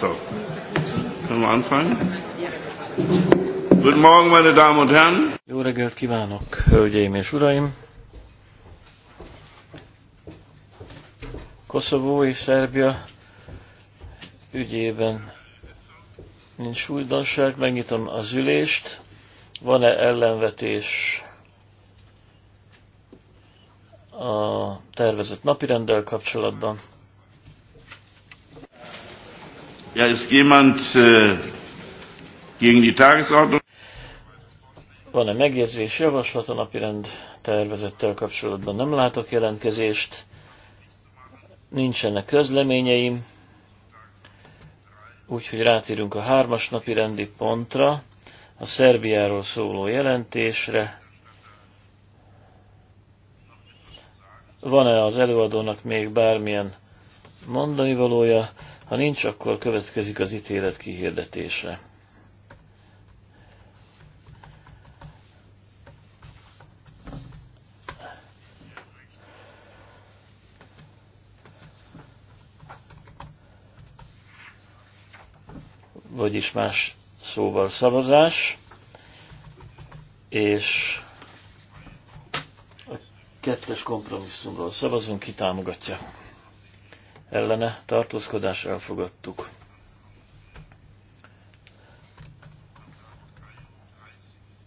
So, können wir anfangen? Guten Morgen, meine Damen und Herren. Jó reggelt kívánok, hölgyeim és uraim! Koszovó és Szerbia ügyében nincs újdonság, megnyitom az ülést. Van-e ellenvetés a tervezett napirenddel kapcsolatban? Ja, ist jemand äh, gegen die Tagesordnung? Van-e megjegyzés, javaslat a napirend tervezettel kapcsolatban? Nem látok jelentkezést, nincsenek közleményeim, úgyhogy rátérünk a hármas napi rendi pontra, a Szerbiáról szóló jelentésre. Van-e az előadónak még bármilyen mondani valója? Ha nincs, akkor következik az ítélet kihirdetése. Vagyis más szóval szavazás, és a kettes kompromisszumról szavazunk, ki támogatja ellene tartózkodás elfogadtuk.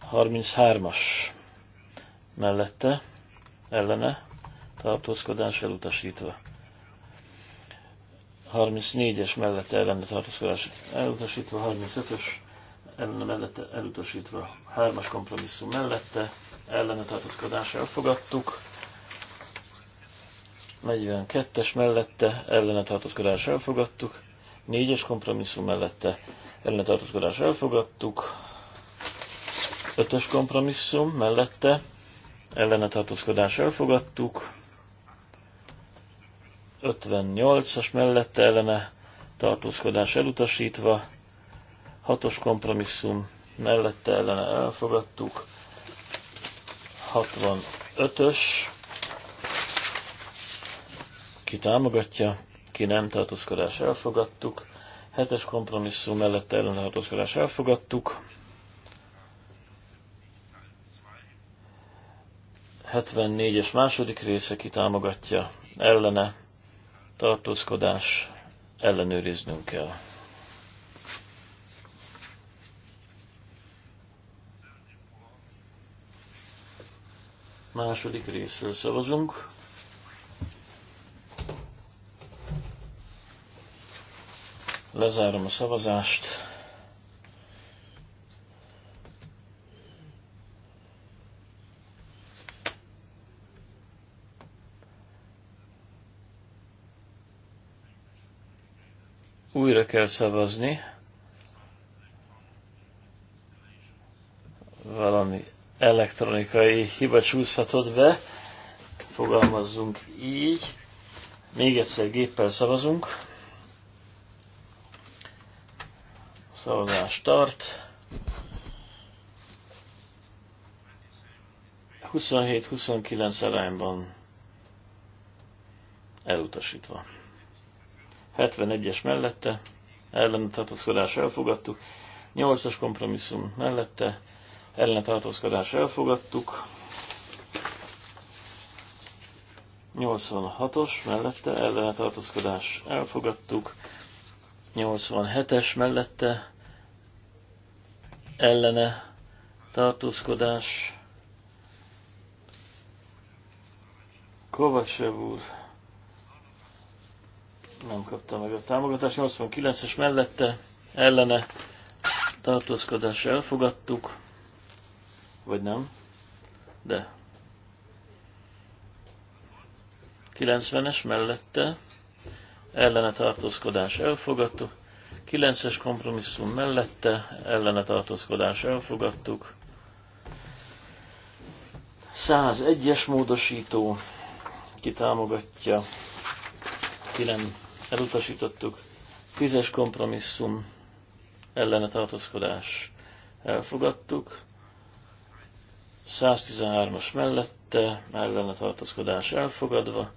Harminchármas mellette ellene tartózkodás elutasítva. 34-es mellette ellene tartózkodás elutasítva, 35-ös ellene mellette elutasítva, 3-as kompromisszum mellette ellene tartózkodás elfogadtuk. 42-es mellette ellene tartózkodás elfogadtuk, 4-es kompromisszum mellette ellene tartózkodás elfogadtuk, 5-ös kompromisszum mellette ellene tartózkodás elfogadtuk, 58-as mellette ellene tartózkodás elutasítva, 6-os kompromisszum mellette ellene elfogadtuk, 65-ös ki támogatja, ki nem tartózkodás elfogadtuk, hetes kompromisszum mellett ellentartózkodás elfogadtuk, 74-es második része támogatja ellene tartózkodás ellenőriznünk kell. Második részről szavazunk. Lezárom a szavazást. Újra kell szavazni. Valami elektronikai hiba csúszhatott be. Fogalmazzunk így. Még egyszer géppel szavazunk. szavazás tart. 27-29 arányban elutasítva. 71-es mellette, ellen tartózkodás elfogadtuk, 8-as kompromisszum mellette, ellen tartózkodás elfogadtuk, 86-os mellette, ellen tartózkodás elfogadtuk, 87-es mellette ellene tartózkodás. Kovacsev úr nem kapta meg a támogatást. 89-es mellette ellene tartózkodás elfogadtuk, vagy nem, de 90-es mellette ellene tartózkodás elfogadtuk, 9-es kompromisszum mellette ellene tartózkodás elfogadtuk, 101-es módosító kitámogatja, ki nem elutasítottuk, 10-es kompromisszum ellene tartózkodás elfogadtuk, 113-as mellette ellene tartózkodás elfogadva,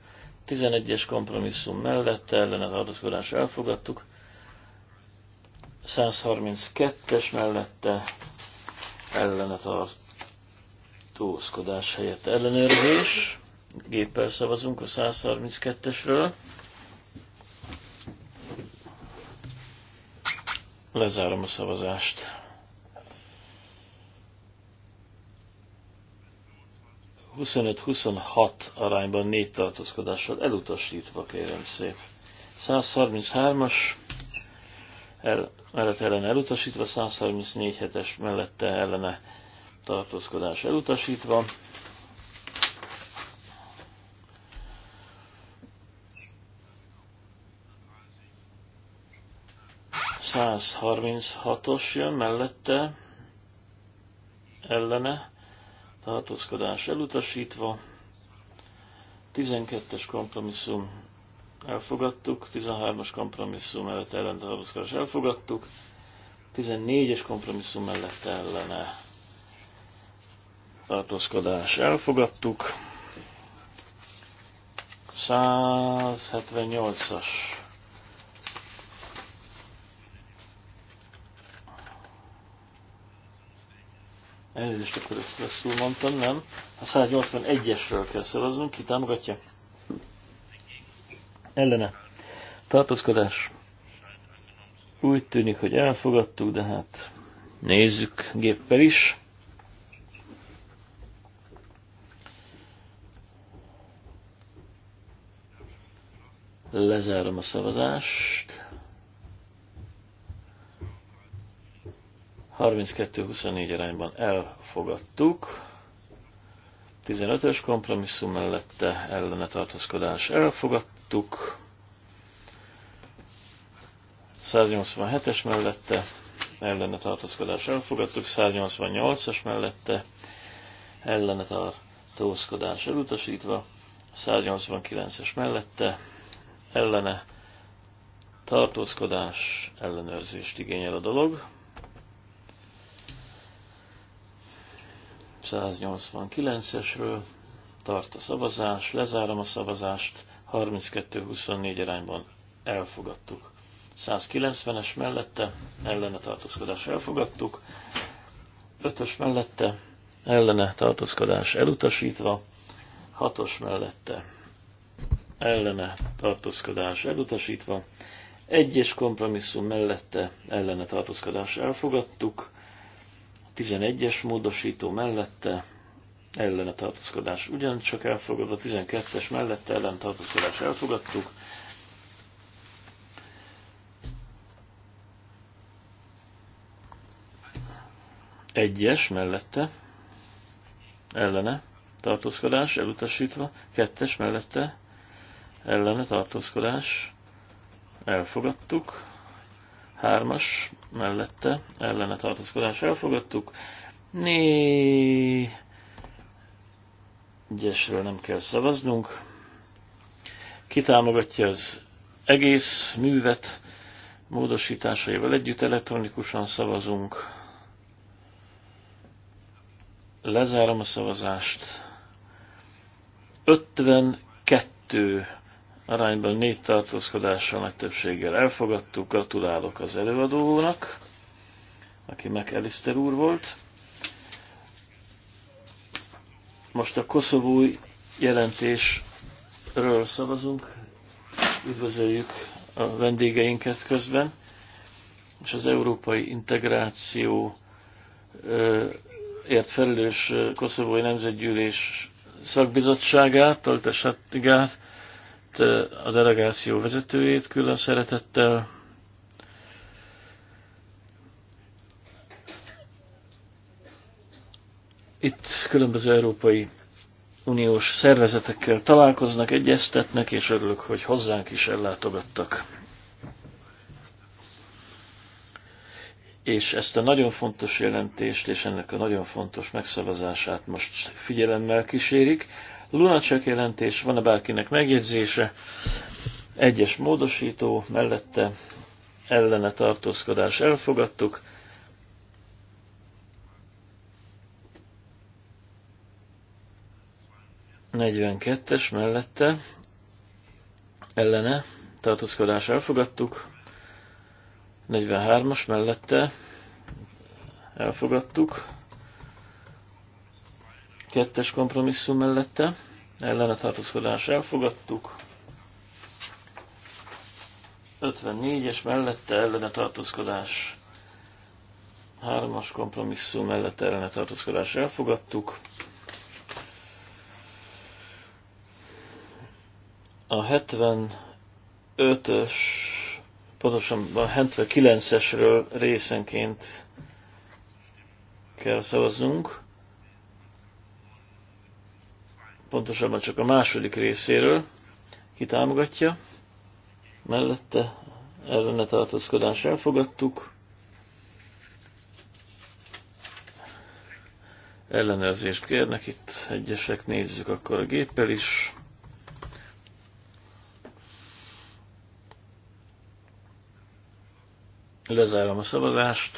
11-es kompromisszum mellett ellene tartózkodás elfogadtuk. 132-es mellette ellene tartózkodás helyett ellenőrzés. Géppel szavazunk a 132-esről. Lezárom a szavazást. 25-26 arányban négy tartózkodással elutasítva, kérem szép. 133-as el, mellett ellen elutasítva, 134 hetes mellette ellene tartózkodás elutasítva. os jön mellette, ellene tartózkodás elutasítva, 12-es kompromisszum elfogadtuk, 13-as kompromisszum mellett ellen tartózkodás elfogadtuk, 14-es kompromisszum mellett ellene tartózkodás elfogadtuk, 178-as Elnézést, akkor ezt rosszul mondtam, nem. A 181-esről kell szavaznunk, ki támogatja? Ellene. Tartózkodás. Úgy tűnik, hogy elfogadtuk, de hát nézzük géppel is. Lezárom a szavazást. 32-24 arányban elfogadtuk. 15-ös kompromisszum mellette ellene tartózkodás elfogadtuk. 187-es mellette ellene tartózkodás elfogadtuk, 188-as mellette ellene tartózkodás elutasítva, 189-es mellette ellene tartózkodás ellenőrzést igényel a dolog. 189-esről tart a szavazás, lezárom a szavazást, 32-24 arányban elfogadtuk. 190-es mellette, ellene tartózkodás elfogadtuk, 5-ös mellette, ellene tartózkodás elutasítva, 6-os mellette, ellene tartózkodás elutasítva, 1-es kompromisszum mellette, ellene tartózkodás elfogadtuk, 11-es módosító mellette ellene tartózkodás ugyancsak elfogadva, 12-es mellette ellen tartózkodás elfogadtuk. Egyes mellette ellene tartózkodás elutasítva, kettes mellette ellene tartózkodás elfogadtuk hármas mellette ellene tartózkodás elfogadtuk. Né... Egyesről nem kell szavaznunk. Kitámogatja az egész művet módosításaival együtt elektronikusan szavazunk. Lezárom a szavazást. 52 arányban négy tartózkodással nagy többséggel elfogadtuk. Gratulálok az előadónak, aki Eliszter úr volt. Most a koszovói jelentésről szavazunk. Üdvözöljük a vendégeinket közben, és az európai integráció ért felelős Koszovói Nemzetgyűlés szakbizottságát, Toltes Attigát, a delegáció vezetőjét külön szeretettel. Itt különböző európai uniós szervezetekkel találkoznak, egyeztetnek, és örülök, hogy hozzánk is ellátogattak. És ezt a nagyon fontos jelentést és ennek a nagyon fontos megszavazását most figyelemmel kísérik lunacsak jelentés, van-e bárkinek megjegyzése? Egyes módosító mellette ellene tartózkodás elfogadtuk. Negyvenkettes mellette ellene tartózkodás elfogadtuk. 43-as mellette elfogadtuk. Kettes kompromisszum mellette. Ellene tartózkodás elfogadtuk. 54-es mellette ellene tartózkodás. Hármas kompromisszum mellette ellene tartózkodás elfogadtuk. A 75-ös, pontosan a 79-esről részenként kell szavaznunk. pontosabban csak a második részéről, ki támogatja, mellette ellene tartózkodás elfogadtuk, ellenőrzést kérnek itt egyesek, nézzük akkor a géppel is. Lezárom a szavazást.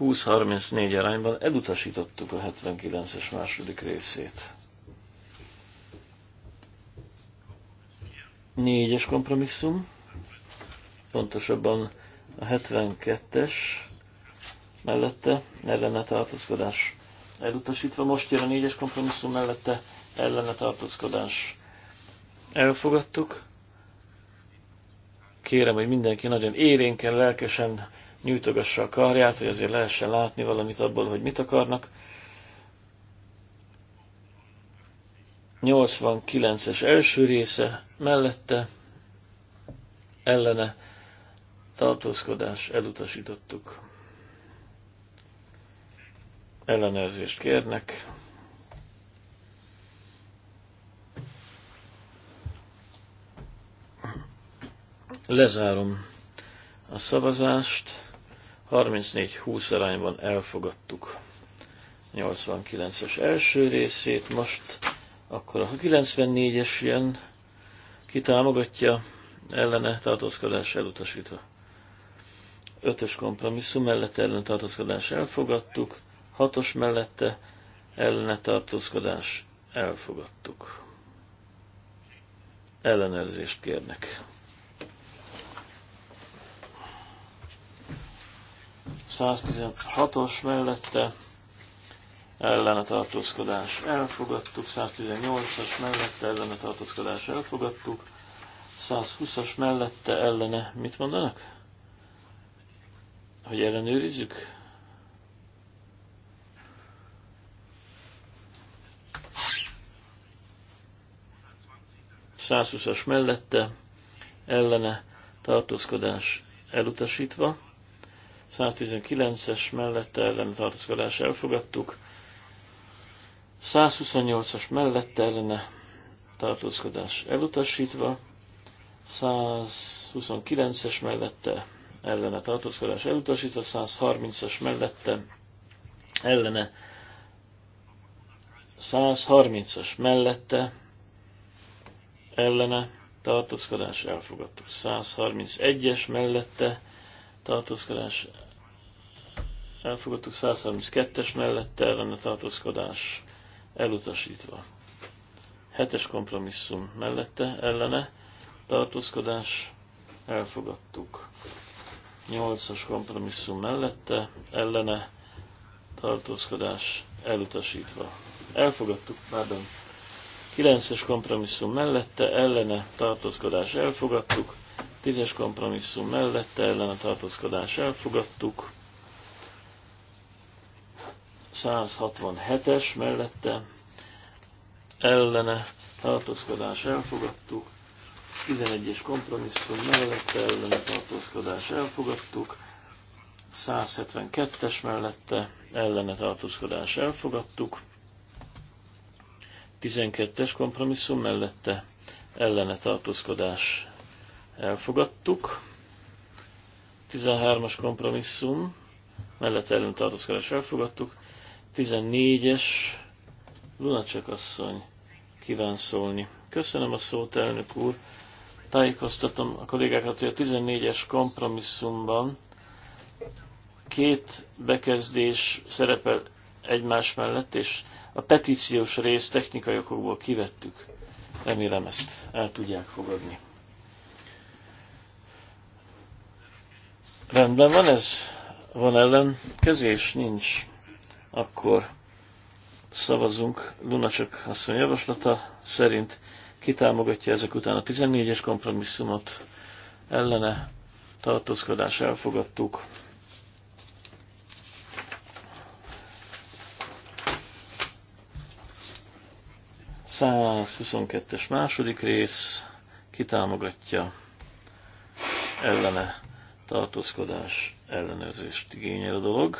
20-34 arányban elutasítottuk a 79-es második részét. Négyes kompromisszum, pontosabban a 72-es mellette ellene tartózkodás elutasítva. Most jön a négyes kompromisszum mellette ellene tartózkodás. Elfogadtuk. Kérem, hogy mindenki nagyon érénken, lelkesen nyújtogassa a karját, hogy azért lehessen látni valamit abból, hogy mit akarnak. 89-es első része mellette ellene tartózkodás elutasítottuk. Ellenőrzést kérnek. Lezárom a szavazást. 34-20 arányban elfogadtuk 89-es első részét, most akkor a 94-es jön, ki támogatja ellene tartózkodás elutasítva. 5-ös kompromisszum mellett ellen tartózkodás elfogadtuk, 6-os mellette ellene tartózkodás elfogadtuk. Ellenőrzést kérnek. 116-os mellette ellene tartózkodás elfogadtuk, 118-as mellette ellene tartózkodás elfogadtuk, 120-as mellette ellene mit mondanak? Hogy ellenőrizzük? Százhúszas mellette ellene tartózkodás elutasítva. 119-es mellette ellen tartózkodás elfogadtuk. 128-as mellette ellene tartózkodás elutasítva. 129-es mellette ellene tartózkodás elutasítva, 130-as mellette ellene 130-as mellette ellene tartózkodás elfogadtuk. 131-es mellette tartózkodás elfogadtuk 132-es mellette ellene tartózkodás elutasítva. 7-es kompromisszum mellette ellene tartózkodás elfogadtuk. 8-as kompromisszum mellette ellene tartózkodás elutasítva. Elfogadtuk, pardon. 9-es kompromisszum mellette ellene tartózkodás elfogadtuk. Tízes kompromisszum mellette a tartózkodás elfogadtuk. 167-es mellette ellene tartózkodás elfogadtuk. 11-es kompromisszum mellette ellene tartózkodás elfogadtuk. 172-es mellette ellene tartózkodás elfogadtuk. 12-es kompromisszum mellette ellene tartózkodás elfogadtuk. 13-as kompromisszum, mellett ellen tartózkodás elfogadtuk. 14-es, Lunacsak asszony kíván szólni. Köszönöm a szót, elnök úr. Tájékoztatom a kollégákat, hogy a 14-es kompromisszumban két bekezdés szerepel egymás mellett, és a petíciós részt technikai okokból kivettük. Remélem ezt el tudják fogadni. Rendben van ez? Van ellenkezés? Nincs. Akkor szavazunk Lunacsak asszony javaslata szerint. Kitámogatja ezek után a 14-es kompromisszumot ellene tartózkodás elfogadtuk. es második rész kitámogatja ellene tartózkodás ellenőrzést igényel a dolog.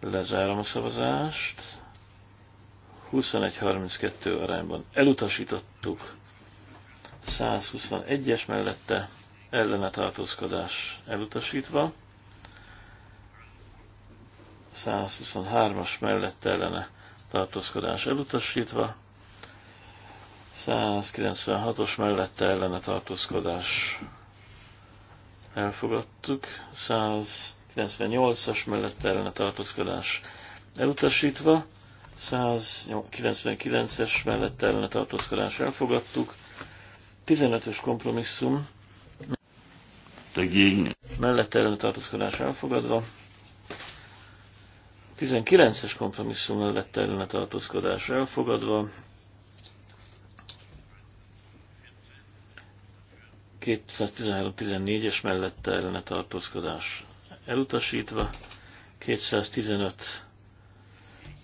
Lezárom a szavazást. 21-32 arányban elutasítottuk. 121-es mellette ellene tartózkodás elutasítva. 123-as mellette ellene tartózkodás elutasítva. 196-os mellette ellene tartózkodás elfogadtuk, 198-as mellette ellene tartózkodás elutasítva, 199-es mellette ellene tartózkodás elfogadtuk, 15-ös kompromisszum Mellette ellene tartózkodás elfogadva. 19-es kompromisszum mellette ellene tartózkodás elfogadva. 213-14-es mellette ellene tartózkodás elutasítva, 215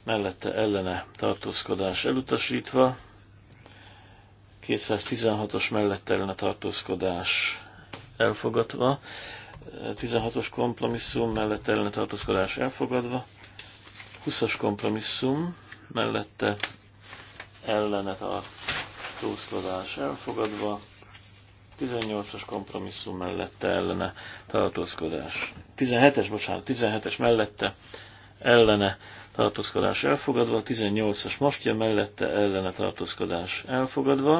mellette ellene tartózkodás elutasítva, 216-os mellette ellene tartózkodás elfogadva, 16-os kompromisszum mellette ellene tartózkodás elfogadva, 20-as kompromisszum mellette ellene tartózkodás elfogadva, 18-as kompromisszum mellette ellene tartózkodás. 17-es, bocsánat, 17-es mellette ellene tartózkodás elfogadva, 18-as most jön mellette ellene tartózkodás elfogadva.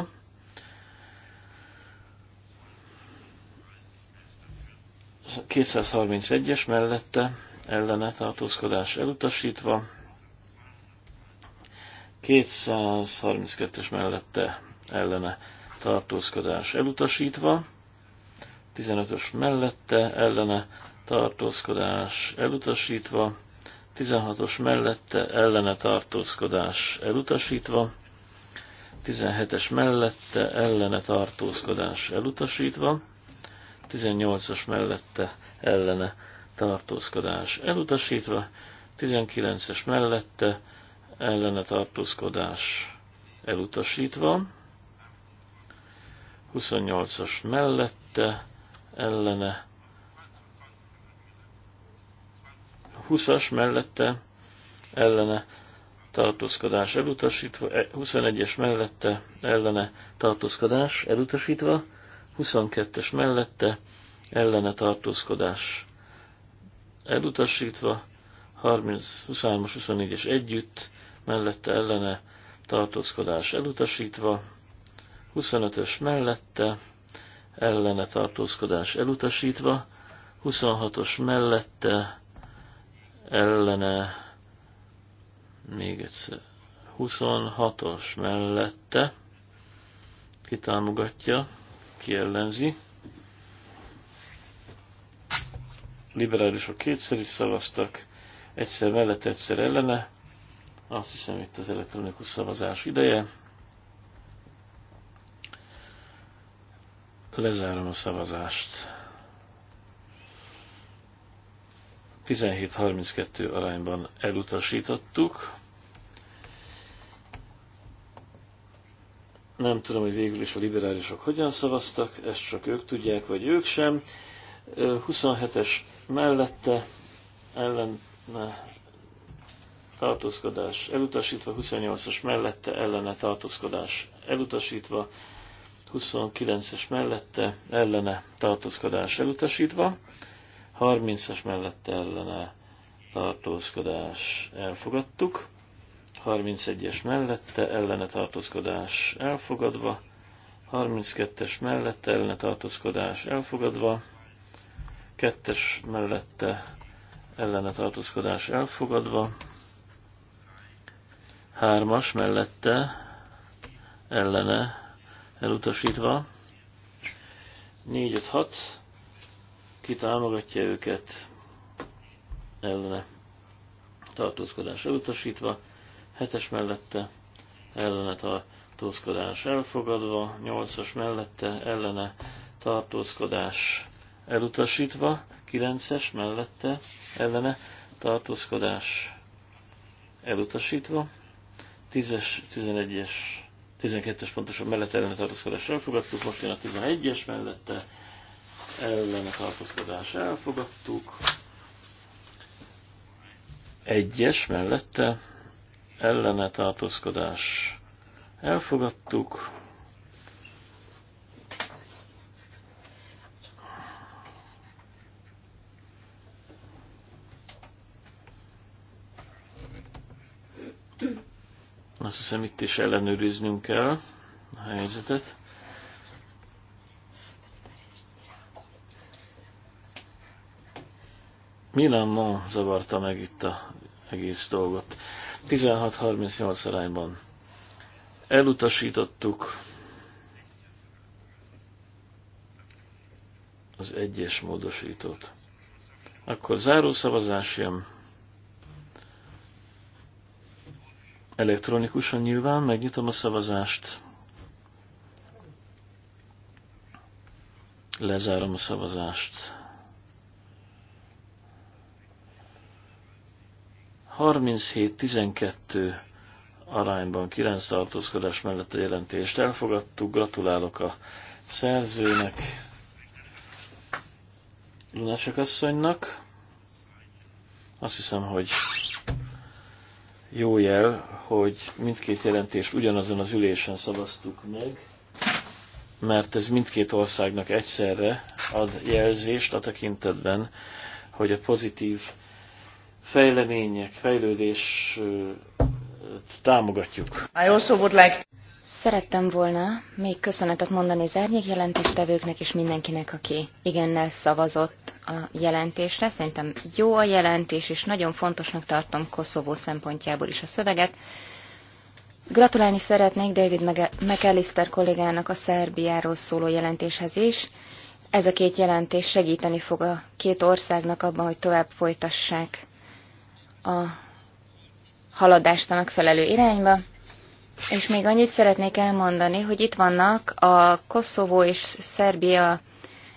A 231-es mellette ellene tartózkodás elutasítva, 232-es mellette ellene tartózkodás elutasítva, 15-ös mellette, ellene tartózkodás elutasítva, 16-os mellette, ellene tartózkodás elutasítva, 17-es mellette, ellene tartózkodás elutasítva, 18 os mellette, ellene tartózkodás elutasítva, 19-es mellette, ellene tartózkodás elutasítva, 28-as mellette, ellene, 20-as mellette, ellene, tartózkodás elutasítva, 21-es e, mellette, ellene, tartózkodás elutasítva, 22-es mellette, ellene tartózkodás elutasítva, 30, 23-as, 24-es együtt, mellette ellene tartózkodás elutasítva, 25-ös mellette, ellene tartózkodás elutasítva, 26-os mellette, ellene, még egyszer, 26-os mellette, kitámogatja, kiellenzi, liberálisok kétszer is szavaztak, egyszer mellett, egyszer ellene, azt hiszem itt az elektronikus szavazás ideje. Lezárom a szavazást. 1732 arányban elutasítottuk. Nem tudom, hogy végül is a liberálisok hogyan szavaztak, ezt csak ők tudják, vagy ők sem. 27-es mellette ellene tartózkodás elutasítva, 28-as mellette ellene tartózkodás elutasítva, 29-es mellette ellene tartózkodás elutasítva, 30-es mellette ellene tartózkodás elfogadtuk, 31-es mellette ellene tartózkodás elfogadva, 32-es mellette ellene tartózkodás elfogadva, 2-es mellette ellene tartózkodás elfogadva, 3-as mellette ellene elutasítva. 4-5-6, ki támogatja őket ellene tartózkodás elutasítva, 7-es mellette ellene tartózkodás elfogadva, 8-as mellette ellene tartózkodás elutasítva, 9-es mellette ellene tartózkodás elutasítva, 10-es, 11-es 12-es pontosan mellett ellene tartózkodás elfogadtuk, most jön a 11-es mellette ellene tartózkodás elfogadtuk, 1-es mellette ellene tartózkodás elfogadtuk, Azt hiszem itt is ellenőriznünk kell a helyzetet. Milan ma zavarta meg itt a egész dolgot. 16.38 arányban elutasítottuk az egyes módosítót. Akkor zárószavazás jön. elektronikusan nyilván, megnyitom a szavazást. Lezárom a szavazást. 37-12 arányban 9 tartózkodás mellett a jelentést elfogadtuk. Gratulálok a szerzőnek, Lunácsak asszonynak. Azt hiszem, hogy jó jel, hogy mindkét jelentést ugyanazon az ülésen szavaztuk meg, mert ez mindkét országnak egyszerre ad jelzést a tekintetben, hogy a pozitív fejlemények, fejlődés támogatjuk. I also would like Szerettem volna még köszönetet mondani az árnyék jelentéstevőknek és mindenkinek, aki igennel szavazott a jelentésre. Szerintem jó a jelentés, és nagyon fontosnak tartom Koszovó szempontjából is a szöveget. Gratulálni szeretnék David McAllister kollégának a Szerbiáról szóló jelentéshez is. Ez a két jelentés segíteni fog a két országnak abban, hogy tovább folytassák a haladást a megfelelő irányba. És még annyit szeretnék elmondani, hogy itt vannak a Koszovó és Szerbia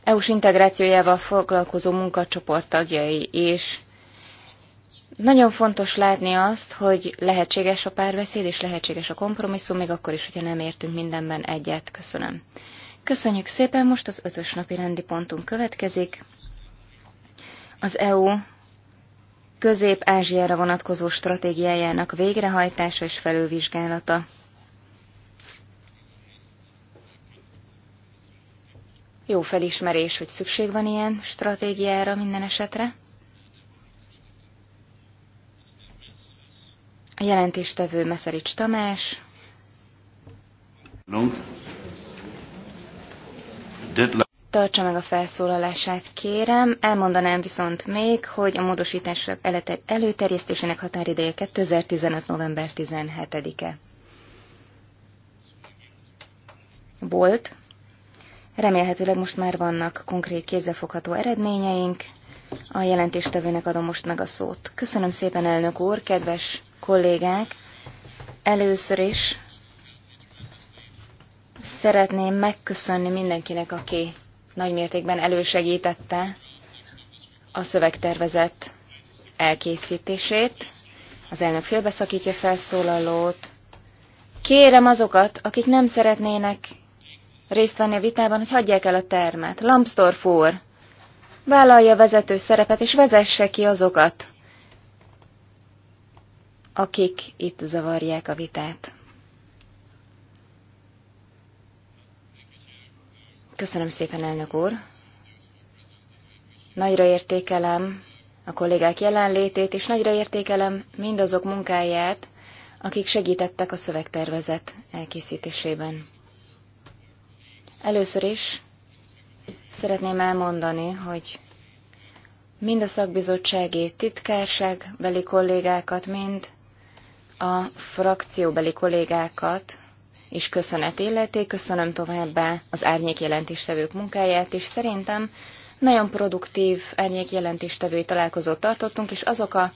EU-s integrációjával foglalkozó munkacsoport tagjai, és nagyon fontos látni azt, hogy lehetséges a párbeszéd és lehetséges a kompromisszum, még akkor is, hogyha nem értünk mindenben egyet. Köszönöm. Köszönjük szépen, most az ötös napi rendi pontunk következik. Az EU közép-ázsiára vonatkozó stratégiájának végrehajtása és felülvizsgálata. Jó felismerés, hogy szükség van ilyen stratégiára minden esetre. A jelentéstevő Meszerics Tamás. Tartsa meg a felszólalását, kérem. Elmondanám viszont még, hogy a módosítások előterjesztésének határideje 2015. november 17-e. Volt. Remélhetőleg most már vannak konkrét kézzelfogható eredményeink. A jelentéstevőnek adom most meg a szót. Köszönöm szépen, elnök úr, kedves kollégák! Először is szeretném megköszönni mindenkinek, aki nagymértékben elősegítette a szövegtervezet elkészítését. Az elnök félbeszakítja felszólalót. Kérem azokat, akik nem szeretnének részt venni a vitában, hogy hagyják el a termet. Lambsdorff úr, vállalja vezető szerepet, és vezesse ki azokat, akik itt zavarják a vitát. Köszönöm szépen, elnök úr! Nagyra értékelem a kollégák jelenlétét, és nagyra értékelem mindazok munkáját, akik segítettek a szövegtervezet elkészítésében. Először is szeretném elmondani, hogy mind a szakbizottsági titkárságbeli kollégákat, mind a frakcióbeli kollégákat és köszönet illeti. Köszönöm továbbá az árnyékjelentéstevők munkáját, és szerintem nagyon produktív árnyékjelentéstevői találkozót tartottunk, és azok a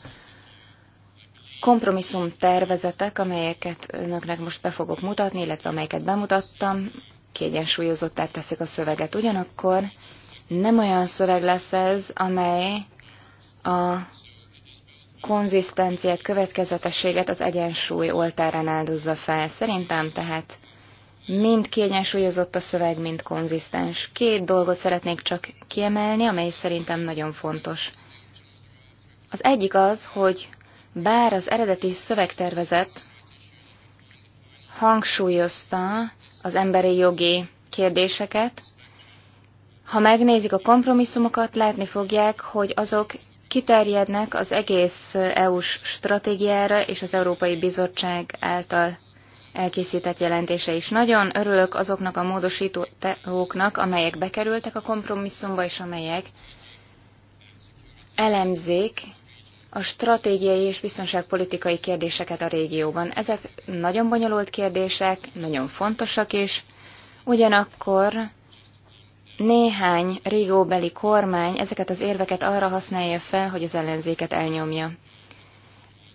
kompromisszum tervezetek, amelyeket önöknek most be fogok mutatni, illetve amelyeket bemutattam, kiegyensúlyozottá teszik a szöveget. Ugyanakkor nem olyan szöveg lesz ez, amely a konzisztenciát, következetességet az egyensúly oltárán áldozza fel. Szerintem tehát mind kiegyensúlyozott a szöveg, mind konzisztens. Két dolgot szeretnék csak kiemelni, amely szerintem nagyon fontos. Az egyik az, hogy bár az eredeti szövegtervezet hangsúlyozta az emberi jogi kérdéseket. Ha megnézik a kompromisszumokat, látni fogják, hogy azok kiterjednek az egész EU-s stratégiára és az Európai Bizottság által elkészített jelentése is. Nagyon örülök azoknak a módosítóknak, amelyek bekerültek a kompromisszumba, és amelyek elemzik a stratégiai és biztonságpolitikai kérdéseket a régióban. Ezek nagyon bonyolult kérdések, nagyon fontosak is, ugyanakkor néhány régóbeli kormány ezeket az érveket arra használja fel, hogy az ellenzéket elnyomja.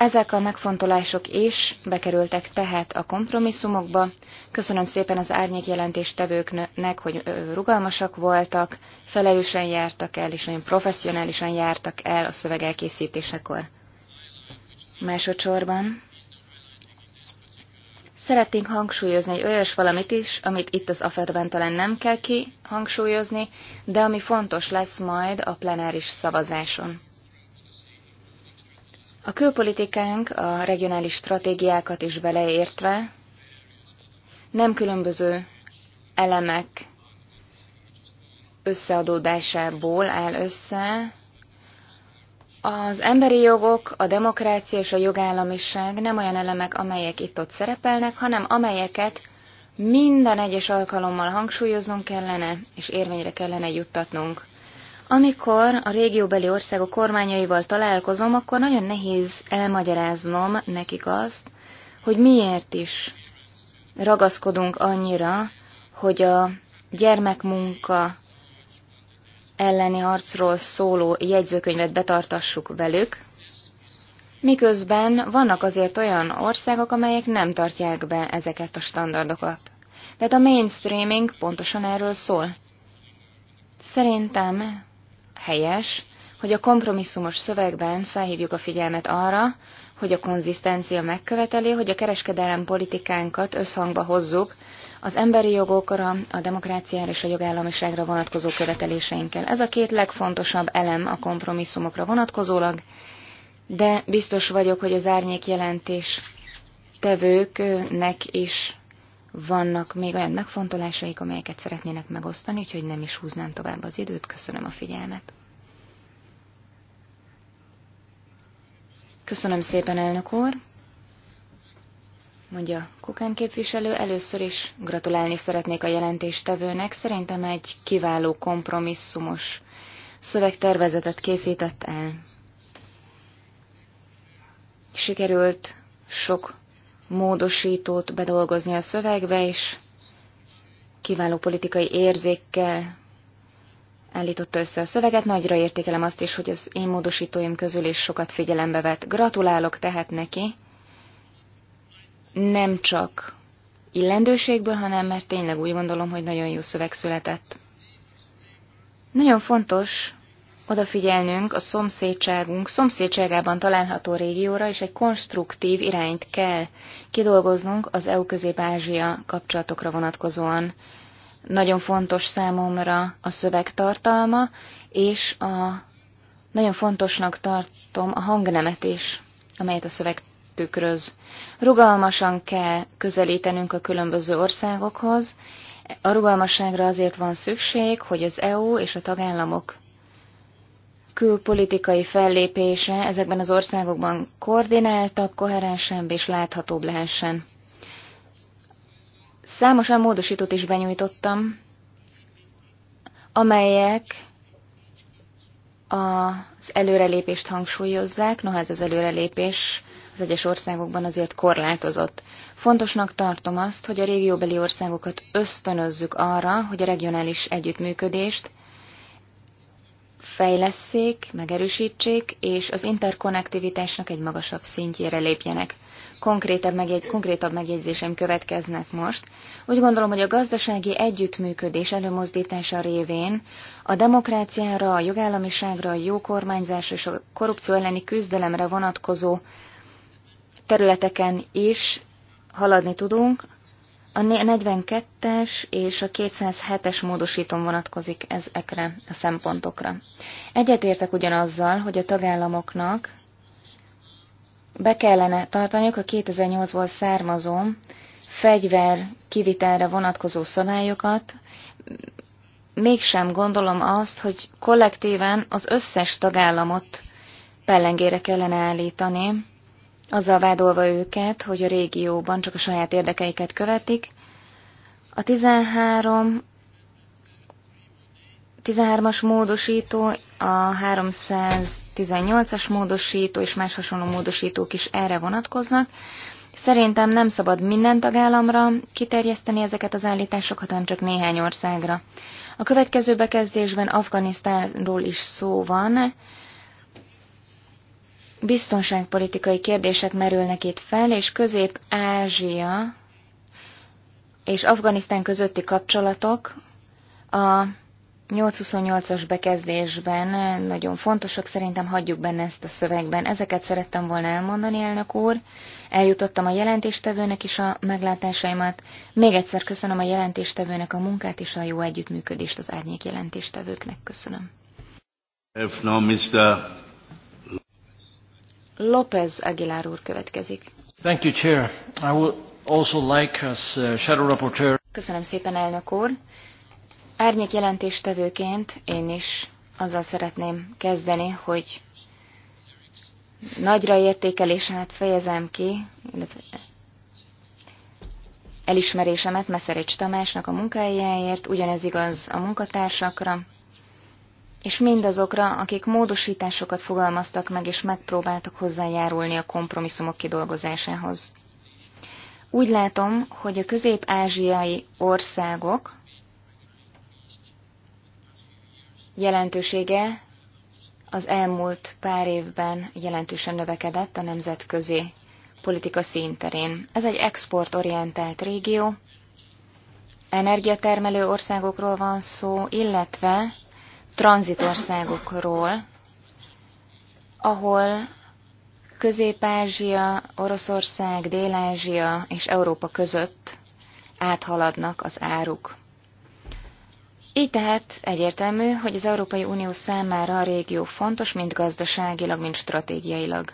Ezek a megfontolások is bekerültek tehát a kompromisszumokba. Köszönöm szépen az árnyék jelentéstevőknek, hogy rugalmasak voltak, felelősen jártak el, és nagyon professzionálisan jártak el a szöveg elkészítésekor. Másodszorban szeretnénk hangsúlyozni egy olyas valamit is, amit itt az afetben talán nem kell ki hangsúlyozni, de ami fontos lesz majd a plenáris szavazáson. A külpolitikánk a regionális stratégiákat is beleértve nem különböző elemek összeadódásából áll össze. Az emberi jogok, a demokrácia és a jogállamiság nem olyan elemek, amelyek itt-ott szerepelnek, hanem amelyeket minden egyes alkalommal hangsúlyoznunk kellene, és érvényre kellene juttatnunk. Amikor a régióbeli országok kormányaival találkozom, akkor nagyon nehéz elmagyaráznom nekik azt, hogy miért is ragaszkodunk annyira, hogy a gyermekmunka elleni harcról szóló jegyzőkönyvet betartassuk velük, miközben vannak azért olyan országok, amelyek nem tartják be ezeket a standardokat. Tehát a mainstreaming pontosan erről szól. Szerintem helyes, hogy a kompromisszumos szövegben felhívjuk a figyelmet arra, hogy a konzisztencia megköveteli, hogy a kereskedelem politikánkat összhangba hozzuk az emberi jogokra, a demokráciára és a jogállamiságra vonatkozó követeléseinkkel. Ez a két legfontosabb elem a kompromisszumokra vonatkozólag, de biztos vagyok, hogy az árnyék jelentés tevőknek is vannak még olyan megfontolásaik, amelyeket szeretnének megosztani, úgyhogy nem is húznám tovább az időt. Köszönöm a figyelmet. Köszönöm szépen, elnök úr! mondja Kukán képviselő. Először is gratulálni szeretnék a jelentéstevőnek. Szerintem egy kiváló kompromisszumos szövegtervezetet készített el. Sikerült sok módosítót bedolgozni a szövegbe, és kiváló politikai érzékkel állította össze a szöveget. Nagyra értékelem azt is, hogy az én módosítóim közül is sokat figyelembe vett. Gratulálok tehát neki, nem csak illendőségből, hanem mert tényleg úgy gondolom, hogy nagyon jó szöveg született. Nagyon fontos, odafigyelnünk a szomszédságunk, szomszédságában található régióra, és egy konstruktív irányt kell kidolgoznunk az EU-közép-ázsia kapcsolatokra vonatkozóan. Nagyon fontos számomra a szövegtartalma, tartalma, és a, nagyon fontosnak tartom a hangnemet is, amelyet a szöveg tükröz. Rugalmasan kell közelítenünk a különböző országokhoz, a rugalmasságra azért van szükség, hogy az EU és a tagállamok külpolitikai fellépése ezekben az országokban koordináltabb, koherensebb és láthatóbb lehessen. Számos olyan módosítót is benyújtottam, amelyek az előrelépést hangsúlyozzák, noha ez az előrelépés az egyes országokban azért korlátozott. Fontosnak tartom azt, hogy a régióbeli országokat ösztönözzük arra, hogy a regionális együttműködést fejlesszék, megerősítsék, és az interkonnektivitásnak egy magasabb szintjére lépjenek. Konkrétabb, megjegy, konkrétabb megjegyzésem következnek most. Úgy gondolom, hogy a gazdasági együttműködés előmozdítása révén a demokráciára, a jogállamiságra, a jó kormányzásra és a korrupció elleni küzdelemre vonatkozó területeken is haladni tudunk, a 42-es és a 207-es módosítón vonatkozik ezekre a szempontokra. Egyetértek ugyanazzal, hogy a tagállamoknak be kellene tartaniuk a 2008-ból származó fegyver kivitelre vonatkozó szabályokat, mégsem gondolom azt, hogy kollektíven az összes tagállamot pellengére kellene állítani azzal vádolva őket, hogy a régióban csak a saját érdekeiket követik. A 13 13-as módosító, a 318-as módosító és más hasonló módosítók is erre vonatkoznak. Szerintem nem szabad minden tagállamra kiterjeszteni ezeket az állításokat, hanem csak néhány országra. A következő bekezdésben Afganisztánról is szó van, biztonságpolitikai kérdések merülnek itt fel, és Közép-Ázsia és Afganisztán közötti kapcsolatok a 828-as bekezdésben nagyon fontosak, szerintem hagyjuk benne ezt a szövegben. Ezeket szerettem volna elmondani, elnök úr. Eljutottam a jelentéstevőnek is a meglátásaimat. Még egyszer köszönöm a jelentéstevőnek a munkát és a jó együttműködést az árnyék jelentéstevőknek. Köszönöm. If no, Mr. López Aguilar úr következik. Thank you, Chair. I would also like as uh, Shadow Rapporteur. Köszönöm szépen, elnök úr. Árnyék jelentéstevőként én is azzal szeretném kezdeni, hogy nagyra értékelésemet fejezem ki, illetve elismerésemet Meszerics Tamásnak a munkájáért, ugyanez igaz a munkatársakra, és mindazokra, akik módosításokat fogalmaztak meg, és megpróbáltak hozzájárulni a kompromisszumok kidolgozásához. Úgy látom, hogy a közép-ázsiai országok jelentősége az elmúlt pár évben jelentősen növekedett a nemzetközi politika színterén. Ez egy exportorientált régió, energiatermelő országokról van szó, illetve tranzitországokról, ahol Közép-Ázsia, Oroszország, Dél-Ázsia és Európa között áthaladnak az áruk. Így tehát egyértelmű, hogy az Európai Unió számára a régió fontos, mind gazdaságilag, mind stratégiailag.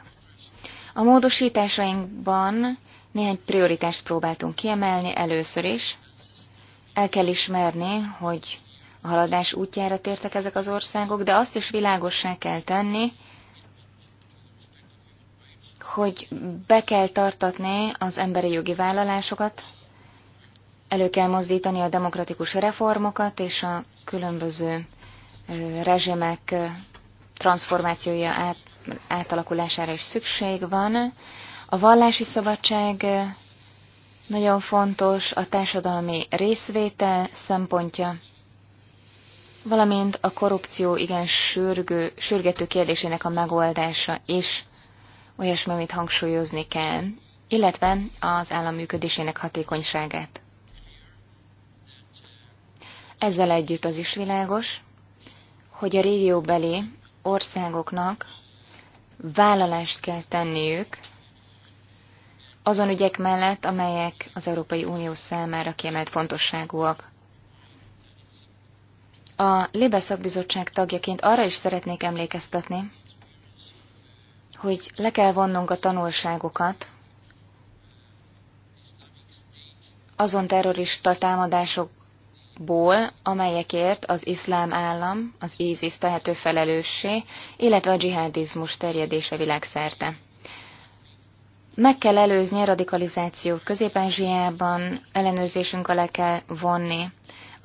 A módosításainkban néhány prioritást próbáltunk kiemelni először is. El kell ismerni, hogy haladás útjára tértek ezek az országok, de azt is világossá kell tenni, hogy be kell tartatni az emberi jogi vállalásokat, elő kell mozdítani a demokratikus reformokat és a különböző rezsimek transformációja át, átalakulására is szükség van. A vallási szabadság nagyon fontos, a társadalmi részvétel szempontja valamint a korrupció igen sürgő, sürgető kérdésének a megoldása is olyasmi, amit hangsúlyozni kell, illetve az állam működésének hatékonyságát. Ezzel együtt az is világos, hogy a régióbeli országoknak vállalást kell tenniük azon ügyek mellett, amelyek az Európai Unió számára kiemelt fontosságúak. A Libe szakbizottság tagjaként arra is szeretnék emlékeztetni, hogy le kell vonnunk a tanulságokat azon terrorista támadásokból, amelyekért az iszlám állam, az ISIS tehető felelőssé, illetve a dzsihádizmus terjedése világszerte. Meg kell előzni a radikalizációt Közép-Ázsiában, ellenőrzésünk alá kell vonni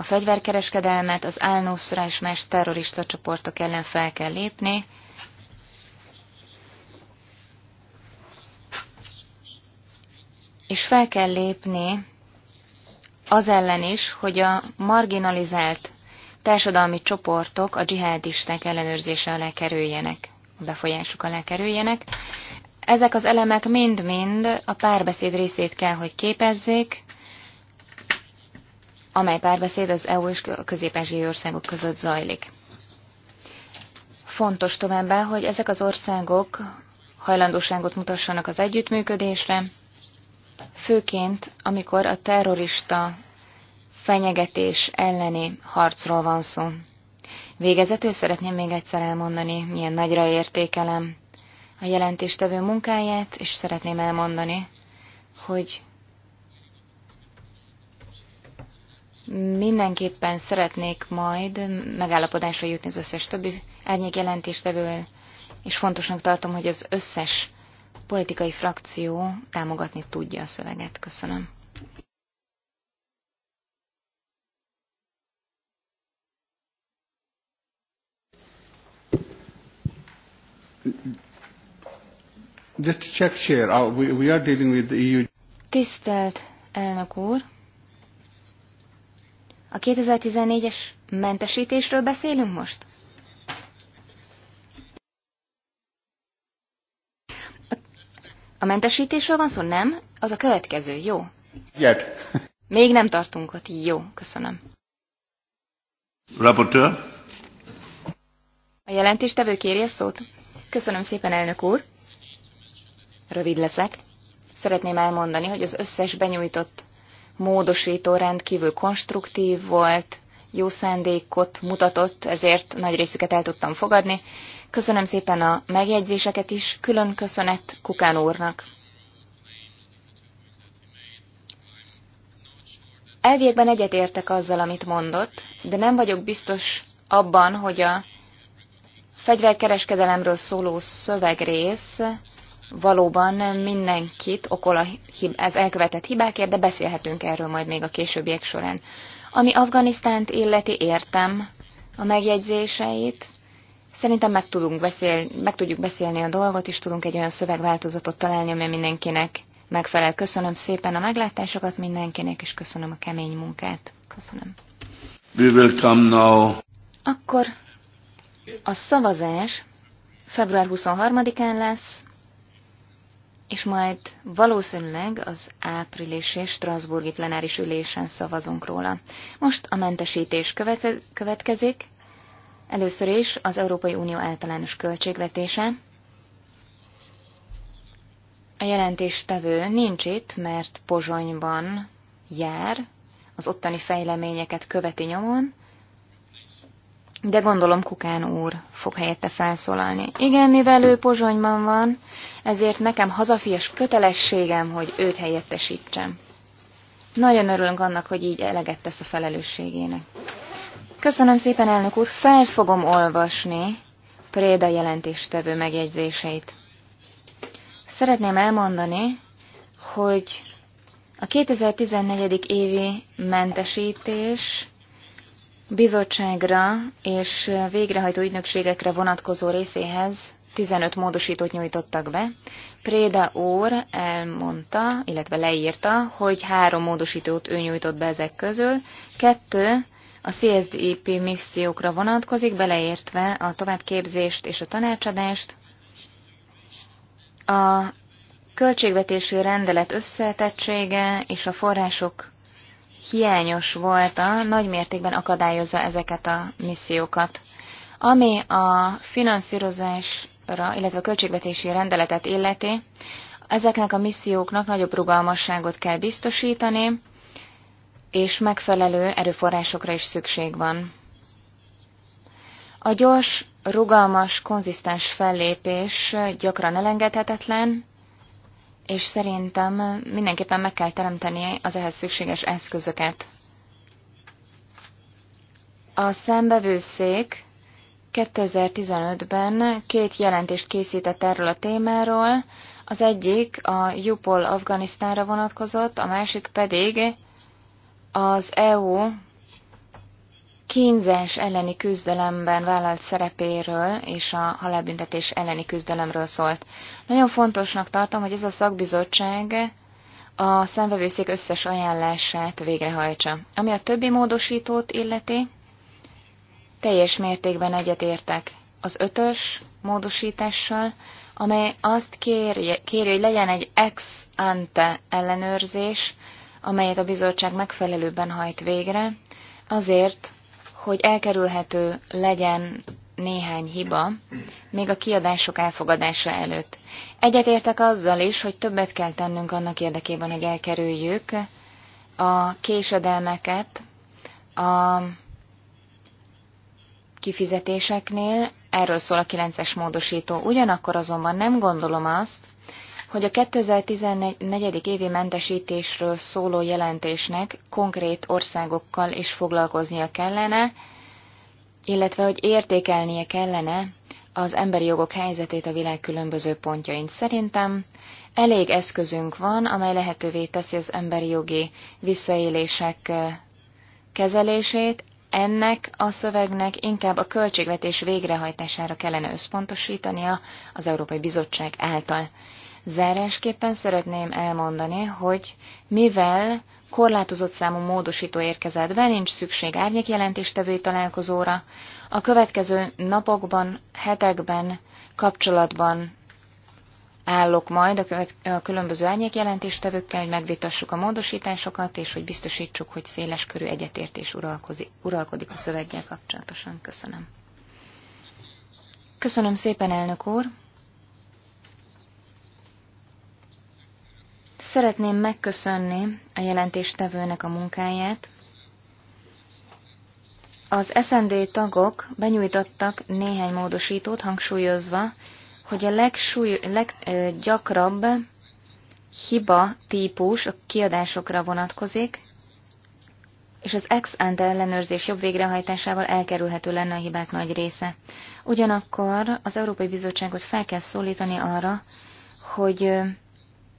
a fegyverkereskedelmet, az álnuszra és más terrorista csoportok ellen fel kell lépni. És fel kell lépni az ellen is, hogy a marginalizált társadalmi csoportok a dzsihádisták ellenőrzése alá kerüljenek, a befolyásuk alá kerüljenek. Ezek az elemek mind-mind a párbeszéd részét kell, hogy képezzék, amely párbeszéd az EU és a közép országok között zajlik. Fontos továbbá, hogy ezek az országok hajlandóságot mutassanak az együttműködésre, főként amikor a terrorista fenyegetés elleni harcról van szó. Végezetül szeretném még egyszer elmondani, milyen nagyra értékelem a jelentéstevő munkáját, és szeretném elmondani, hogy Mindenképpen szeretnék majd megállapodásra jutni az összes többi árnyék jelentéstevővel, és fontosnak tartom, hogy az összes politikai frakció támogatni tudja a szöveget. Köszönöm. Uh, e Tisztelt elnök úr, a 2014-es mentesítésről beszélünk most? A mentesítésről van szó, nem? Az a következő, jó? Yet. Még nem tartunk ott, jó, köszönöm. Raportőr? A jelentéstevő kéri a szót. Köszönöm szépen, elnök úr. Rövid leszek. Szeretném elmondani, hogy az összes benyújtott módosító rendkívül konstruktív volt, jó szándékot mutatott, ezért nagy részüket el tudtam fogadni. Köszönöm szépen a megjegyzéseket is, külön köszönet Kukán úrnak. Elvégben egyetértek azzal, amit mondott, de nem vagyok biztos abban, hogy a fegyverkereskedelemről szóló szövegrész valóban mindenkit okol a hib- ez elkövetett hibákért, de beszélhetünk erről majd még a későbbiek során. Ami Afganisztánt illeti, értem a megjegyzéseit. Szerintem meg, tudunk beszél, meg tudjuk beszélni a dolgot, és tudunk egy olyan szövegváltozatot találni, ami mindenkinek megfelel. Köszönöm szépen a meglátásokat mindenkinek, és köszönöm a kemény munkát. Köszönöm. We will come now. Akkor a szavazás február 23-án lesz, és majd valószínűleg az áprilisi Strasburgi plenáris ülésen szavazunk róla. Most a mentesítés követ következik. Először is az Európai Unió általános költségvetése. A jelentéstevő nincs itt, mert Pozsonyban jár, az ottani fejleményeket követi nyomon, de gondolom Kukán úr fog helyette felszólalni. Igen, mivel ő Pozsonyban van, ezért nekem hazafias kötelességem, hogy őt helyettesítsem. Nagyon örülünk annak, hogy így eleget tesz a felelősségének. Köszönöm szépen, elnök úr, fel fogom olvasni Préda jelentéstevő megjegyzéseit. Szeretném elmondani, hogy a 2014. évi mentesítés bizottságra és végrehajtó ügynökségekre vonatkozó részéhez 15 módosítót nyújtottak be. Préda úr elmondta, illetve leírta, hogy három módosítót ő nyújtott be ezek közül, kettő a CSDP missziókra vonatkozik, beleértve a továbbképzést és a tanácsadást, a költségvetési rendelet összetettsége és a források hiányos volt a nagy mértékben akadályozza ezeket a missziókat. Ami a finanszírozásra, illetve a költségvetési rendeletet illeti, ezeknek a misszióknak nagyobb rugalmasságot kell biztosítani, és megfelelő erőforrásokra is szükség van. A gyors, rugalmas, konzisztens fellépés gyakran elengedhetetlen, és szerintem mindenképpen meg kell teremteni az ehhez szükséges eszközöket. A szembevőszék 2015-ben két jelentést készített erről a témáról, az egyik a Jupol Afganisztánra vonatkozott, a másik pedig az EU kínzás elleni küzdelemben vállalt szerepéről és a halálbüntetés elleni küzdelemről szólt. Nagyon fontosnak tartom, hogy ez a szakbizottság a szemvevőszék összes ajánlását végrehajtsa. Ami a többi módosítót illeti, teljes mértékben egyetértek az ötös módosítással, amely azt kéri, kéri, hogy legyen egy ex ante ellenőrzés, amelyet a bizottság megfelelőben hajt végre, azért, hogy elkerülhető legyen néhány hiba, még a kiadások elfogadása előtt. Egyetértek azzal is, hogy többet kell tennünk annak érdekében, hogy elkerüljük a késedelmeket a kifizetéseknél, erről szól a 9-es módosító. Ugyanakkor azonban nem gondolom azt, hogy a 2014. évi mentesítésről szóló jelentésnek konkrét országokkal is foglalkoznia kellene, illetve hogy értékelnie kellene az emberi jogok helyzetét a világ különböző pontjain. Szerintem elég eszközünk van, amely lehetővé teszi az emberi jogi visszaélések kezelését, ennek a szövegnek inkább a költségvetés végrehajtására kellene összpontosítania az Európai Bizottság által. Zárásképpen szeretném elmondani, hogy mivel korlátozott számú módosító érkezett be, nincs szükség árnyékjelentéstevői találkozóra, a következő napokban, hetekben kapcsolatban állok majd a, követ, a különböző árnyékjelentéstevőkkel, hogy megvitassuk a módosításokat, és hogy biztosítsuk, hogy széles körű egyetértés uralkodik a szöveggel kapcsolatosan. Köszönöm. Köszönöm szépen, elnök úr! Szeretném megköszönni a jelentéstevőnek a munkáját. Az SND tagok benyújtottak néhány módosítót, hangsúlyozva, hogy a legsúly, leggyakrabb hiba típus a kiadásokra vonatkozik, és az ex ante ellenőrzés jobb végrehajtásával elkerülhető lenne a hibák nagy része. Ugyanakkor az Európai Bizottságot fel kell szólítani arra, hogy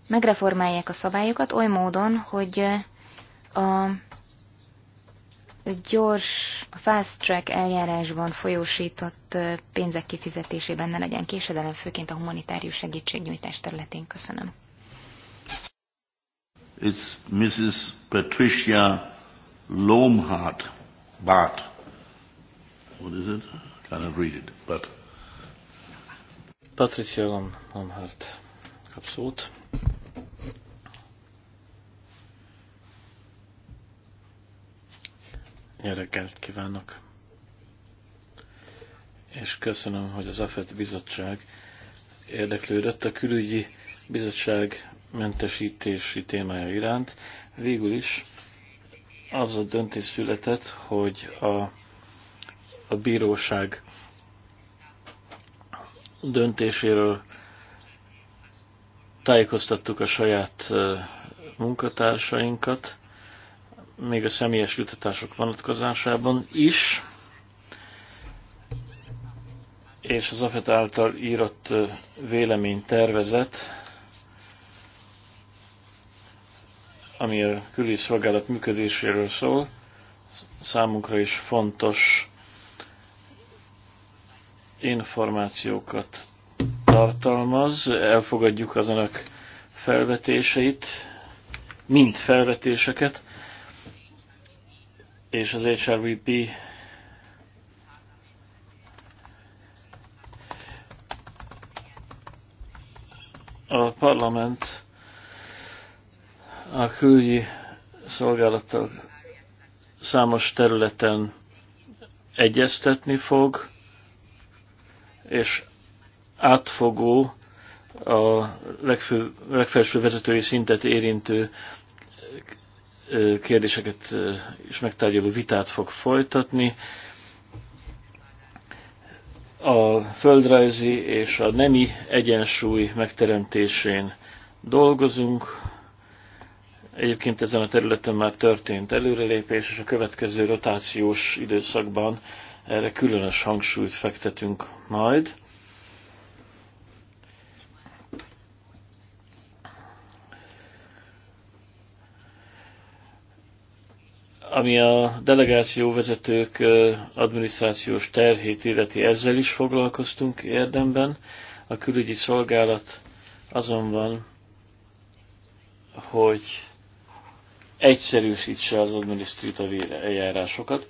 megreformálják a szabályokat oly módon, hogy a gyors, a fast track eljárásban folyósított pénzek kifizetésében ne legyen késedelem, főként a humanitárius segítségnyújtás területén. Köszönöm. It's Mrs. Patricia Lomhart Bart. What is it? I cannot read it, but... Patricia Lomhart kap Jó reggelt kívánok! És köszönöm, hogy az AFET bizottság érdeklődött a külügyi bizottság mentesítési témája iránt. Végül is az a döntés született, hogy a, a bíróság döntéséről tájékoztattuk a saját munkatársainkat, még a személyes jutatások vonatkozásában is, és az AFET által írott véleménytervezet, ami a szolgálat működéséről szól, számunkra is fontos információkat tartalmaz, elfogadjuk az önök felvetéseit, mint felvetéseket, és az HRVP a parlament a külügyi szolgálattal számos területen egyeztetni fog, és átfogó a legfő, legfelső vezetői szintet érintő kérdéseket és megtárgyaló vitát fog folytatni. A földrajzi és a nemi egyensúly megteremtésén dolgozunk. Egyébként ezen a területen már történt előrelépés, és a következő rotációs időszakban erre különös hangsúlyt fektetünk majd. ami a delegáció vezetők adminisztrációs terhét illeti, ezzel is foglalkoztunk érdemben. A külügyi szolgálat azonban, hogy egyszerűsítse az adminisztratív eljárásokat.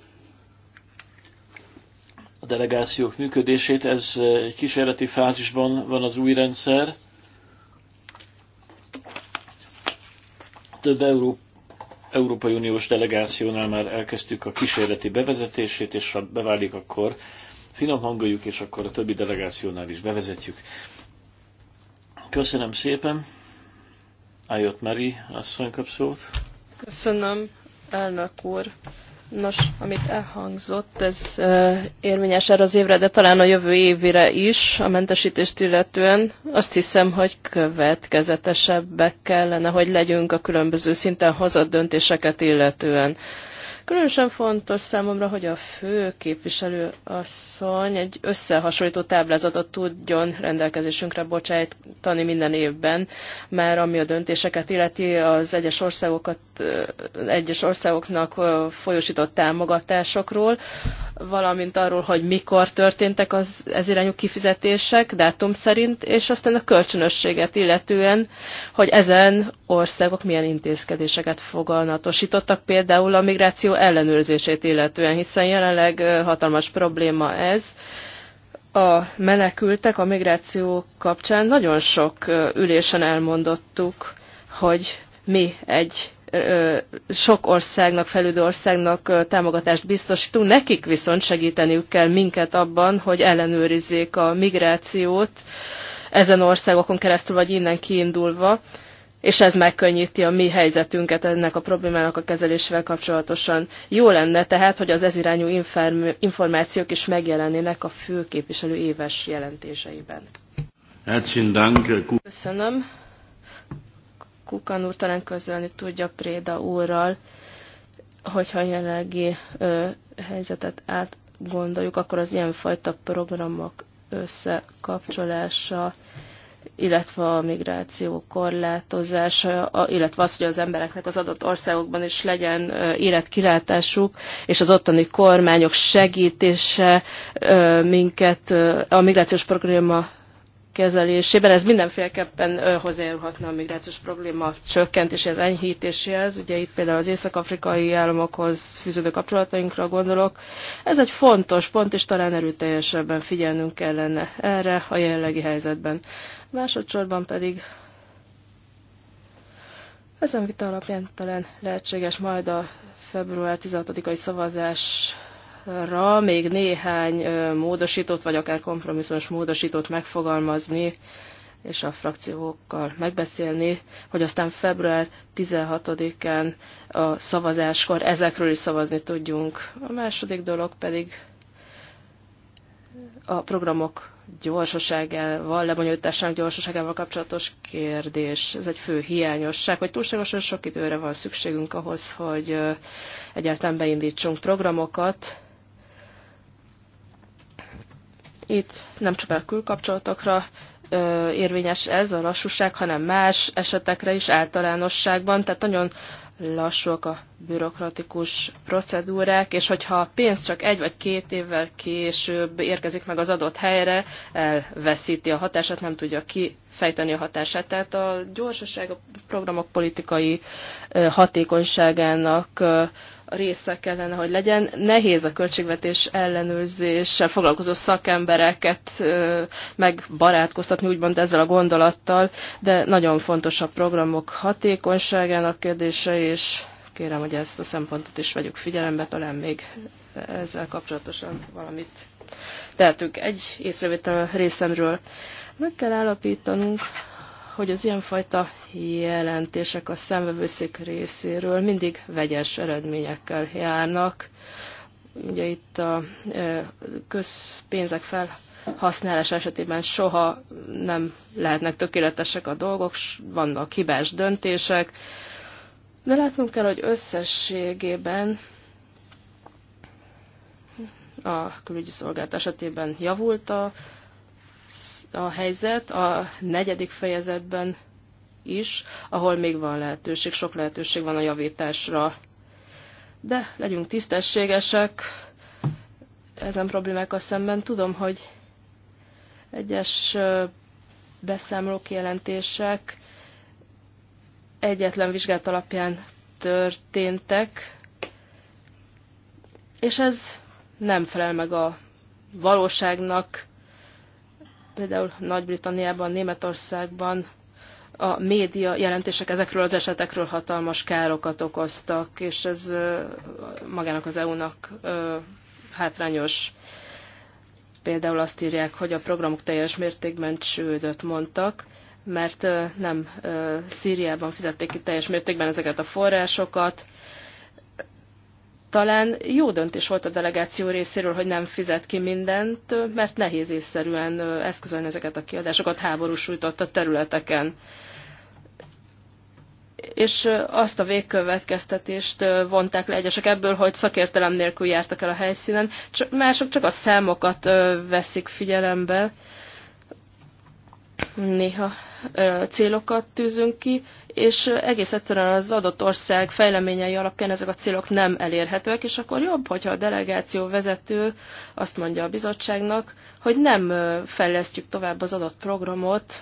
A delegációk működését, ez egy kísérleti fázisban van az új rendszer. Több Európa Európai Uniós delegációnál már elkezdtük a kísérleti bevezetését, és ha beválik, akkor finom hangoljuk, és akkor a többi delegációnál is bevezetjük. Köszönöm szépen. Ájött Mari, asszony kap szót. Köszönöm, elnök úr. Nos, amit elhangzott, ez érvényes erre az évre, de talán a jövő évire is a mentesítést illetően. Azt hiszem, hogy következetesebbek kellene, hogy legyünk a különböző szinten hozott döntéseket illetően. Különösen fontos számomra, hogy a fő képviselő asszony egy összehasonlító táblázatot tudjon rendelkezésünkre bocsájtani minden évben, mert ami a döntéseket illeti az egyes, országokat, egyes országoknak folyosított támogatásokról, valamint arról, hogy mikor történtek az ez irányú kifizetések dátum szerint, és aztán a kölcsönösséget illetően, hogy ezen országok milyen intézkedéseket fogalmatosítottak, például a migráció korrupció ellenőrzését illetően, hiszen jelenleg hatalmas probléma ez. A menekültek a migráció kapcsán nagyon sok ülésen elmondottuk, hogy mi egy sok országnak, felüldő országnak támogatást biztosítunk, nekik viszont segíteniük kell minket abban, hogy ellenőrizzék a migrációt ezen országokon keresztül, vagy innen kiindulva, és ez megkönnyíti a mi helyzetünket ennek a problémának a kezelésével kapcsolatosan. Jó lenne tehát, hogy az ezirányú információk is megjelennének a főképviselő éves jelentéseiben. Köszönöm. Kukan úr talán közölni tudja Préda úrral, hogyha a jelenlegi ö, helyzetet átgondoljuk, akkor az ilyenfajta programok összekapcsolása illetve a migráció korlátozása, illetve az, hogy az embereknek az adott országokban is legyen életkilátásuk, és az ottani kormányok segítése minket a migrációs programja kezelésében. Ez mindenféleképpen hozzájárulhatna a migrációs probléma csökkentéséhez, enyhítéséhez. Ugye itt például az észak-afrikai államokhoz fűződő kapcsolatainkra gondolok. Ez egy fontos pont, és talán erőteljesebben figyelnünk kellene erre a jelenlegi helyzetben. Másodszorban pedig ezen vita alapján talán lehetséges majd a február 16-ai szavazás ra még néhány módosított, vagy akár kompromisszumos módosított megfogalmazni, és a frakciókkal megbeszélni, hogy aztán február 16-án a szavazáskor ezekről is szavazni tudjunk. A második dolog pedig a programok gyorsaságával, lebonyolításának gyorsaságával kapcsolatos kérdés. Ez egy fő hiányosság, hogy túlságosan sok időre van szükségünk ahhoz, hogy egyáltalán beindítsunk programokat, itt nem csak a külkapcsolatokra érvényes ez a lassúság, hanem más esetekre is általánosságban, tehát nagyon lassúak a bürokratikus procedúrák, és hogyha a pénz csak egy vagy két évvel később érkezik meg az adott helyre, elveszíti a hatását, nem tudja kifejteni a hatását. Tehát a gyorsaság a programok politikai hatékonyságának része kellene, hogy legyen. Nehéz a költségvetés ellenőrzéssel foglalkozó szakembereket megbarátkoztatni, úgymond ezzel a gondolattal, de nagyon fontos a programok hatékonyságának kérdése, és kérem, hogy ezt a szempontot is vegyük figyelembe, talán még ezzel kapcsolatosan valamit tehetünk. Egy észrevétel részemről. Meg kell állapítanunk, hogy az ilyenfajta jelentések a szemvevőszék részéről mindig vegyes eredményekkel járnak. Ugye itt a e, közpénzek használás esetében soha nem lehetnek tökéletesek a dolgok, vannak hibás döntések, de látnunk kell, hogy összességében a külügyi szolgált esetében javult a a helyzet a negyedik fejezetben is, ahol még van lehetőség, sok lehetőség van a javításra. De legyünk tisztességesek ezen problémákkal szemben. Tudom, hogy egyes beszámolók, jelentések egyetlen vizsgálat alapján történtek, és ez nem felel meg a valóságnak, Például Nagy-Britanniában, Németországban a média jelentések ezekről az esetekről hatalmas károkat okoztak, és ez magának az EU-nak hátrányos. Például azt írják, hogy a programok teljes mértékben csődöt mondtak, mert nem Szíriában fizették ki teljes mértékben ezeket a forrásokat, talán jó döntés volt a delegáció részéről, hogy nem fizet ki mindent, mert nehéz észszerűen eszközölni ezeket a kiadásokat háborúsújtott a területeken és azt a végkövetkeztetést vonták le egyesek ebből, hogy szakértelem nélkül jártak el a helyszínen, mások csak a számokat veszik figyelembe, néha célokat tűzünk ki, és egész egyszerűen az adott ország fejleményei alapján ezek a célok nem elérhetőek, és akkor jobb, hogyha a delegáció vezető azt mondja a bizottságnak, hogy nem fejlesztjük tovább az adott programot,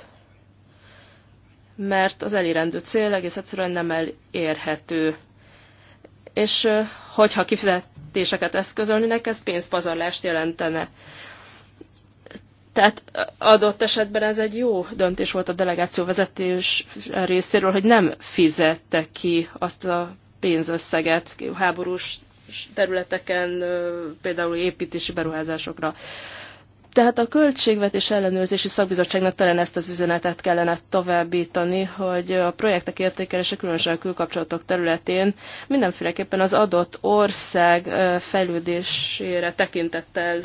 mert az elérendő cél egész egyszerűen nem elérhető. És hogyha kifizetéseket eszközölnének, ez pénzpazarlást jelentene. Tehát adott esetben ez egy jó döntés volt a delegáció vezetés részéről, hogy nem fizette ki azt a pénzösszeget háborús területeken, például építési beruházásokra. Tehát a Költségvetés Ellenőrzési Szakbizottságnak talán ezt az üzenetet kellene továbbítani, hogy a projektek értékelése különösen a külkapcsolatok területén mindenféleképpen az adott ország fejlődésére tekintettel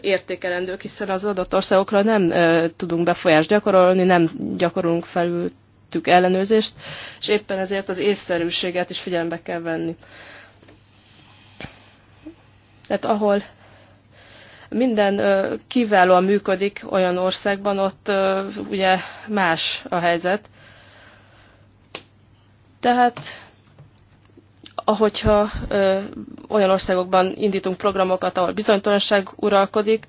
értékelendők, hiszen az adott országokra nem tudunk befolyást gyakorolni, nem gyakorolunk felültük ellenőrzést, és éppen ezért az észszerűséget is figyelembe kell venni. Tehát ahol minden kiválóan működik olyan országban, ott ugye más a helyzet. Tehát ahogyha ö, olyan országokban indítunk programokat, ahol bizonytalanság uralkodik,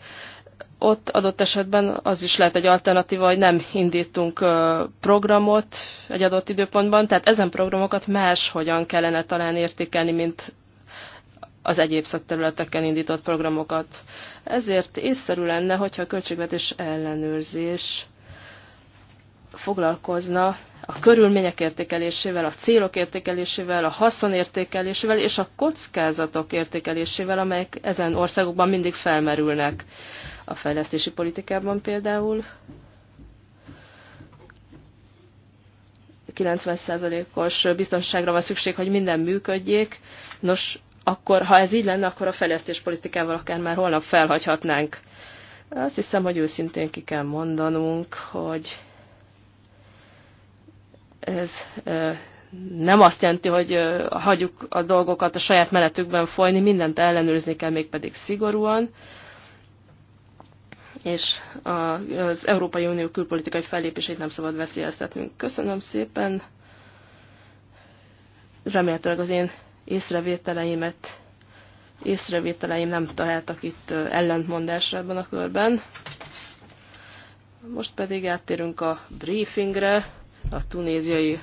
ott adott esetben az is lehet egy alternatíva, hogy nem indítunk ö, programot egy adott időpontban, tehát ezen programokat máshogyan kellene talán értékelni, mint az egyéb szakterületeken indított programokat. Ezért észszerű lenne, hogyha a költségvetés ellenőrzés foglalkozna a körülmények értékelésével, a célok értékelésével, a haszonértékelésével és a kockázatok értékelésével, amelyek ezen országokban mindig felmerülnek. A fejlesztési politikában például 90%-os biztonságra van szükség, hogy minden működjék. Nos, akkor ha ez így lenne, akkor a fejlesztéspolitikával akár már holnap felhagyhatnánk. Azt hiszem, hogy őszintén ki kell mondanunk, hogy ez nem azt jelenti, hogy hagyjuk a dolgokat a saját menetükben folyni, mindent ellenőrizni kell, mégpedig szigorúan. És az Európai Unió külpolitikai fellépését nem szabad veszélyeztetnünk. Köszönöm szépen! remélhetőleg az én észrevételeimet, észrevételeim nem találtak itt ellentmondásra ebben a körben. Most pedig áttérünk a briefingre, a tunéziai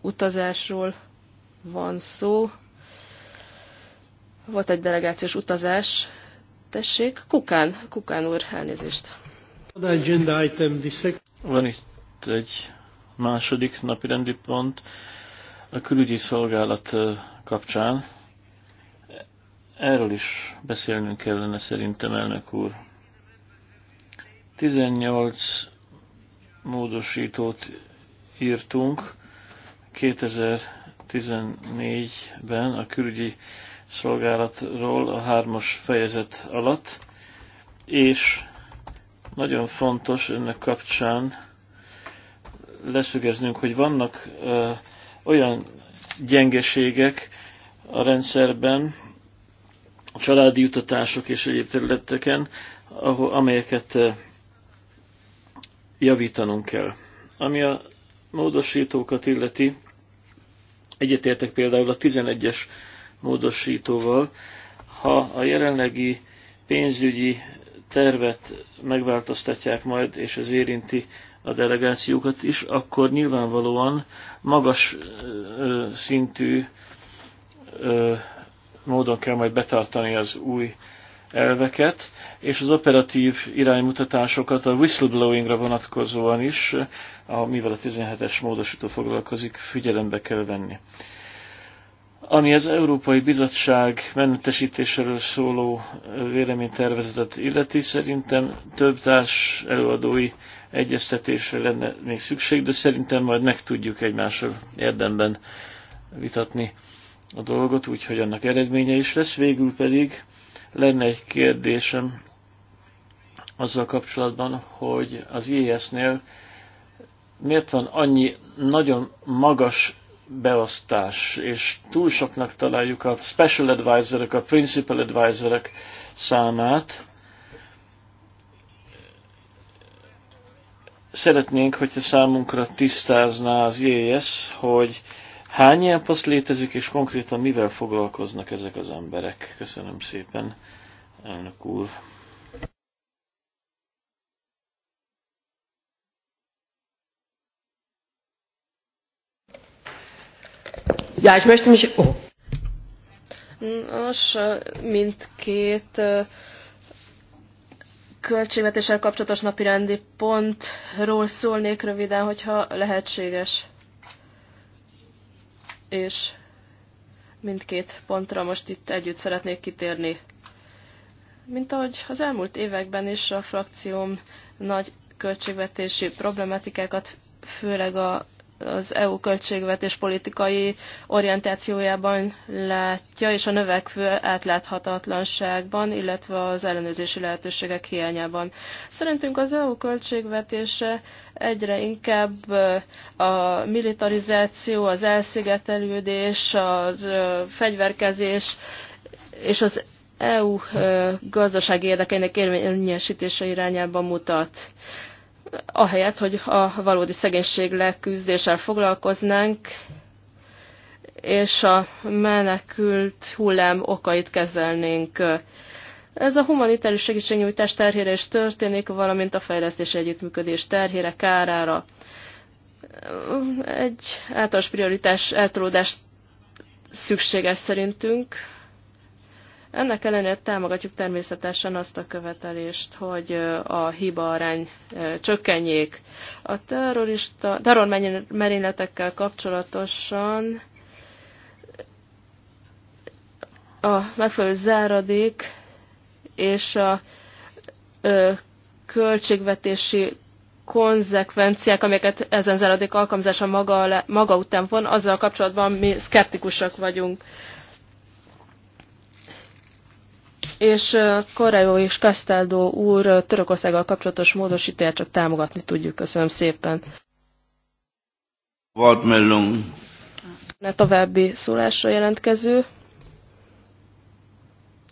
utazásról van szó. Volt egy delegációs utazás, tessék, Kukán, Kukán úr, elnézést. Van itt egy második napi rendi pont, a külügyi szolgálat kapcsán. Erről is beszélnünk kellene szerintem, elnök úr. 18 módosítót írtunk 2014-ben a külügyi szolgálatról a hármas fejezet alatt, és nagyon fontos ennek kapcsán leszögeznünk, hogy vannak ö, olyan gyengeségek, a rendszerben, a családi jutatások és egyéb területeken, ahol, amelyeket eh, javítanunk kell. Ami a módosítókat illeti, egyetértek például a 11-es módosítóval, ha a jelenlegi pénzügyi tervet megváltoztatják majd, és ez érinti a delegációkat is, akkor nyilvánvalóan magas eh, eh, szintű módon kell majd betartani az új elveket, és az operatív iránymutatásokat a whistleblowingra vonatkozóan is, amivel a 17-es módosító foglalkozik, figyelembe kell venni. Ami az Európai Bizottság mentesítéséről szóló véleménytervezetet illeti, szerintem több társ előadói egyeztetésre lenne még szükség, de szerintem majd meg tudjuk egymással érdemben vitatni a dolgot, úgyhogy annak eredménye is lesz. Végül pedig lenne egy kérdésem azzal kapcsolatban, hogy az IES-nél miért van annyi nagyon magas beosztás, és túl soknak találjuk a special advisorok, a principal advisorok számát. Szeretnénk, hogyha számunkra tisztázná az IES, hogy Hány ilyen poszt létezik, és konkrétan mivel foglalkoznak ezek az emberek? Köszönöm szépen, elnök úr. Ja, és most is... Oh. Nos, mindkét költségvetéssel kapcsolatos napirendi pontról szólnék röviden, hogyha lehetséges és mindkét pontra most itt együtt szeretnék kitérni. Mint ahogy az elmúlt években is a frakcióm nagy költségvetési problematikákat, főleg a az EU költségvetés politikai orientációjában látja, és a növekvő átláthatatlanságban, illetve az ellenőrzési lehetőségek hiányában. Szerintünk az EU költségvetése egyre inkább a militarizáció, az elszigetelődés, a fegyverkezés és az EU gazdasági érdekeinek érvényesítése irányában mutat ahelyett, hogy a valódi szegénység leküzdéssel foglalkoznánk, és a menekült hullám okait kezelnénk. Ez a humanitárius segítségnyújtás terhére is történik, valamint a fejlesztés együttműködés terhére, kárára. Egy általános prioritás eltolódás szükséges szerintünk ennek ellenére támogatjuk természetesen azt a követelést, hogy a hiba arány csökkenjék. A terrorista, terrormerényletekkel kapcsolatosan a megfelelő záradék és a ö, költségvetési konzekvenciák, amelyeket ezen záradék alkalmazása maga, maga után van, azzal kapcsolatban mi szkeptikusak vagyunk és Korajó és Castaldo úr Törökországgal kapcsolatos módosítóját csak támogatni tudjuk. Köszönöm szépen. Wortmeldung. Ne további szólásra jelentkező.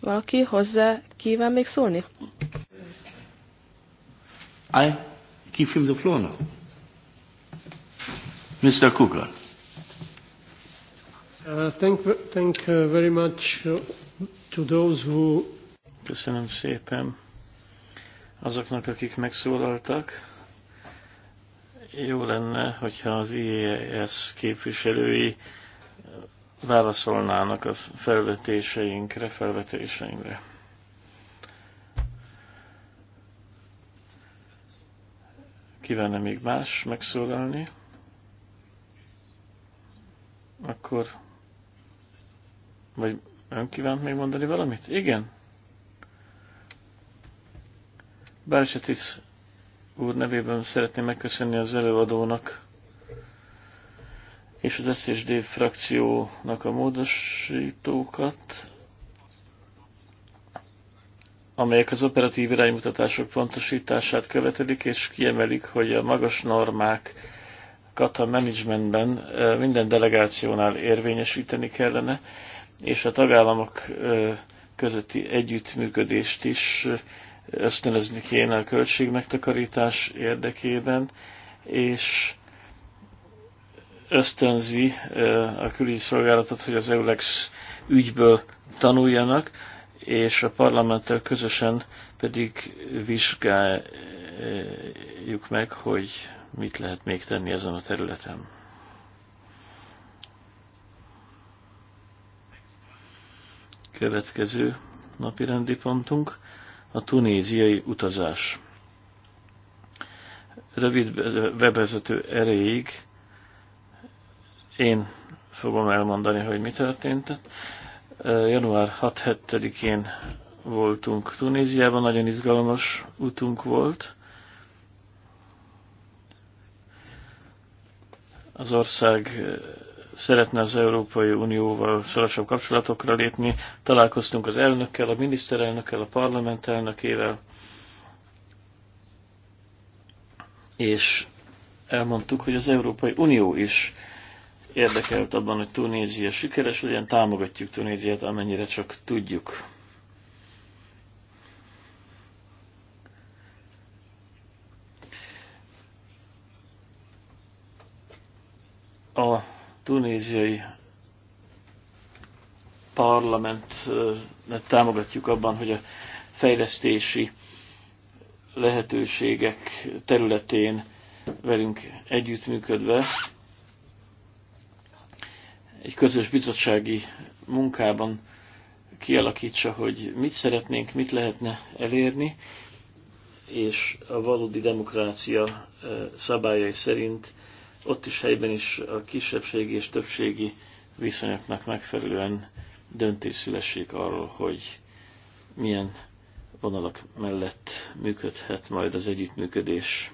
Valaki hozzá kíván még szólni? I give him the floor now. Mr. Kukan. Uh, thank, thank uh, very much uh, Köszönöm szépen azoknak, akik megszólaltak. Jó lenne, hogyha az IES képviselői válaszolnának a felvetéseinkre, felvetéseinkre. Kívánne még más megszólalni? Akkor, vagy Ön kívánt még mondani valamit? Igen. Bársetic úr nevében szeretném megköszönni az előadónak és az SSD frakciónak a módosítókat, amelyek az operatív iránymutatások pontosítását követelik, és kiemelik, hogy a magas normák kata managementben eh, minden delegációnál érvényesíteni kellene, és a tagállamok közötti együttműködést is ösztönözni kéne a költségmegtakarítás érdekében, és ösztönzi a külügyi szolgálatot, hogy az EULEX ügyből tanuljanak, és a parlamenttel közösen pedig vizsgáljuk meg, hogy mit lehet még tenni ezen a területen. Következő napi rendi pontunk a tunéziai utazás. Rövid bevezető erejéig én fogom elmondani, hogy mi történt. Január 6-7-én voltunk Tunéziában, nagyon izgalmas útunk volt. Az ország szeretne az Európai Unióval szorosabb kapcsolatokra lépni. Találkoztunk az elnökkel, a miniszterelnökkel, a parlament elnökével, és elmondtuk, hogy az Európai Unió is érdekelt abban, hogy Tunézia sikeres legyen, támogatjuk Tunéziát, amennyire csak tudjuk. A tunéziai parlamentet támogatjuk abban, hogy a fejlesztési lehetőségek területén velünk együttműködve egy közös bizottsági munkában kialakítsa, hogy mit szeretnénk, mit lehetne elérni, és a valódi demokrácia eh, szabályai szerint ott is helyben is a kisebbségi és többségi viszonyoknak megfelelően döntés szülessék arról, hogy milyen vonalak mellett működhet majd az együttműködés.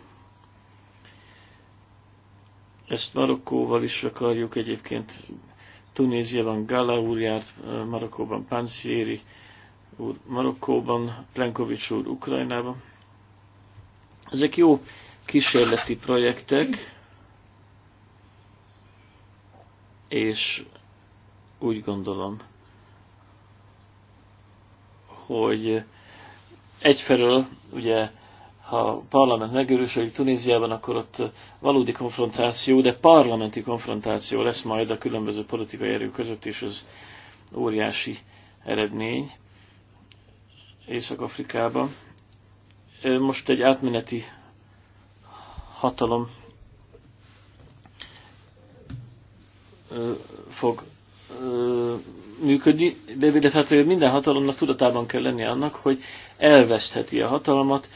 Ezt Marokkóval is akarjuk egyébként. Tunéziában Gala úr járt, Marokkóban Pancieri úr, Marokkóban Plenkovics úr Ukrajnában. Ezek jó kísérleti projektek, és úgy gondolom, hogy egyfelől, ugye, ha a parlament megerősödik Tunéziában, akkor ott valódi konfrontáció, de parlamenti konfrontáció lesz majd a különböző politikai erők között, és ez óriási eredmény Észak-Afrikában. Most egy átmeneti hatalom fog működni, de, de hát, hogy minden hatalomnak tudatában kell lenni annak, hogy elvesztheti a hatalmat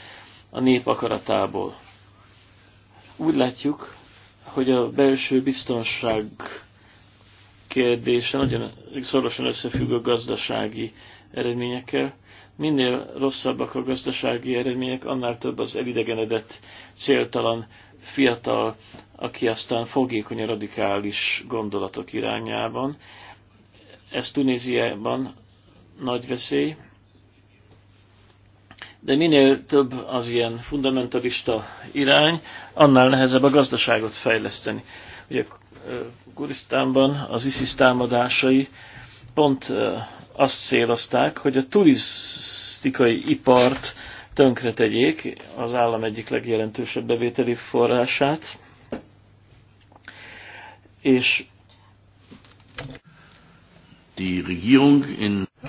a nép akaratából. Úgy látjuk, hogy a belső biztonság kérdése nagyon szorosan összefügg a gazdasági eredményekkel. Minél rosszabbak a gazdasági eredmények, annál több az elidegenedett, céltalan fiatal, aki aztán fogékony a radikális gondolatok irányában. Ez Tunéziában nagy veszély, de minél több az ilyen fundamentalista irány, annál nehezebb a gazdaságot fejleszteni. Ugye eh, Kurisztánban az ISIS támadásai pont eh, azt célozták, hogy a turisztikai ipart tönkretegyék, az állam egyik legjelentősebb bevételi forrását, és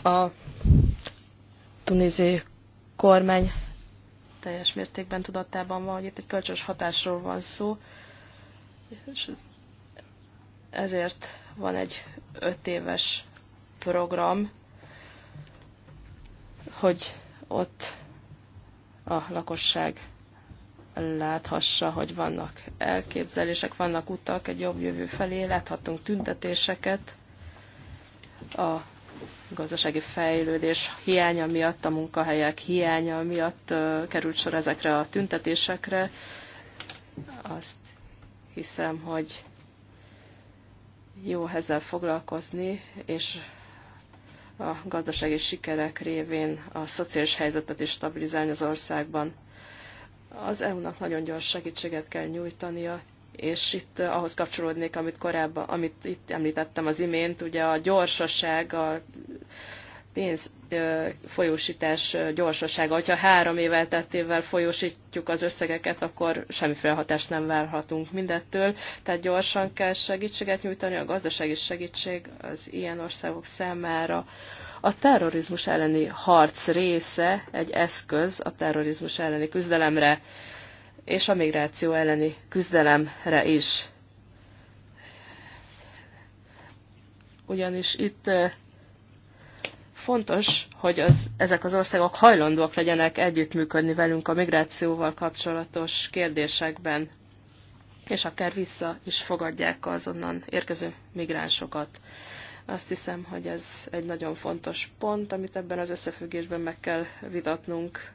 a tunézi kormány teljes mértékben tudatában van, hogy itt egy kölcsös hatásról van szó, és ezért van egy öt éves program, hogy ott a lakosság láthassa, hogy vannak elképzelések, vannak utak egy jobb jövő felé, láthatunk tüntetéseket a gazdasági fejlődés hiánya miatt, a munkahelyek hiánya miatt került sor ezekre a tüntetésekre. Azt hiszem, hogy jó ezzel foglalkozni, és a gazdasági sikerek révén a szociális helyzetet is stabilizálni az országban. Az EU-nak nagyon gyors segítséget kell nyújtania, és itt ahhoz kapcsolódnék, amit korábban, amit itt említettem az imént, ugye a gyorsaság, a pénz folyósítás gyorsasága. Hogyha három év elteltével folyósítjuk az összegeket, akkor semmiféle hatást nem várhatunk mindettől. Tehát gyorsan kell segítséget nyújtani, a gazdasági segítség az ilyen országok számára. A terrorizmus elleni harc része egy eszköz a terrorizmus elleni küzdelemre és a migráció elleni küzdelemre is. Ugyanis itt Fontos, hogy az, ezek az országok hajlandóak legyenek együttműködni velünk a migrációval kapcsolatos kérdésekben, és akár vissza is fogadják azonnan érkező migránsokat. Azt hiszem, hogy ez egy nagyon fontos pont, amit ebben az összefüggésben meg kell vitatnunk.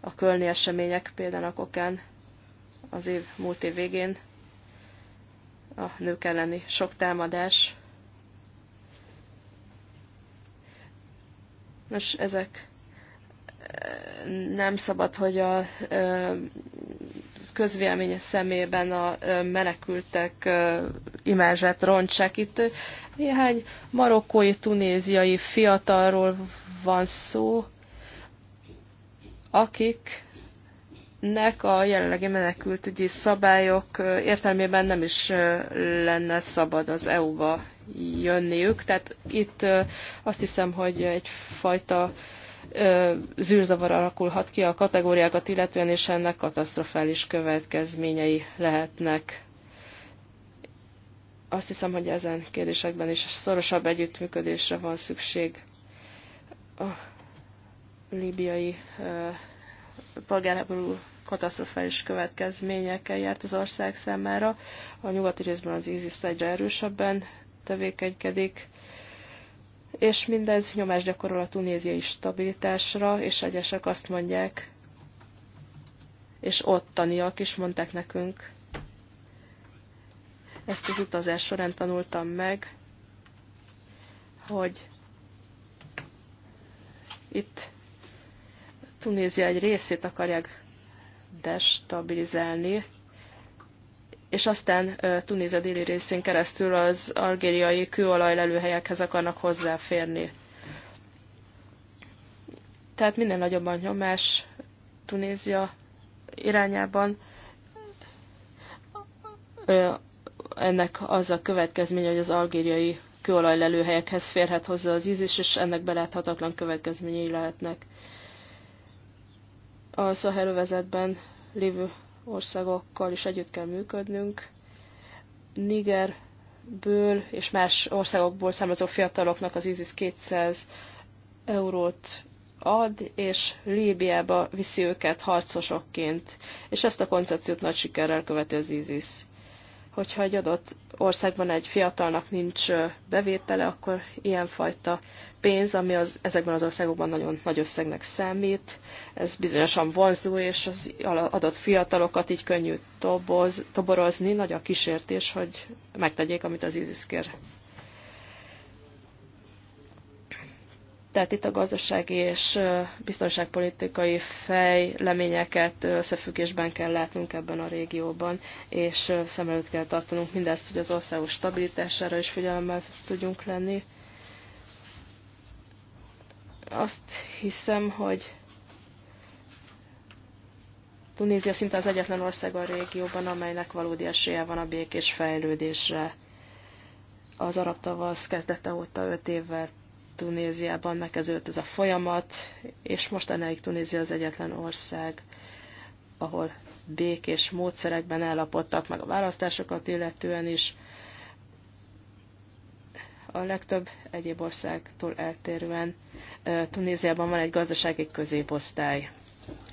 A kölni események például a kokán az év múlt év végén a nők elleni sok támadás Nos, ezek eh, nem szabad, hogy a eh, közvélemény szemében a eh, menekültek imázsát rontsák. Itt néhány marokkói, tunéziai fiatalról van szó, akiknek a jelenlegi menekültügyi szabályok értelmében nem is lenne szabad az EU-ba jönniük. Tehát itt azt hiszem, hogy egyfajta zűrzavar alakulhat ki a kategóriákat illetően, és ennek katasztrofális következményei lehetnek. Azt hiszem, hogy ezen kérdésekben is szorosabb együttműködésre van szükség a libiai polgárháború katasztrofális következményekkel járt az ország számára. A nyugati részben az ISIS egyre erősebben tevékenykedik, és mindez nyomás gyakorol a tunéziai stabilitásra, és egyesek azt mondják, és ottaniak is mondták nekünk, ezt az utazás során tanultam meg, hogy itt Tunézia egy részét akarják destabilizálni, és aztán Tunézia déli részén keresztül az algériai kőolaj lelőhelyekhez akarnak hozzáférni. Tehát minden nagyobb a nyomás Tunézia irányában. Ennek az a következménye, hogy az algériai kőolaj lelőhelyekhez férhet hozzá az ízés, és ennek beláthatatlan következményei lehetnek. A Szahelövezetben lévő országokkal is együtt kell működnünk. Nigerből és más országokból származó fiataloknak az ISIS 200 eurót ad, és Líbiába viszi őket harcosokként, és ezt a koncepciót nagy sikerrel követi az ISIS hogyha egy adott országban egy fiatalnak nincs bevétele, akkor ilyenfajta pénz, ami az, ezekben az országokban nagyon nagy összegnek számít, ez bizonyosan vonzó, és az adott fiatalokat így könnyű toboz, toborozni, nagy a kísértés, hogy megtegyék, amit az ISIS kér Tehát itt a gazdasági és biztonságpolitikai fejleményeket összefüggésben kell látnunk ebben a régióban, és szem előtt kell tartanunk mindezt, hogy az országos stabilitására is figyelemmel tudjunk lenni. Azt hiszem, hogy Tunézia szinte az egyetlen ország a régióban, amelynek valódi esélye van a békés fejlődésre. Az arab tavasz kezdete óta 5 évvel Tunéziában megkezdődött ez a folyamat, és mostanáig Tunézia az egyetlen ország, ahol békés módszerekben ellapodtak meg a választásokat illetően is. A legtöbb egyéb országtól eltérően Tunéziában van egy gazdasági középosztály.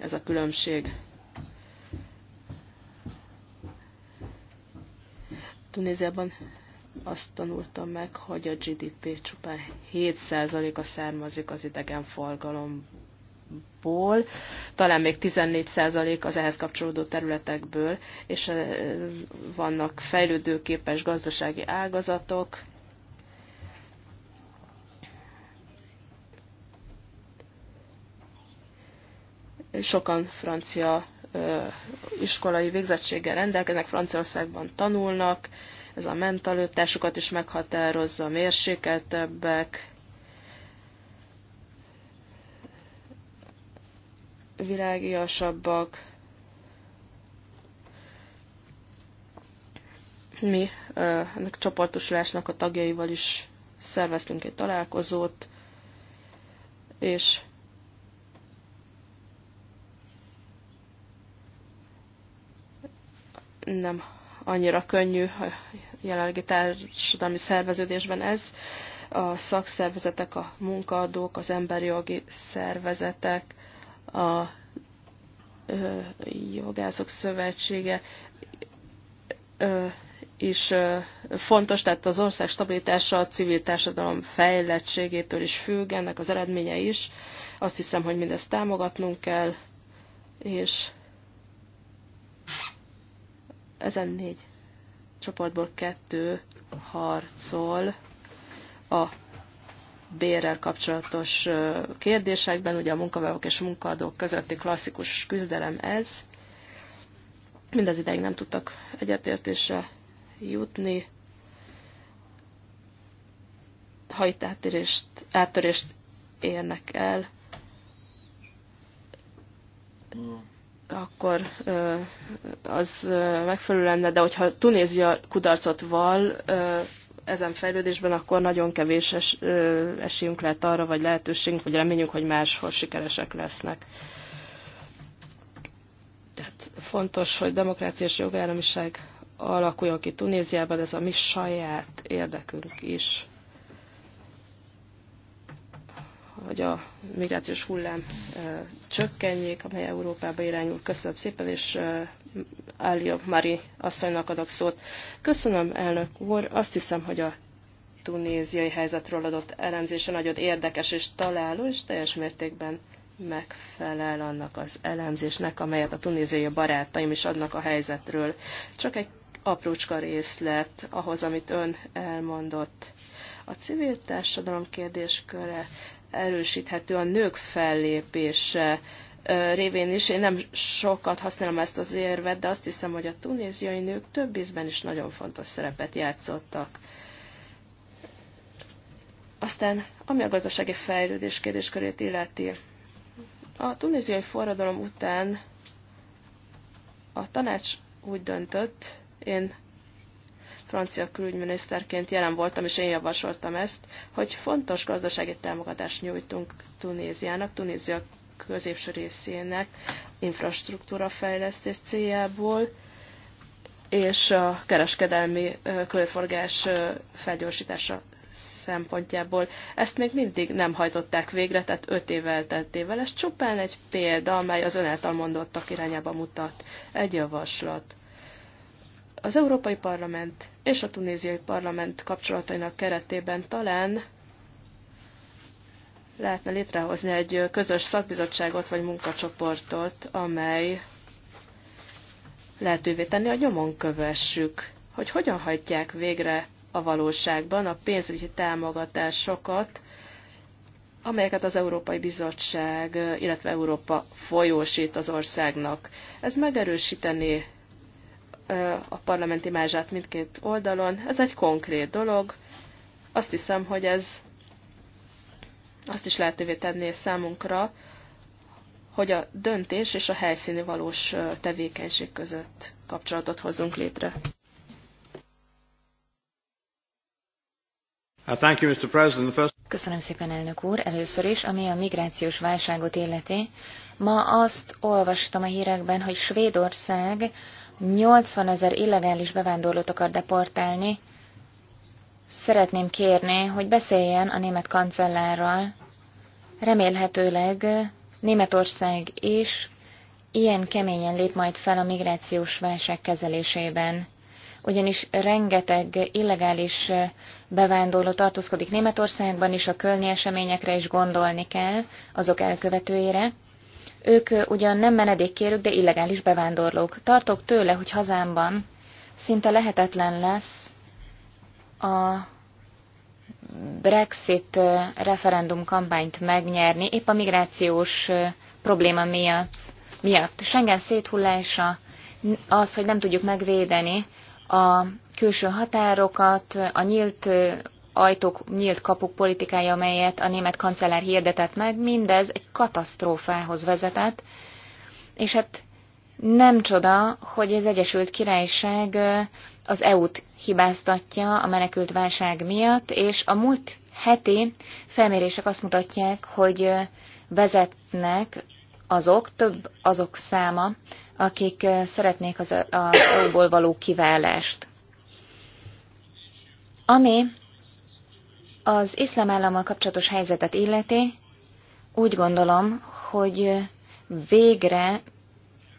Ez a különbség. Tunéziában azt tanultam meg, hogy a GDP csupán 7%-a származik az forgalomból, talán még 14% az ehhez kapcsolódó területekből, és eh, vannak fejlődőképes gazdasági ágazatok, sokan francia eh, iskolai végzettséggel rendelkeznek, Franciaországban tanulnak, ez a mentalitásukat is meghatározza, mérsékeltebbek, világiasabbak. Mi ennek csoportosulásnak a tagjaival is szerveztünk egy találkozót, és nem annyira könnyű a jelenlegi társadalmi szerveződésben ez. A szakszervezetek, a munkaadók, az emberi jogi szervezetek, a jogászok szövetsége is fontos, tehát az ország stabilitása a civil társadalom fejlettségétől is függ, ennek az eredménye is. Azt hiszem, hogy mindezt támogatnunk kell, és ezen négy csoportból kettő harcol a bérrel kapcsolatos kérdésekben, ugye a munkavállalók és munkaadók közötti klasszikus küzdelem ez. Mindez ideig nem tudtak egyetértésre jutni. Ha itt áttörést, áttörést érnek el, akkor az megfelelő lenne, de hogyha Tunézia kudarcot val ezen fejlődésben, akkor nagyon kevés es, esélyünk lehet arra, vagy lehetőségünk, vagy reményünk, hogy máshol sikeresek lesznek. Tehát fontos, hogy demokrácia és jogállamiság alakuljon ki Tunéziában, ez a mi saját érdekünk is hogy a migrációs hullám csökkenjék, amely Európába irányul. Köszönöm szépen, és Ália Mari asszonynak adok szót. Köszönöm, elnök úr. Azt hiszem, hogy a tunéziai helyzetről adott elemzése nagyon érdekes és találó, és teljes mértékben megfelel annak az elemzésnek, amelyet a tunéziai barátaim is adnak a helyzetről. Csak egy aprócska részlet ahhoz, amit ön elmondott. A civil társadalom kérdésköre erősíthető a nők fellépése révén is. Én nem sokat használom ezt az érvet, de azt hiszem, hogy a tunéziai nők több ízben is nagyon fontos szerepet játszottak. Aztán, ami a gazdasági fejlődés kérdéskörét illeti, a tunéziai forradalom után a tanács úgy döntött, én francia külügyminiszterként jelen voltam, és én javasoltam ezt, hogy fontos gazdasági támogatást nyújtunk Tunéziának, Tunézia középső részének infrastruktúra fejlesztés céljából, és a kereskedelmi körforgás felgyorsítása szempontjából. Ezt még mindig nem hajtották végre, tehát öt év elteltével. Ez csupán egy példa, amely az ön által mondottak irányába mutat. Egy javaslat. Az Európai Parlament és a Tunéziai Parlament kapcsolatainak keretében talán lehetne létrehozni egy közös szakbizottságot vagy munkacsoportot, amely lehetővé tenni, a nyomon kövessük, hogy hogyan hagyják végre a valóságban a pénzügyi támogatásokat, amelyeket az Európai Bizottság, illetve Európa folyósít az országnak. Ez megerősítené a parlamenti mázsát mindkét oldalon. Ez egy konkrét dolog. Azt hiszem, hogy ez azt is lehetővé tenné számunkra, hogy a döntés és a helyszíni valós tevékenység között kapcsolatot hozzunk létre. Uh, Köszönöm szépen, elnök úr. Először is, ami a migrációs válságot illeti, ma azt olvastam a hírekben, hogy Svédország 80 ezer illegális bevándorlót akar deportálni. Szeretném kérni, hogy beszéljen a német kancellárral. Remélhetőleg Németország is ilyen keményen lép majd fel a migrációs válság kezelésében. Ugyanis rengeteg illegális bevándorló tartózkodik Németországban, is a kölni eseményekre is gondolni kell, azok elkövetőjére. Ők ugyan nem menedékkérők, de illegális bevándorlók. Tartok tőle, hogy hazámban szinte lehetetlen lesz a Brexit referendum kampányt megnyerni, épp a migrációs probléma miatt. miatt. Schengen széthullása, az, hogy nem tudjuk megvédeni a külső határokat, a nyílt ajtók, nyílt kapuk politikája, amelyet a német kancellár hirdetett meg, mindez egy katasztrófához vezetett, és hát nem csoda, hogy az Egyesült Királyság az EU-t hibáztatja a menekült válság miatt, és a múlt heti felmérések azt mutatják, hogy vezetnek azok, több azok száma, akik szeretnék az EU-ból való kiválást. Ami az iszlám állammal kapcsolatos helyzetet illeti, úgy gondolom, hogy végre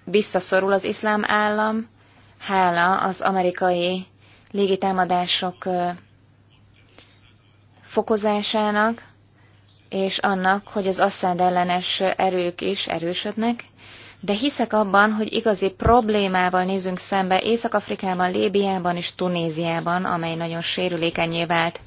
visszaszorul az iszlám állam, hála az amerikai légitámadások fokozásának, és annak, hogy az asszád ellenes erők is erősödnek, de hiszek abban, hogy igazi problémával nézünk szembe Észak-Afrikában, Lébiában és Tunéziában, amely nagyon sérülékenyé vált.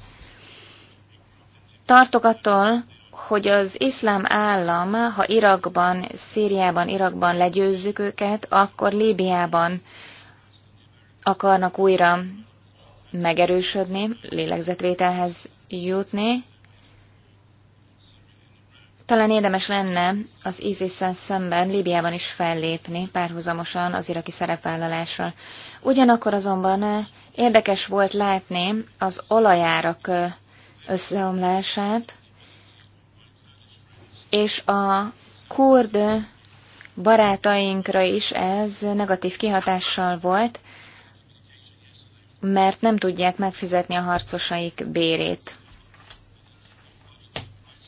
Tartok attól, hogy az iszlám állam, ha Irakban, Szíriában, Irakban legyőzzük őket, akkor Líbiában akarnak újra megerősödni, lélegzetvételhez jutni. Talán érdemes lenne az isis szemben Líbiában is fellépni párhuzamosan az iraki szerepvállalással. Ugyanakkor azonban érdekes volt látni az olajárak összeomlását, és a kurd barátainkra is ez negatív kihatással volt, mert nem tudják megfizetni a harcosaik bérét.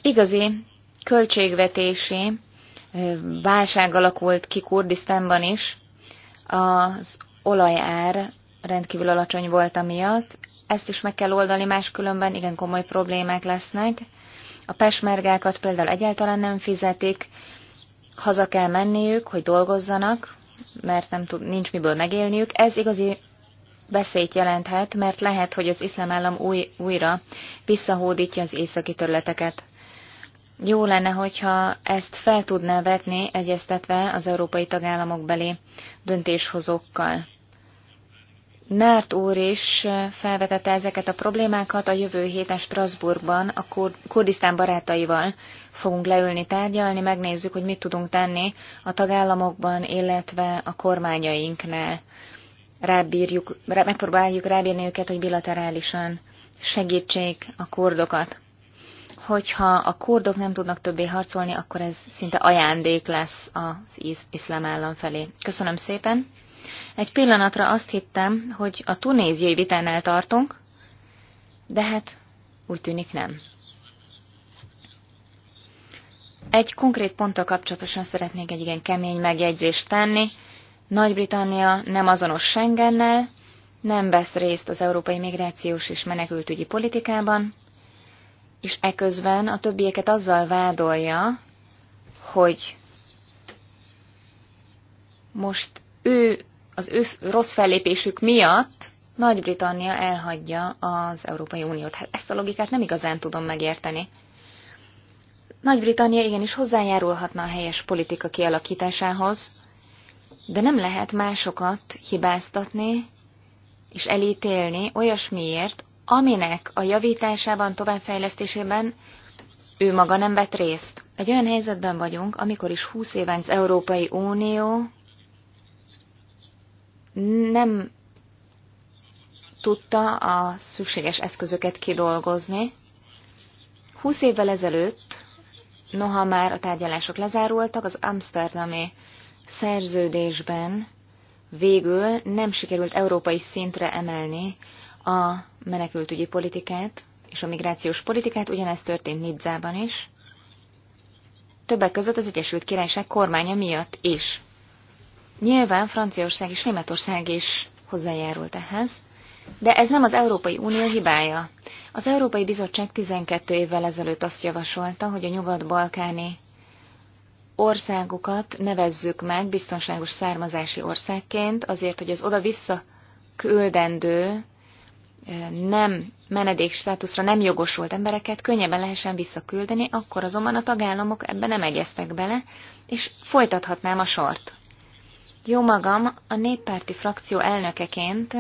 Igazi költségvetési válság alakult ki Kurdisztánban is, az olajár rendkívül alacsony volt amiatt, ezt is meg kell oldani, máskülönben igen komoly problémák lesznek. A pesmergákat például egyáltalán nem fizetik, haza kell menniük, hogy dolgozzanak, mert nem tud, nincs miből megélniük. Ez igazi veszélyt jelenthet, mert lehet, hogy az iszlám állam új, újra visszahódítja az északi területeket. Jó lenne, hogyha ezt fel tudná vetni, egyeztetve az európai tagállamok belé döntéshozókkal. Nárt úr is felvetette ezeket a problémákat, a jövő héten Strasbourgban a Kur- Kurdisztán barátaival fogunk leülni tárgyalni, megnézzük, hogy mit tudunk tenni a tagállamokban, illetve a kormányainknál. Rábírjuk, rá, megpróbáljuk rábírni őket, hogy bilaterálisan segítsék a kurdokat. Hogyha a kurdok nem tudnak többé harcolni, akkor ez szinte ajándék lesz az iszlám állam felé. Köszönöm szépen! Egy pillanatra azt hittem, hogy a tunéziai vitánál tartunk, de hát úgy tűnik nem. Egy konkrét ponttal kapcsolatosan szeretnék egy igen kemény megjegyzést tenni. Nagy-Britannia nem azonos Schengennel, nem vesz részt az európai migrációs és menekültügyi politikában, és eközben a többieket azzal vádolja, hogy most ő az ő rossz fellépésük miatt Nagy-Britannia elhagyja az Európai Uniót. Hát ezt a logikát nem igazán tudom megérteni. Nagy-Britannia igenis hozzájárulhatna a helyes politika kialakításához, de nem lehet másokat hibáztatni és elítélni olyasmiért, aminek a javításában, továbbfejlesztésében ő maga nem vett részt. Egy olyan helyzetben vagyunk, amikor is 20 évenc Európai Unió nem tudta a szükséges eszközöket kidolgozni. Húsz évvel ezelőtt, noha már a tárgyalások lezárultak, az amsterdami szerződésben végül nem sikerült európai szintre emelni a menekültügyi politikát és a migrációs politikát, ugyanezt történt Nidzában is, többek között az Egyesült Királyság kormánya miatt is. Nyilván Franciaország és Németország is hozzájárult ehhez, de ez nem az Európai Unió hibája. Az Európai Bizottság 12 évvel ezelőtt azt javasolta, hogy a nyugat-balkáni országokat nevezzük meg biztonságos származási országként, azért, hogy az oda-vissza küldendő, nem menedék státuszra nem jogosult embereket könnyebben lehessen visszaküldeni, akkor azonban a tagállamok ebbe nem egyeztek bele, és folytathatnám a sort. Jó magam, a néppárti frakció elnökeként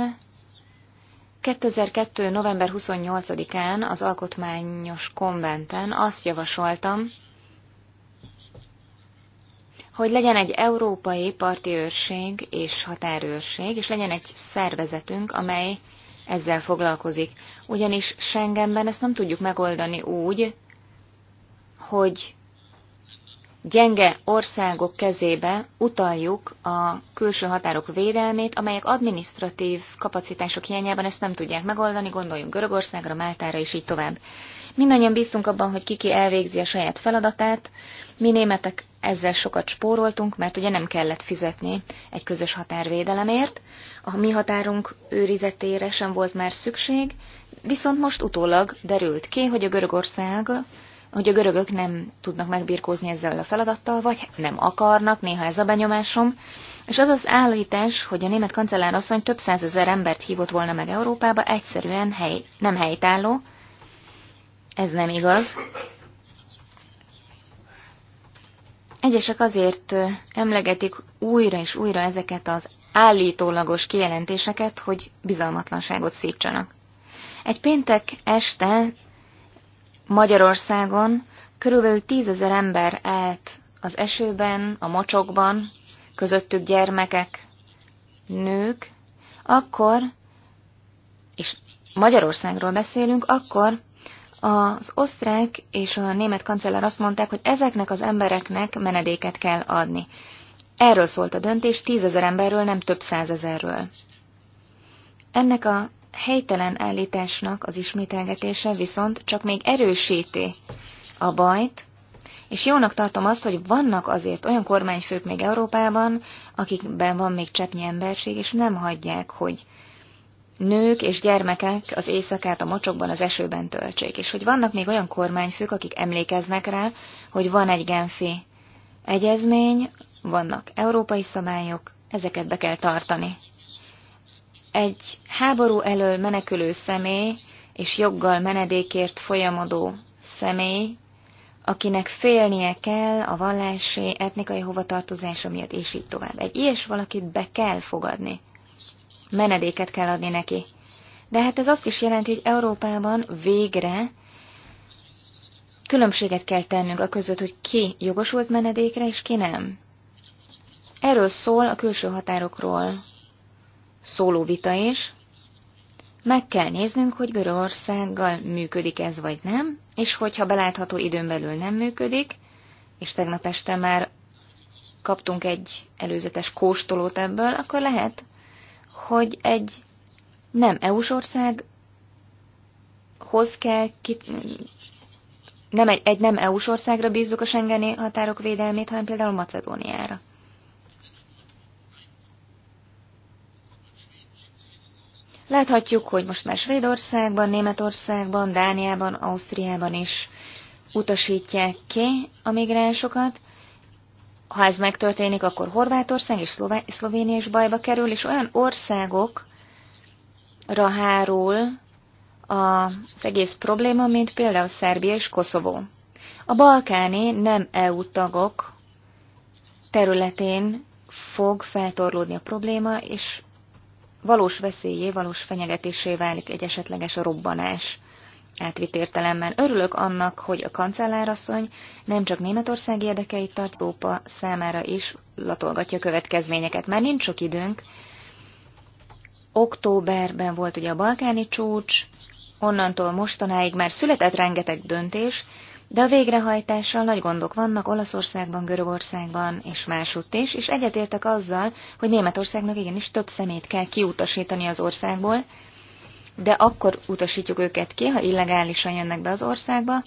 2002. november 28-án az Alkotmányos Konventen azt javasoltam, hogy legyen egy európai parti őrség és határőrség, és legyen egy szervezetünk, amely ezzel foglalkozik. Ugyanis Schengenben ezt nem tudjuk megoldani úgy, hogy gyenge országok kezébe utaljuk a külső határok védelmét, amelyek adminisztratív kapacitások hiányában ezt nem tudják megoldani, gondoljunk Görögországra, Máltára és így tovább. Mindannyian bíztunk abban, hogy kiki elvégzi a saját feladatát, mi németek ezzel sokat spóroltunk, mert ugye nem kellett fizetni egy közös határvédelemért, a mi határunk őrizetére sem volt már szükség, viszont most utólag derült ki, hogy a Görögország hogy a görögök nem tudnak megbirkózni ezzel a feladattal, vagy nem akarnak, néha ez a benyomásom. És az az állítás, hogy a német kancellár asszony több százezer embert hívott volna meg Európába, egyszerűen hely, nem helytálló. Ez nem igaz. Egyesek azért emlegetik újra és újra ezeket az állítólagos kijelentéseket, hogy bizalmatlanságot szítsanak. Egy péntek este Magyarországon körülbelül tízezer ember állt az esőben, a mocsokban, közöttük gyermekek, nők, akkor, és Magyarországról beszélünk, akkor az osztrák és a német kancellár azt mondták, hogy ezeknek az embereknek menedéket kell adni. Erről szólt a döntés, tízezer emberről, nem több százezerről. Ennek a helytelen állításnak az ismételgetése viszont csak még erősíti a bajt, és jónak tartom azt, hogy vannak azért olyan kormányfők még Európában, akikben van még cseppnyi emberség, és nem hagyják, hogy nők és gyermekek az éjszakát a mocsokban, az esőben töltsék, és hogy vannak még olyan kormányfők, akik emlékeznek rá, hogy van egy genfi egyezmény, vannak európai szabályok, ezeket be kell tartani egy háború elől menekülő személy és joggal menedékért folyamodó személy, akinek félnie kell a vallási, etnikai hovatartozása miatt, és így tovább. Egy ilyes valakit be kell fogadni. Menedéket kell adni neki. De hát ez azt is jelenti, hogy Európában végre különbséget kell tennünk a között, hogy ki jogosult menedékre, és ki nem. Erről szól a külső határokról szóló vita is. Meg kell néznünk, hogy Görögországgal működik ez vagy nem, és hogyha belátható időn belül nem működik, és tegnap este már kaptunk egy előzetes kóstolót ebből, akkor lehet, hogy egy nem EU-s országhoz kell, kit, nem egy, egy nem EU-s országra bízzuk a Schengeni határok védelmét, hanem például Macedóniára. Láthatjuk, hogy most már Svédországban, Németországban, Dániában, Ausztriában is utasítják ki a migránsokat. Ha ez megtörténik, akkor Horvátország és Szlová- Szlovénia is bajba kerül, és olyan országokra hárul az egész probléma, mint például Szerbia és Koszovó. A balkáni nem EU tagok területén fog feltorlódni a probléma, és valós veszélyé, valós fenyegetésé válik egy esetleges robbanás. Átvitt értelemben örülök annak, hogy a kancellárasszony nem csak Németország érdekeit tart, Európa számára is latolgatja a következményeket. Már nincs sok időnk. Októberben volt ugye a balkáni csúcs, onnantól mostanáig már született rengeteg döntés, de a végrehajtással nagy gondok vannak Olaszországban, Görögországban és másutt is, és egyetértek azzal, hogy Németországnak igenis több szemét kell kiutasítani az országból, de akkor utasítjuk őket ki, ha illegálisan jönnek be az országba,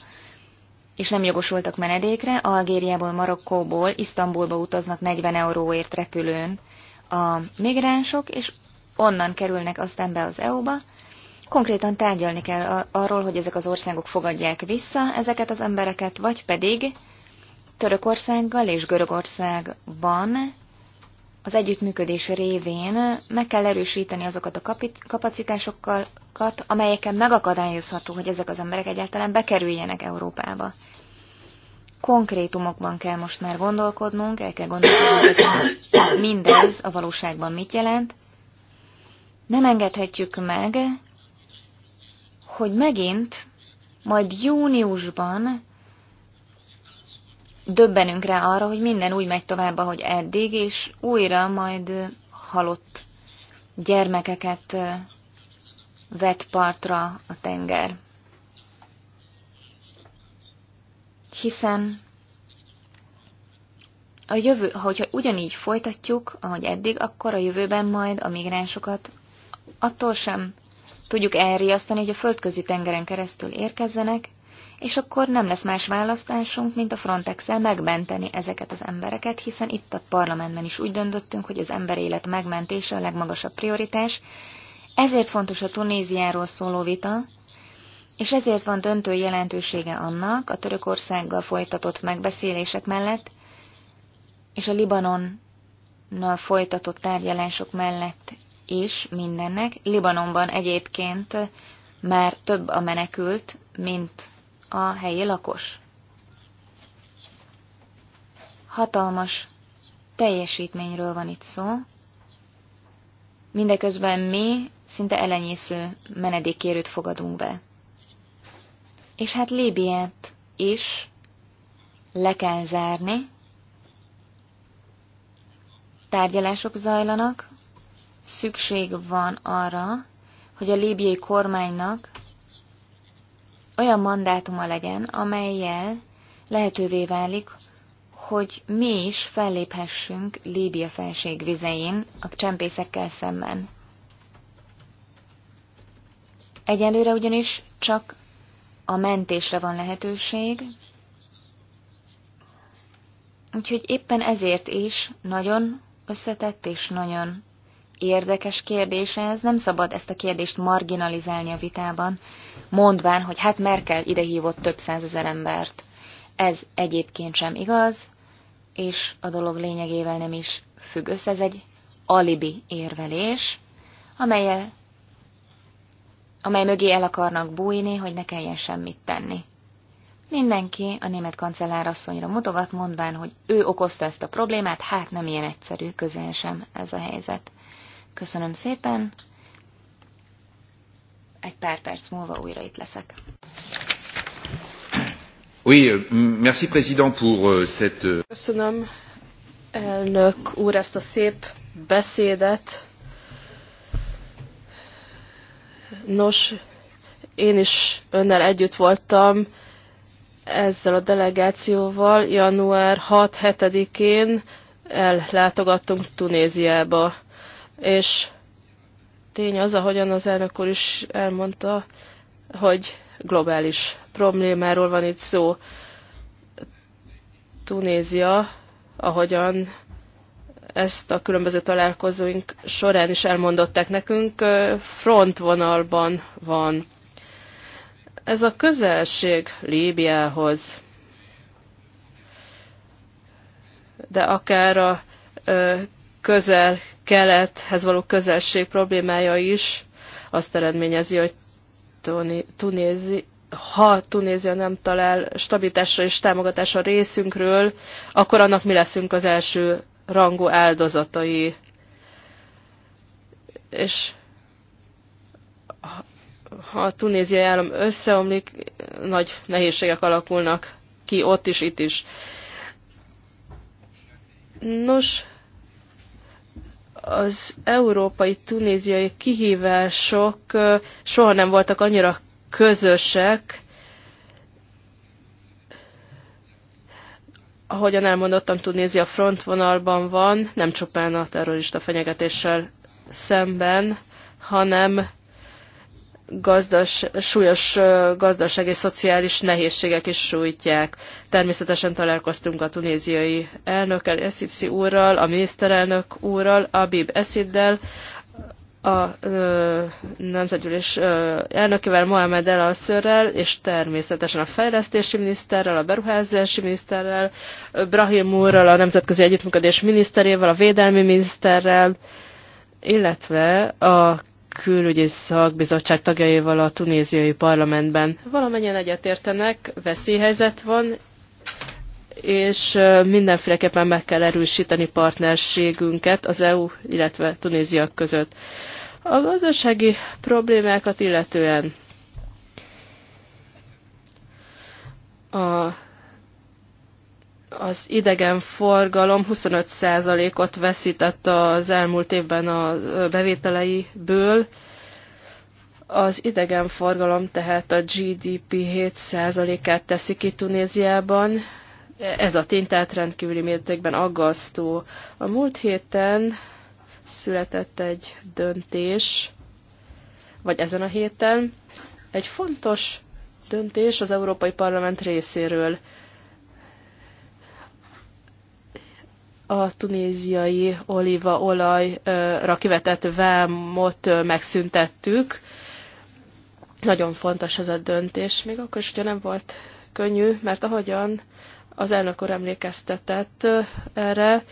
és nem jogosultak menedékre, Algériából, Marokkóból, Isztambulba utaznak 40 euróért repülőn a migránsok, és onnan kerülnek aztán be az EU-ba, Konkrétan tárgyalni kell arról, hogy ezek az országok fogadják vissza ezeket az embereket, vagy pedig Törökországgal és Görögországban az együttműködés révén meg kell erősíteni azokat a kapacitásokat, amelyeken megakadályozható, hogy ezek az emberek egyáltalán bekerüljenek Európába. Konkrétumokban kell most már gondolkodnunk, el kell gondolkodnunk, hogy mindez a valóságban mit jelent. Nem engedhetjük meg, hogy megint majd júniusban döbbenünk rá arra, hogy minden úgy megy tovább, ahogy eddig, és újra majd halott gyermekeket vett partra a tenger. Hiszen a jövő, hogyha ugyanígy folytatjuk, ahogy eddig, akkor a jövőben majd a migránsokat attól sem tudjuk elriasztani, hogy a földközi tengeren keresztül érkezzenek, és akkor nem lesz más választásunk, mint a frontex megmenteni ezeket az embereket, hiszen itt a parlamentben is úgy döntöttünk, hogy az emberélet megmentése a legmagasabb prioritás, ezért fontos a Tunéziáról szóló vita, és ezért van döntő jelentősége annak a Törökországgal folytatott megbeszélések mellett, és a Libanonnal folytatott tárgyalások mellett is mindennek. Libanonban egyébként már több a menekült, mint a helyi lakos. Hatalmas teljesítményről van itt szó. Mindeközben mi szinte elenyésző menedékkérőt fogadunk be. És hát Líbiát is le kell zárni. Tárgyalások zajlanak, szükség van arra, hogy a líbiai kormánynak olyan mandátuma legyen, amelyel lehetővé válik, hogy mi is felléphessünk Líbia felség vizein a csempészekkel szemben. Egyelőre ugyanis csak a mentésre van lehetőség, úgyhogy éppen ezért is nagyon összetett és nagyon érdekes kérdés ez, nem szabad ezt a kérdést marginalizálni a vitában, mondván, hogy hát Merkel ide hívott több százezer embert. Ez egyébként sem igaz, és a dolog lényegével nem is függ össze, ez egy alibi érvelés, amelyel, amely mögé el akarnak bújni, hogy ne kelljen semmit tenni. Mindenki a német asszonyra mutogat, mondván, hogy ő okozta ezt a problémát, hát nem ilyen egyszerű, közel sem ez a helyzet. Köszönöm szépen. Egy pár perc múlva újra itt leszek. Oui, euh, merci président pour euh, cette... Euh, Köszönöm, elnök úr, ezt a szép beszédet. Nos, én is önnel együtt voltam ezzel a delegációval január 6-7-én ellátogattunk Tunéziába és tény az, ahogyan az elnök úr is elmondta, hogy globális problémáról van itt szó. Tunézia, ahogyan ezt a különböző találkozóink során is elmondották nekünk, frontvonalban van. Ez a közelség Líbiához, de akár a közel kelethez való közelség problémája is azt eredményezi, hogy Tunézi, ha Tunézia nem talál stabilitásra és támogatásra részünkről, akkor annak mi leszünk az első rangú áldozatai. És ha a tunéziai állam összeomlik, nagy nehézségek alakulnak ki ott is, itt is. Nos, az európai tunéziai kihívások soha nem voltak annyira közösek, ahogyan elmondottam, Tunézia frontvonalban van, nem csupán a terrorista fenyegetéssel szemben, hanem gazdas, súlyos gazdaság és szociális nehézségek is sújtják. Természetesen találkoztunk a tunéziai elnökkel, Eszipszi úrral, a miniszterelnök úrral, Abib Esziddel, a ö, nemzetgyűlés ö, elnökével, Mohamed El Asszörrel, és természetesen a fejlesztési miniszterrel, a beruházási miniszterrel, Brahim úrral, a nemzetközi együttműködés miniszterével, a védelmi miniszterrel, illetve a külügyi szakbizottság tagjaival a tunéziai parlamentben. Valamennyien egyetértenek, veszélyhelyzet van, és mindenféleképpen meg kell erősíteni partnerségünket az EU, illetve Tunézia között. A gazdasági problémákat illetően a az idegenforgalom 25%-ot veszített az elmúlt évben a bevételeiből. Az idegenforgalom tehát a GDP 7%-át teszi ki Tunéziában. Ez a tény tehát rendkívüli mértékben aggasztó. A múlt héten született egy döntés, vagy ezen a héten, egy fontos döntés az Európai Parlament részéről a tunéziai olívaolajra kivetett vámot megszüntettük. Nagyon fontos ez a döntés, még akkor is hogyha nem volt könnyű, mert ahogyan az elnök úr emlékeztetett erre,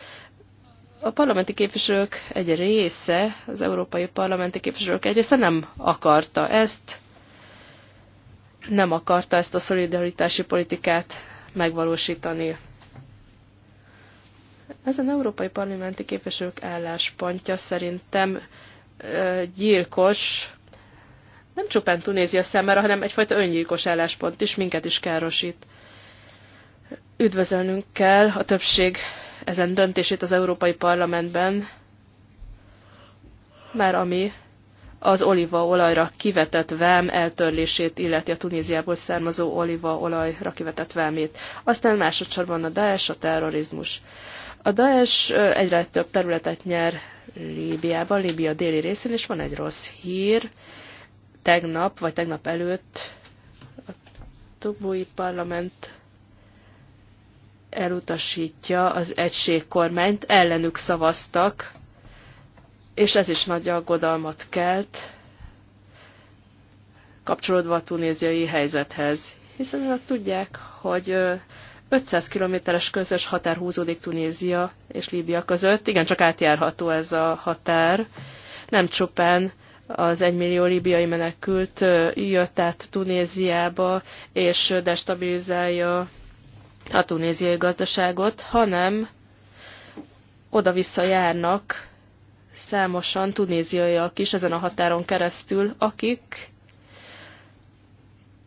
a parlamenti képviselők egy része, az európai parlamenti képviselők egy része nem akarta ezt, nem akarta ezt a szolidaritási politikát megvalósítani. Ezen európai parlamenti képviselők álláspontja szerintem gyilkos, nem csupán Tunézia számára, hanem egyfajta öngyilkos álláspont is, minket is károsít. Üdvözölnünk kell a többség ezen döntését az Európai Parlamentben, már ami az olívaolajra kivetett vám eltörlését illeti a Tunéziából származó olívaolajra kivetett vámét. Aztán másodszorban a Daesh, a terrorizmus. A Daesh egyre több területet nyer Líbiában, Líbia déli részén, és van egy rossz hír. Tegnap, vagy tegnap előtt a Tubui Parlament elutasítja az egységkormányt, ellenük szavaztak, és ez is nagy aggodalmat kelt, kapcsolódva a tunéziai helyzethez, hiszen önök tudják, hogy 500 kilométeres közös határ húzódik Tunézia és Líbia között. Igen, csak átjárható ez a határ. Nem csupán az egymillió líbiai menekült jött át Tunéziába, és destabilizálja a tunéziai gazdaságot, hanem oda-vissza járnak számosan tunéziaiak is ezen a határon keresztül, akik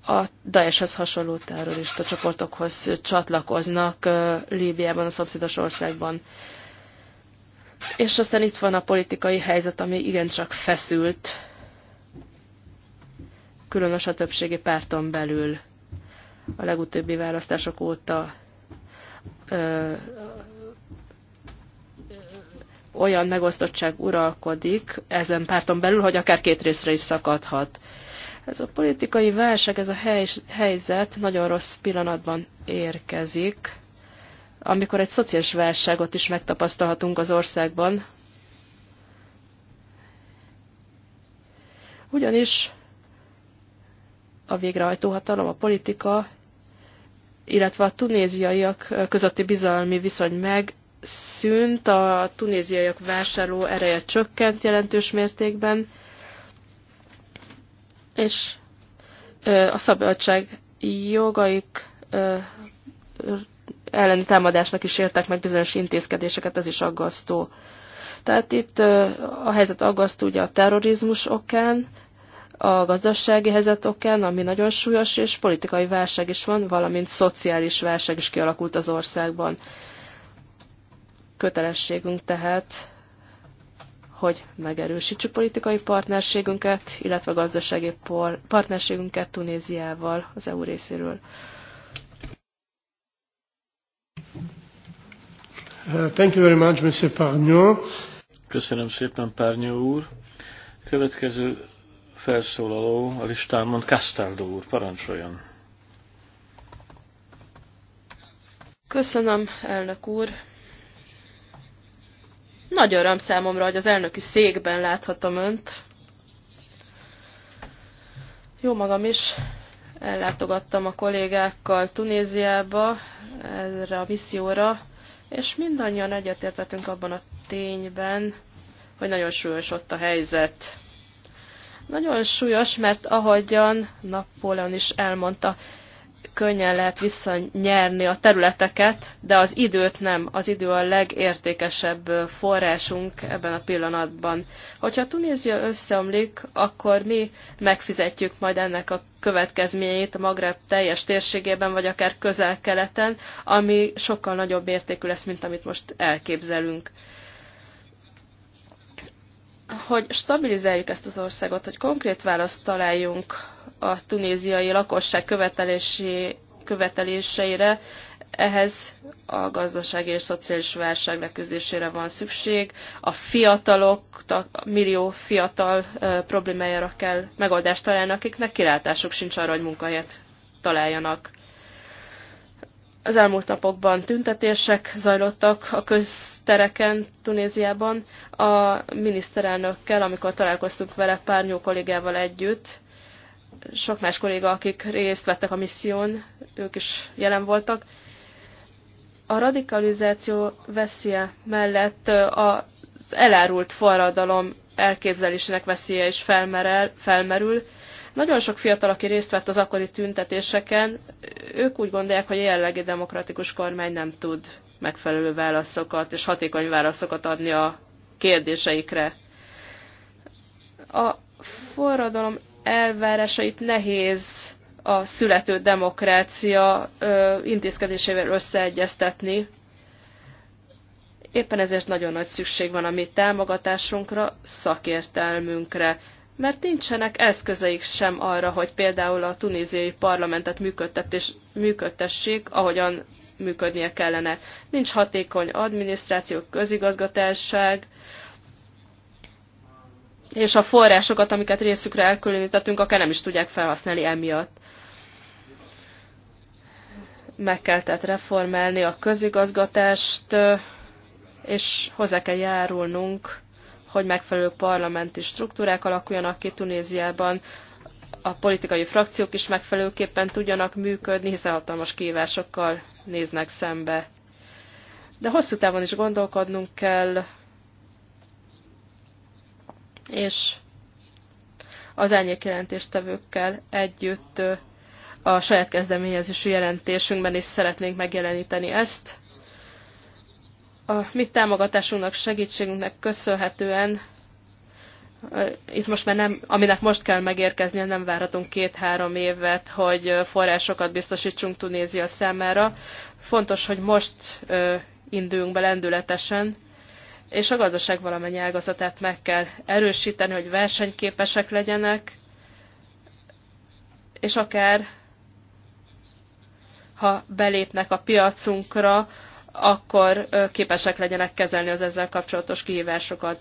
a Daeshez hasonló terrorista csoportokhoz csatlakoznak Líbiában, a szomszédos országban. És aztán itt van a politikai helyzet, ami igencsak feszült, különös a többségi párton belül a legutóbbi választások óta olyan megosztottság uralkodik ezen párton belül, hogy akár két részre is szakadhat. Ez a politikai válság, ez a helyzet nagyon rossz pillanatban érkezik, amikor egy szociális válságot is megtapasztalhatunk az országban. Ugyanis a hatalom, a politika, illetve a tunéziaiak közötti bizalmi viszony meg szűnt, a tunéziaiak vásárló ereje csökkent jelentős mértékben, és a szabadság jogaik elleni támadásnak is értek meg bizonyos intézkedéseket, ez is aggasztó. Tehát itt a helyzet aggasztó ugye a terrorizmus okán, a gazdasági helyzet okán, ami nagyon súlyos, és politikai válság is van, valamint szociális válság is kialakult az országban. Kötelességünk tehát, hogy megerősítsük politikai partnerségünket, illetve gazdasági partnerségünket Tunéziával az EU részéről. Uh, thank you very much, Mr. Parnyó. Köszönöm szépen, Párnyó úr. Következő felszólaló a listámon Castaldo úr, parancsoljon. Köszönöm, elnök úr. Nagy öröm számomra, hogy az elnöki székben láthatom önt. Jó magam is ellátogattam a kollégákkal Tunéziába erre a misszióra, és mindannyian egyetértettünk abban a tényben, hogy nagyon súlyos ott a helyzet. Nagyon súlyos, mert ahogyan Napóleon is elmondta, könnyen lehet visszanyerni a területeket, de az időt nem. Az idő a legértékesebb forrásunk ebben a pillanatban. Hogyha Tunézia összeomlik, akkor mi megfizetjük majd ennek a következményeit a Magreb teljes térségében, vagy akár közel-keleten, ami sokkal nagyobb értékű lesz, mint amit most elképzelünk hogy stabilizáljuk ezt az országot, hogy konkrét választ találjunk a tunéziai lakosság követelési, követeléseire, ehhez a gazdasági és szociális válság leküzdésére van szükség. A fiatalok, a millió fiatal problémájára kell megoldást találni, akiknek kilátásuk sincs arra, hogy munkahelyet találjanak. Az elmúlt napokban tüntetések zajlottak a köztereken Tunéziában. A miniszterelnökkel, amikor találkoztunk vele pár jó kollégával együtt, sok más kolléga, akik részt vettek a misszión, ők is jelen voltak. A radikalizáció veszélye mellett az elárult forradalom elképzelésének veszélye is felmerel, felmerül, nagyon sok fiatal, aki részt vett az akkori tüntetéseken, ők úgy gondolják, hogy a jelenlegi demokratikus kormány nem tud megfelelő válaszokat és hatékony válaszokat adni a kérdéseikre. A forradalom elvárásait nehéz a születő demokrácia intézkedésével összeegyeztetni. Éppen ezért nagyon nagy szükség van a mi támogatásunkra, szakértelmünkre, mert nincsenek eszközeik sem arra, hogy például a tunéziai parlamentet és működtessék, ahogyan működnie kellene. Nincs hatékony adminisztráció, közigazgatásság, és a forrásokat, amiket részükre elkülönítettünk, akár nem is tudják felhasználni emiatt. Meg kell tehát reformálni a közigazgatást, és hozzá kell járulnunk hogy megfelelő parlamenti struktúrák alakuljanak ki Tunéziában, a politikai frakciók is megfelelőképpen tudjanak működni, hiszen hatalmas kívásokkal néznek szembe. De hosszú távon is gondolkodnunk kell, és az jelentéstevőkkel együtt a saját kezdeményezésű jelentésünkben is szeretnénk megjeleníteni ezt a mi támogatásunknak, segítségünknek köszönhetően itt most már nem, aminek most kell megérkeznie, nem várhatunk két-három évet, hogy forrásokat biztosítsunk Tunézia számára. Fontos, hogy most induljunk be lendületesen, és a gazdaság valamennyi ágazatát meg kell erősíteni, hogy versenyképesek legyenek, és akár ha belépnek a piacunkra, akkor képesek legyenek kezelni az ezzel kapcsolatos kihívásokat.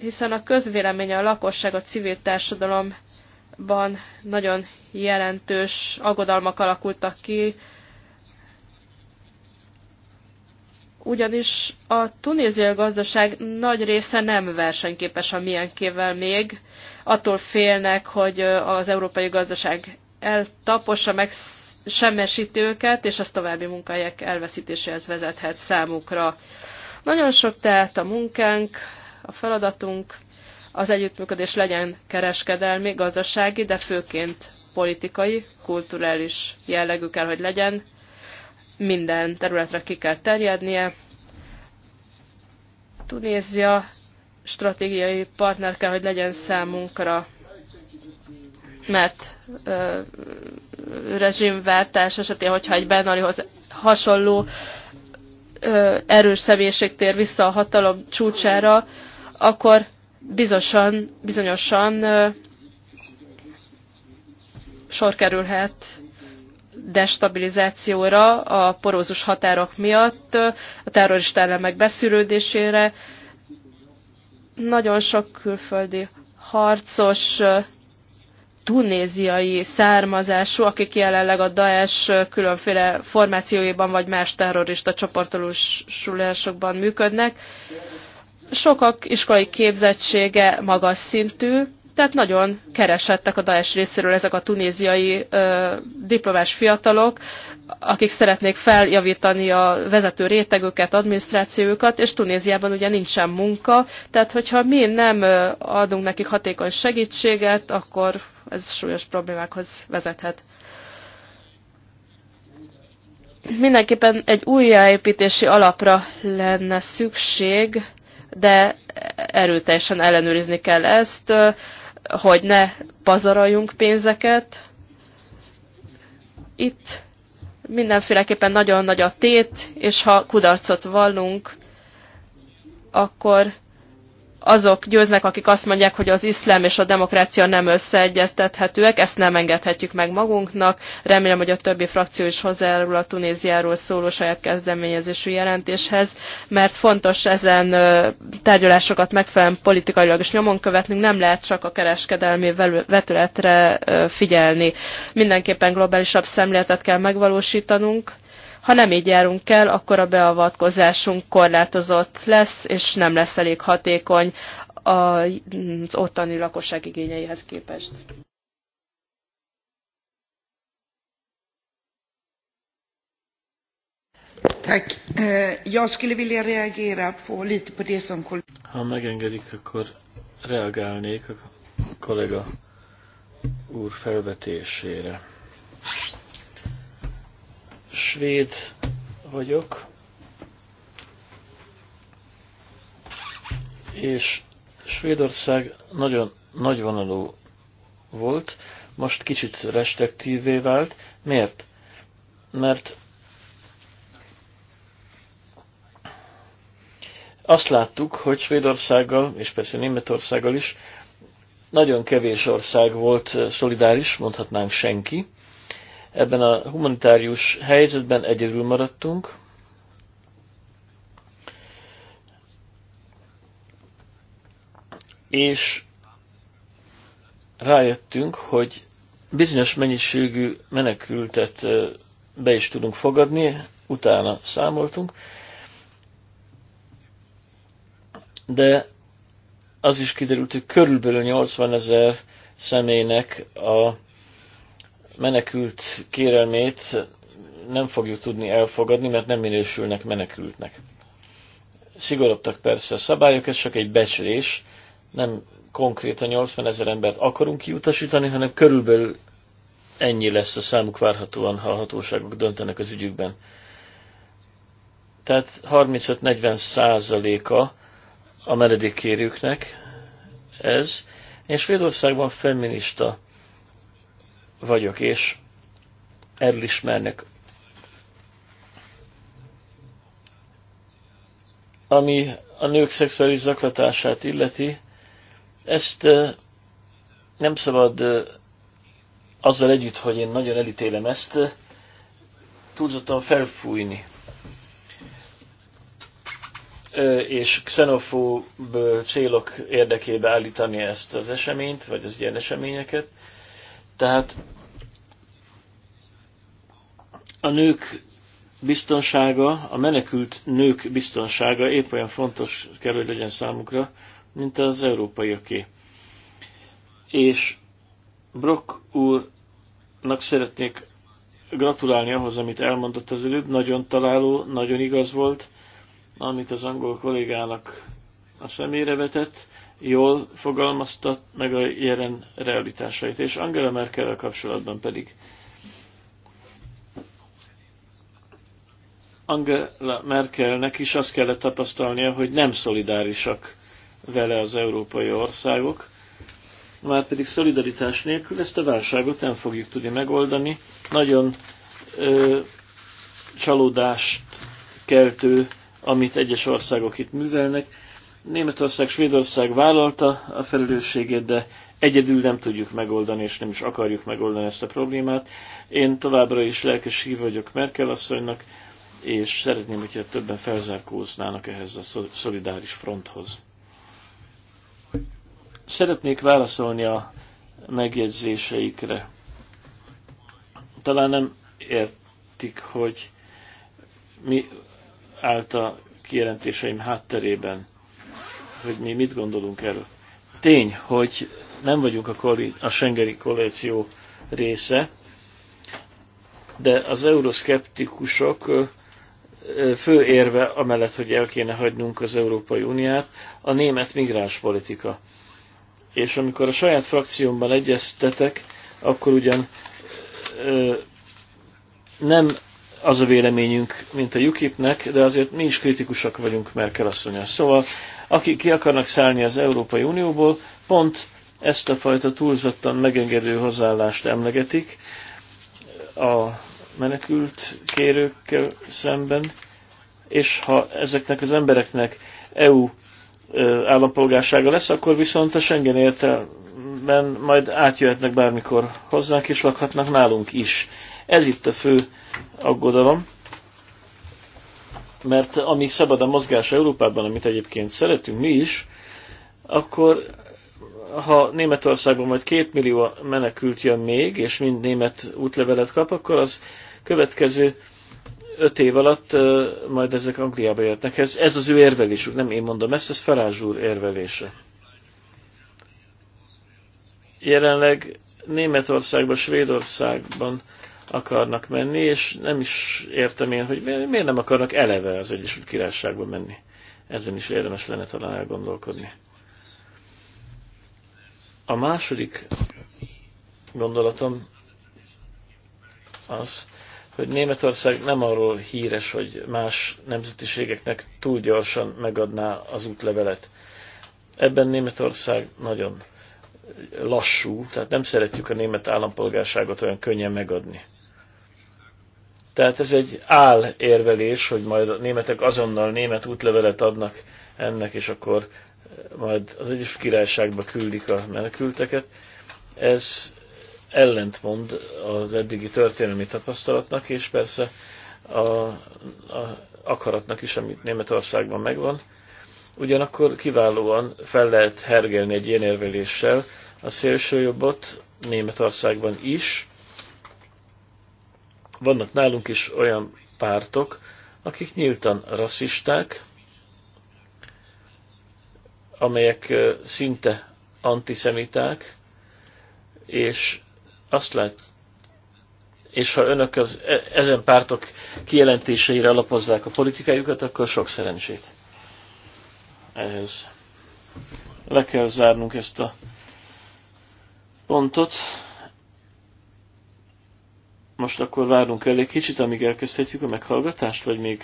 Hiszen a közvélemény, a lakosság, a civil társadalomban nagyon jelentős aggodalmak alakultak ki, ugyanis a tunéziai gazdaság nagy része nem versenyképes a milyenkével még. Attól félnek, hogy az európai gazdaság eltapossa, meg semmesíti őket, és az további munkahelyek elveszítéséhez vezethet számukra. Nagyon sok tehát a munkánk, a feladatunk, az együttműködés legyen kereskedelmi, gazdasági, de főként politikai, kulturális jellegű kell, hogy legyen. Minden területre ki kell terjednie. Tunézia stratégiai partner kell, hogy legyen számunkra, mert ö, rezsimváltás esetén, hogyha egy Benalihoz hasonló ö, erős személyiség tér vissza a hatalom csúcsára, akkor bizonyosan, bizonyosan ö, sor kerülhet destabilizációra a porózus határok miatt, a terrorista elemek beszűrődésére. Nagyon sok külföldi harcos tunéziai származású, akik jelenleg a Daesh különféle formációiban vagy más terrorista csoportosulásokban működnek. Sokak iskolai képzettsége magas szintű, tehát nagyon keresettek a Daesh részéről ezek a tunéziai ö, diplomás fiatalok, akik szeretnék feljavítani a vezető rétegüket, adminisztrációjukat, és Tunéziában ugye nincsen munka, tehát hogyha mi nem adunk nekik hatékony segítséget, akkor ez súlyos problémákhoz vezethet. Mindenképpen egy újjáépítési alapra lenne szükség, de erőteljesen ellenőrizni kell ezt, hogy ne pazaroljunk pénzeket. Itt mindenféleképpen nagyon nagy a tét, és ha kudarcot vallunk, akkor azok győznek, akik azt mondják, hogy az iszlám és a demokrácia nem összeegyeztethetőek, ezt nem engedhetjük meg magunknak. Remélem, hogy a többi frakció is hozzájárul a Tunéziáról szóló saját kezdeményezésű jelentéshez, mert fontos ezen tárgyalásokat megfelelően politikailag is nyomon követnünk, nem lehet csak a kereskedelmi vetületre figyelni. Mindenképpen globálisabb szemléletet kell megvalósítanunk, ha nem így járunk el, akkor a beavatkozásunk korlátozott lesz, és nem lesz elég hatékony az ottani lakosság igényeihez képest. Tack. Eh, jag skulle vilja reagera på lite på det som Ha megengedik, akkor reagálnék a kollega úr felvetésére svéd vagyok, és Svédország nagyon nagyvonalú volt, most kicsit restriktívé vált. Miért? Mert azt láttuk, hogy Svédországgal, és persze Németországgal is, nagyon kevés ország volt eh, szolidáris, mondhatnánk senki, Ebben a humanitárius helyzetben egyedül maradtunk. És rájöttünk, hogy bizonyos mennyiségű menekültet be is tudunk fogadni, utána számoltunk, de az is kiderült, hogy körülbelül 80 ezer személynek a menekült kérelmét nem fogjuk tudni elfogadni, mert nem minősülnek menekültnek. Szigorodtak persze a szabályok, ez csak egy becslés, nem konkrétan 80 ezer embert akarunk kiutasítani, hanem körülbelül ennyi lesz a számuk várhatóan, ha a hatóságok döntenek az ügyükben. Tehát 35-40 százaléka a menedékkérőknek ez, és Svédországban feminista vagyok, és erről ismernek. Ami a nők szexuális zaklatását illeti, ezt nem szabad azzal együtt, hogy én nagyon elítélem ezt, túlzottan felfújni. És xenofób célok érdekébe állítani ezt az eseményt, vagy az ilyen eseményeket. Tehát a nők biztonsága, a menekült nők biztonsága épp olyan fontos kell, hogy legyen számukra, mint az európaiaké. És Brock úrnak szeretnék gratulálni ahhoz, amit elmondott az előbb. Nagyon találó, nagyon igaz volt, amit az angol kollégának a szemére vetett jól fogalmazta meg a jelen realitásait, és Angela merkel kapcsolatban pedig Angela Merkelnek is azt kellett tapasztalnia, hogy nem szolidárisak vele az európai országok, már pedig szolidaritás nélkül ezt a válságot nem fogjuk tudni megoldani. Nagyon ö, csalódást keltő, amit egyes országok itt művelnek Németország, Svédország vállalta a felelősségét, de egyedül nem tudjuk megoldani, és nem is akarjuk megoldani ezt a problémát. Én továbbra is lelkes hív vagyok Merkel asszonynak, és szeretném, hogyha többen felzárkóznának ehhez a szolidáris fronthoz. Szeretnék válaszolni a megjegyzéseikre. Talán nem értik, hogy mi állt a kijelentéseim hátterében hogy mi mit gondolunk erről. Tény, hogy nem vagyunk a, koli, a Schengeni koalíció része, de az euroszkeptikusok fő érve, amellett, hogy el kéne hagynunk az Európai Uniát, a német migránspolitika. És amikor a saját frakciómban egyeztetek, akkor ugyan ö, nem az a véleményünk, mint a UKIP-nek, de azért mi is kritikusak vagyunk Merkel asszonyra. Szóval akik ki akarnak szállni az Európai Unióból, pont ezt a fajta túlzottan megengedő hozzáállást emlegetik a menekült kérőkkel szemben, és ha ezeknek az embereknek EU állampolgársága lesz, akkor viszont a Schengen értelemben majd átjöhetnek bármikor hozzánk, és lakhatnak nálunk is. Ez itt a fő aggodalom mert amíg szabad a mozgás Európában, amit egyébként szeretünk mi is, akkor ha Németországban majd két millió menekült jön még, és mind német útlevelet kap, akkor az következő öt év alatt majd ezek Angliába jöttnek. Ez, ez az ő érvelésük, nem én mondom ezt, ez Farázs úr érvelése. Jelenleg Németországban, Svédországban akarnak menni, és nem is értem én, hogy miért nem akarnak eleve az Egyesült Királyságba menni. Ezen is érdemes lenne talán elgondolkodni. A második gondolatom az, hogy Németország nem arról híres, hogy más nemzetiségeknek túl gyorsan megadná az útlevelet. Ebben Németország nagyon lassú, tehát nem szeretjük a német állampolgárságot olyan könnyen megadni. Tehát ez egy áll érvelés, hogy majd a németek azonnal német útlevelet adnak ennek, és akkor majd az Egyes Királyságba küldik a menekülteket. Ez ellentmond az eddigi történelmi tapasztalatnak, és persze a, a akaratnak is, amit Németországban megvan. Ugyanakkor kiválóan fel lehet hergelni egy ilyen érveléssel a szélsőjobbot Németországban is. Vannak nálunk is olyan pártok, akik nyíltan rasszisták, amelyek szinte antiszemiták, és azt lát, és ha önök az, e-, ezen pártok kijelentéseire alapozzák a politikájukat, akkor sok szerencsét ehhez. Le kell zárnunk ezt a pontot. Most akkor várunk elég kicsit, amíg elkezdhetjük a meghallgatást, vagy még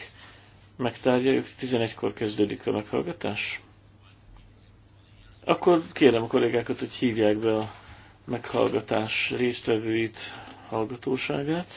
megtárgyaljuk. 11-kor kezdődik a meghallgatás. Akkor kérem a kollégákat, hogy hívják be a meghallgatás résztvevőit, hallgatóságát.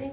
Okay.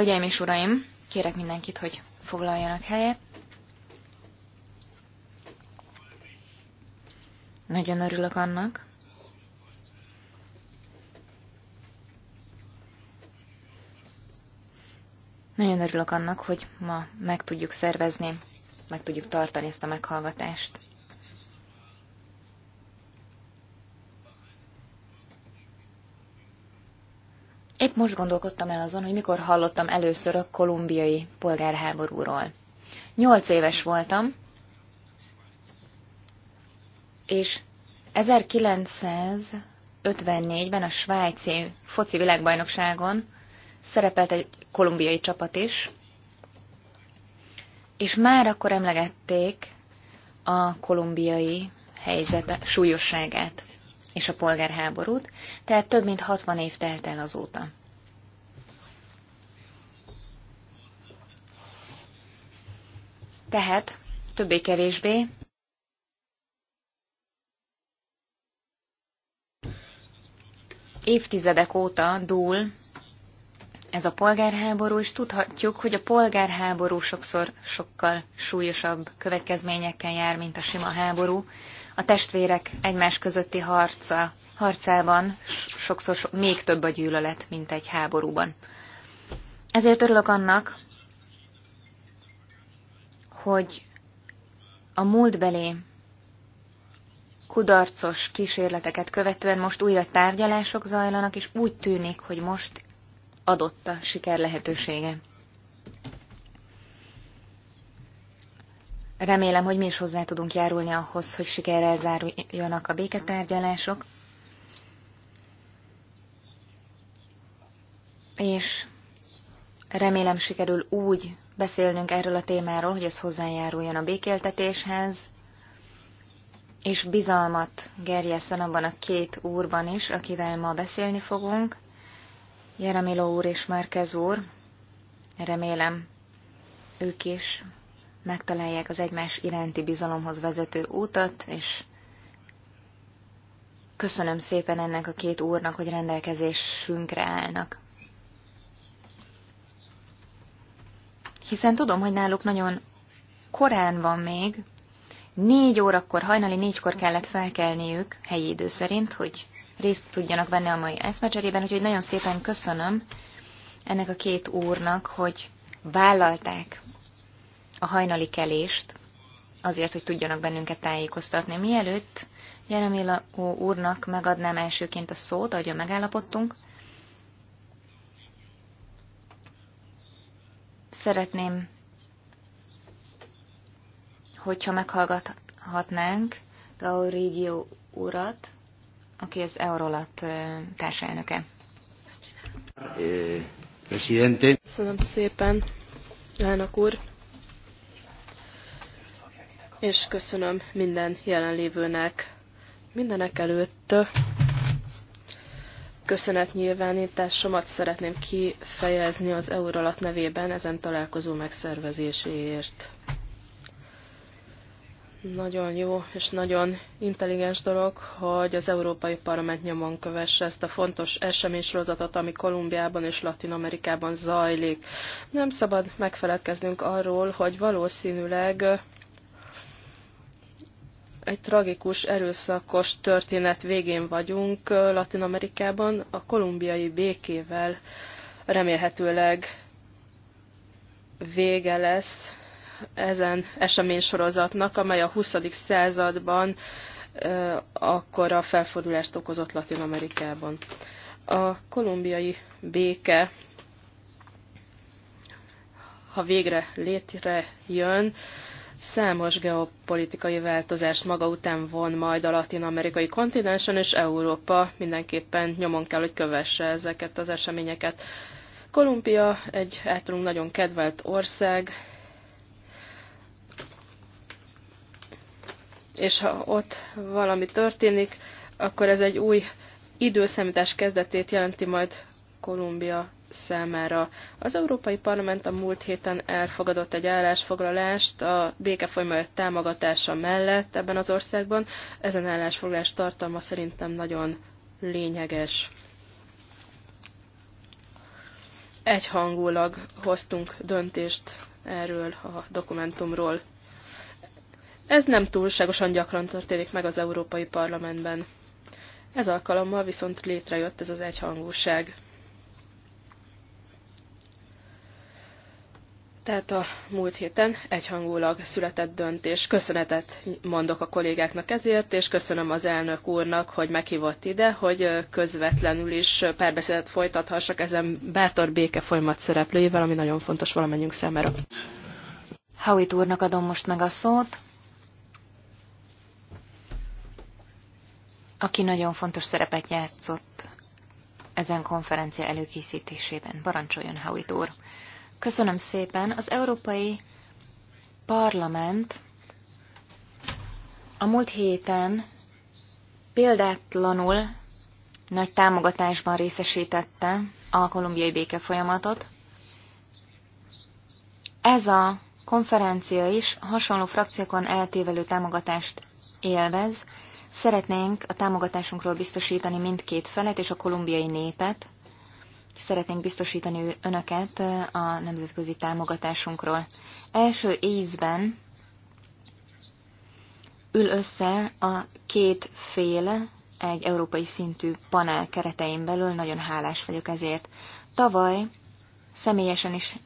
Hölgyeim és uraim, kérek mindenkit, hogy foglaljanak helyet. Nagyon örülök annak, Nagyon örülök annak, hogy ma meg tudjuk szervezni, meg tudjuk tartani ezt a meghallgatást. Épp most gondolkodtam el azon, hogy mikor hallottam először a kolumbiai polgárháborúról. Nyolc éves voltam, és 1954-ben a svájci foci világbajnokságon szerepelt egy kolumbiai csapat is, és már akkor emlegették a kolumbiai helyzet súlyosságát és a polgárháborút, tehát több mint 60 év telt el azóta. Tehát többé-kevésbé évtizedek óta dúl ez a polgárháború, és tudhatjuk, hogy a polgárháború sokszor sokkal súlyosabb következményekkel jár, mint a sima háború a testvérek egymás közötti harca, harcában sokszor so, még több a gyűlölet, mint egy háborúban. Ezért örülök annak, hogy a múltbeli kudarcos kísérleteket követően most újra tárgyalások zajlanak, és úgy tűnik, hogy most adott a siker lehetősége. Remélem, hogy mi is hozzá tudunk járulni ahhoz, hogy sikerrel záruljanak a béketárgyalások. És remélem sikerül úgy beszélnünk erről a témáról, hogy ez hozzájáruljon a békéltetéshez, és bizalmat gerjesszen abban a két úrban is, akivel ma beszélni fogunk, Jeremiló úr és Márkez úr. Remélem, ők is megtalálják az egymás iránti bizalomhoz vezető útat, és köszönöm szépen ennek a két úrnak, hogy rendelkezésünkre állnak. Hiszen tudom, hogy náluk nagyon korán van még, négy órakor, hajnali négykor kellett felkelniük helyi idő szerint, hogy részt tudjanak venni a mai eszmecserében, úgyhogy nagyon szépen köszönöm ennek a két úrnak, hogy vállalták a hajnali kelést, azért, hogy tudjanak bennünket tájékoztatni. Mielőtt Jeremila úrnak megadnám elsőként a szót, ahogy megállapodtunk, szeretném, hogyha meghallgathatnánk Gaurigió urat, aki az Eurolat társelnöke. Eh, Köszönöm szépen, elnök úr! és köszönöm minden jelenlévőnek. Mindenek előtt köszönetnyilvánításomat szeretném kifejezni az Euralat nevében ezen találkozó megszervezéséért. Nagyon jó és nagyon intelligens dolog, hogy az Európai Parlament nyomon kövesse ezt a fontos eseménysorozatot, ami Kolumbiában és Latin Amerikában zajlik. Nem szabad megfeledkeznünk arról, hogy valószínűleg egy tragikus, erőszakos történet végén vagyunk Latin Amerikában, a kolumbiai békével remélhetőleg vége lesz ezen eseménysorozatnak, amely a 20. században akkor a felfordulást okozott Latin Amerikában. A kolumbiai béke, ha végre létrejön, számos geopolitikai változást maga után von majd a latin-amerikai kontinensen, és Európa mindenképpen nyomon kell, hogy kövesse ezeket az eseményeket. Kolumbia egy általunk nagyon kedvelt ország, és ha ott valami történik, akkor ez egy új időszámítás kezdetét jelenti majd Kolumbia számára. Az Európai Parlament a múlt héten elfogadott egy állásfoglalást a békefolyamat támogatása mellett ebben az országban. Ezen állásfoglalás tartalma szerintem nagyon lényeges. Egyhangulag hoztunk döntést erről a dokumentumról. Ez nem túlságosan gyakran történik meg az Európai Parlamentben. Ez alkalommal viszont létrejött ez az egyhangúság. Tehát a múlt héten egyhangulag született döntés. Köszönetet mondok a kollégáknak ezért, és köszönöm az elnök úrnak, hogy meghívott ide, hogy közvetlenül is párbeszédet folytathassak ezen bátor béke folyamat szereplőivel, ami nagyon fontos valamennyünk számára. Howitt úrnak adom most meg a szót, aki nagyon fontos szerepet játszott ezen konferencia előkészítésében. Parancsoljon, Howitt úr! Köszönöm szépen. Az Európai Parlament a múlt héten példátlanul nagy támogatásban részesítette a kolumbiai békefolyamatot. Ez a konferencia is hasonló frakciókon eltévelő támogatást élvez. Szeretnénk a támogatásunkról biztosítani mindkét felet és a kolumbiai népet, szeretnénk biztosítani önöket a nemzetközi támogatásunkról. Első ízben ül össze a két fél egy európai szintű panel keretein belül, nagyon hálás vagyok ezért. Tavaly személyesen is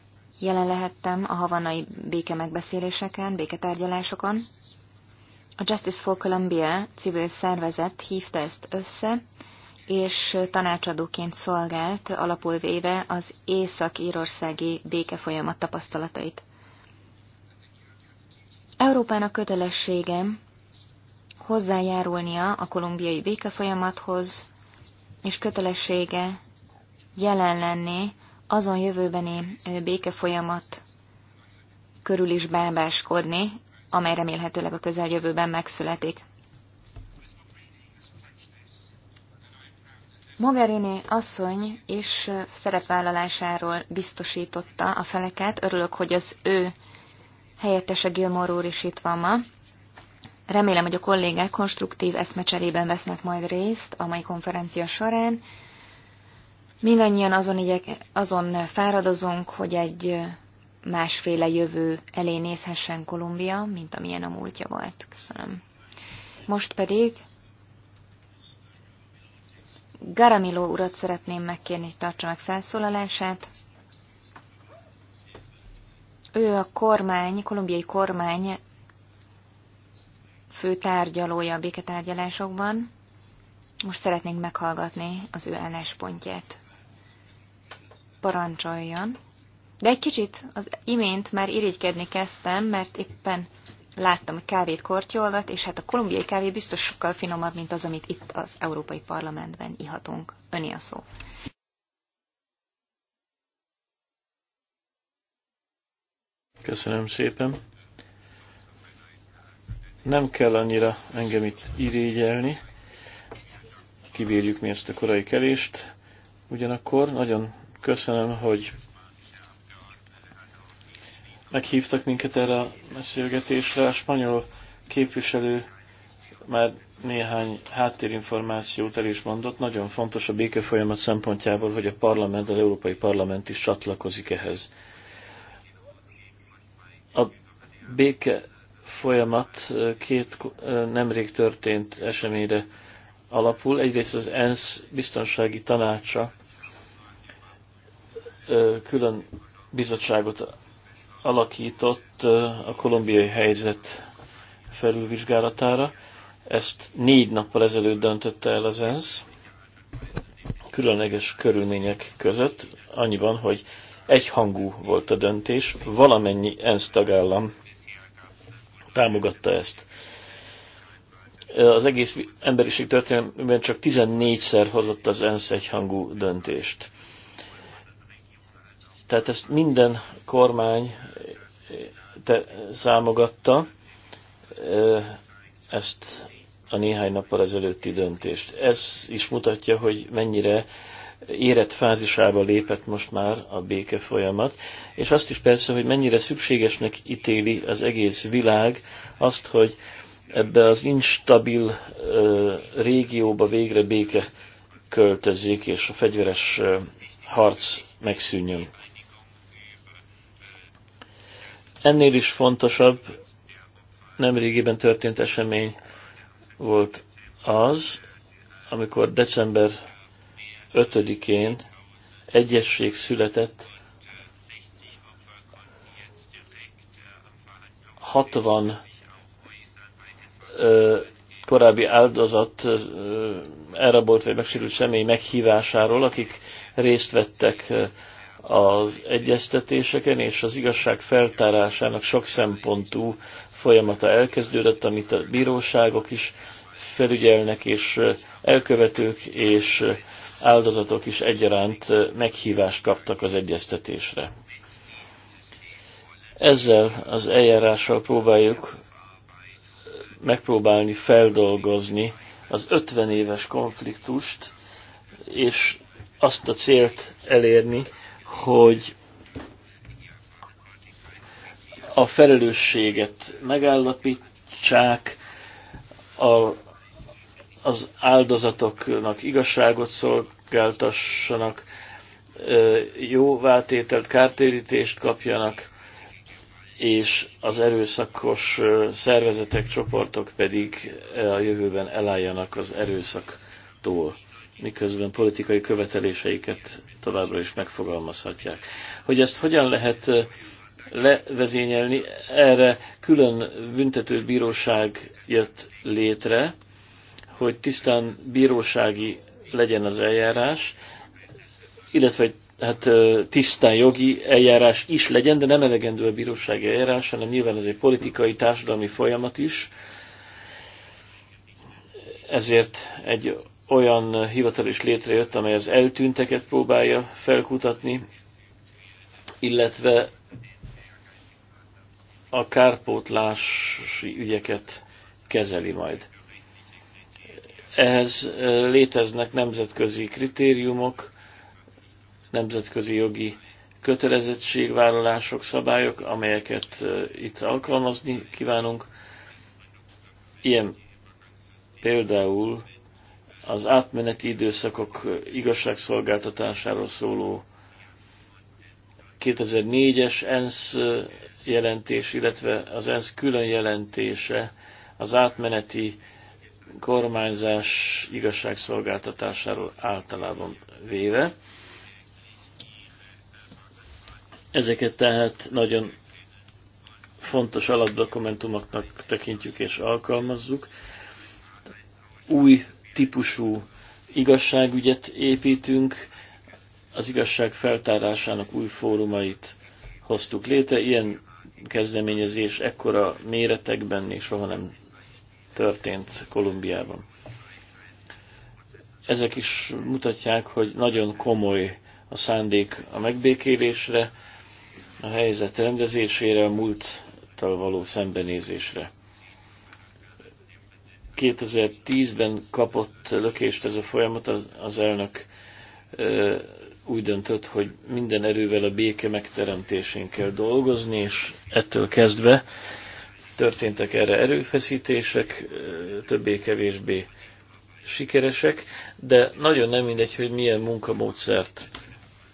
jelen lehettem a havanai béke megbeszéléseken, béketárgyalásokon. A Justice for Colombia civil szervezet hívta ezt össze, és tanácsadóként szolgált alapul véve az észak-írországi békefolyamat tapasztalatait. Európának kötelessége hozzájárulnia a kolumbiai békefolyamathoz, és kötelessége jelen lenni azon jövőbeni békefolyamat körül is bábáskodni, amely remélhetőleg a közeljövőben megszületik. Mogherini asszony is szerepvállalásáról biztosította a feleket. Örülök, hogy az ő helyettese Gilmore úr is itt van ma. Remélem, hogy a kollégák konstruktív eszmecserében vesznek majd részt a mai konferencia során. Mindannyian azon, igyek, azon fáradozunk, hogy egy másféle jövő elé nézhessen Kolumbia, mint amilyen a múltja volt. Köszönöm. Most pedig Garamiló urat szeretném megkérni, hogy tartsa meg felszólalását. Ő a kormány, kolumbiai kormány fő tárgyalója a béketárgyalásokban. Most szeretnénk meghallgatni az ő álláspontját. Parancsoljon! De egy kicsit az imént már irigykedni kezdtem, mert éppen láttam, hogy kávét kortyolgat, és hát a kolumbiai kávé biztos sokkal finomabb, mint az, amit itt az Európai Parlamentben ihatunk. Öni a szó. Köszönöm szépen. Nem kell annyira engem itt irégyelni. Kibírjuk mi ezt a korai kelést. Ugyanakkor nagyon köszönöm, hogy meghívtak minket erre a beszélgetésre. A spanyol képviselő már néhány háttérinformációt el is mondott. Nagyon fontos a békefolyamat szempontjából, hogy a parlament, az Európai Parlament is csatlakozik ehhez. A béke folyamat két nemrég történt eseményre alapul. Egyrészt az ENSZ biztonsági tanácsa külön bizottságot alakított a kolumbiai helyzet felülvizsgálatára. Ezt négy nappal ezelőtt döntötte el az ENSZ, különleges körülmények között. Annyiban, hogy egyhangú volt a döntés, valamennyi ENSZ tagállam támogatta ezt. Az egész emberiség történelmében csak 14-szer hozott az ENSZ egyhangú döntést. Tehát ezt minden kormány eh, te számogatta, eh, ezt a néhány nappal ezelőtti döntést. Ez is mutatja, hogy mennyire érett fázisába lépett most már a béke folyamat, és azt is persze, hogy mennyire szükségesnek ítéli az egész világ azt, hogy ebbe az instabil eh, régióba végre béke költözzék, és a fegyveres harc megszűnjön. Ennél is fontosabb nemrégiben történt esemény volt az, amikor december 5-én egyesség született 60 ö, korábbi áldozat ö, elrabolt vagy megsérült személy meghívásáról, akik részt vettek az egyeztetéseken és az igazság feltárásának sok szempontú folyamata elkezdődött, amit a bíróságok is felügyelnek, és elkövetők és áldozatok is egyaránt meghívást kaptak az egyeztetésre. Ezzel az eljárással próbáljuk megpróbálni feldolgozni az 50 éves konfliktust, és azt a célt elérni, hogy a felelősséget megállapítsák, a, az áldozatoknak igazságot szolgáltassanak, váltételt, kártérítést kapjanak, és az erőszakos szervezetek, csoportok pedig a jövőben elálljanak az erőszaktól miközben politikai követeléseiket továbbra is megfogalmazhatják. Hogy ezt hogyan lehet levezényelni, erre külön büntetőbíróság jött létre, hogy tisztán bírósági legyen az eljárás, illetve egy hát tisztán jogi eljárás is legyen, de nem elegendő a bírósági eljárás, hanem nyilván ez egy politikai, társadalmi folyamat is. Ezért egy olyan hivatal is létrejött, amely az eltűnteket próbálja felkutatni, illetve a kárpótlási ügyeket kezeli majd. Ehhez léteznek nemzetközi kritériumok, nemzetközi jogi kötelezettségvállalások, szabályok, amelyeket itt alkalmazni kívánunk. Ilyen például az átmeneti időszakok igazságszolgáltatásáról szóló 2004-es ENSZ jelentés, illetve az ENSZ külön jelentése az átmeneti kormányzás igazságszolgáltatásáról általában véve. Ezeket tehát nagyon fontos alapdokumentumoknak tekintjük és alkalmazzuk. Új típusú igazságügyet építünk, az igazság feltárásának új fórumait hoztuk létre. Ilyen kezdeményezés ekkora méretekben még soha nem történt Kolumbiában. Ezek is mutatják, hogy nagyon komoly a szándék a megbékélésre, a helyzet rendezésére, a múlttal való szembenézésre. 2010-ben kapott lökést ez a folyamat, az, az elnök ö, úgy döntött, hogy minden erővel a béke megteremtésén kell dolgozni, és ettől kezdve történtek erre erőfeszítések, többé-kevésbé sikeresek, de nagyon nem mindegy, hogy milyen munkamódszert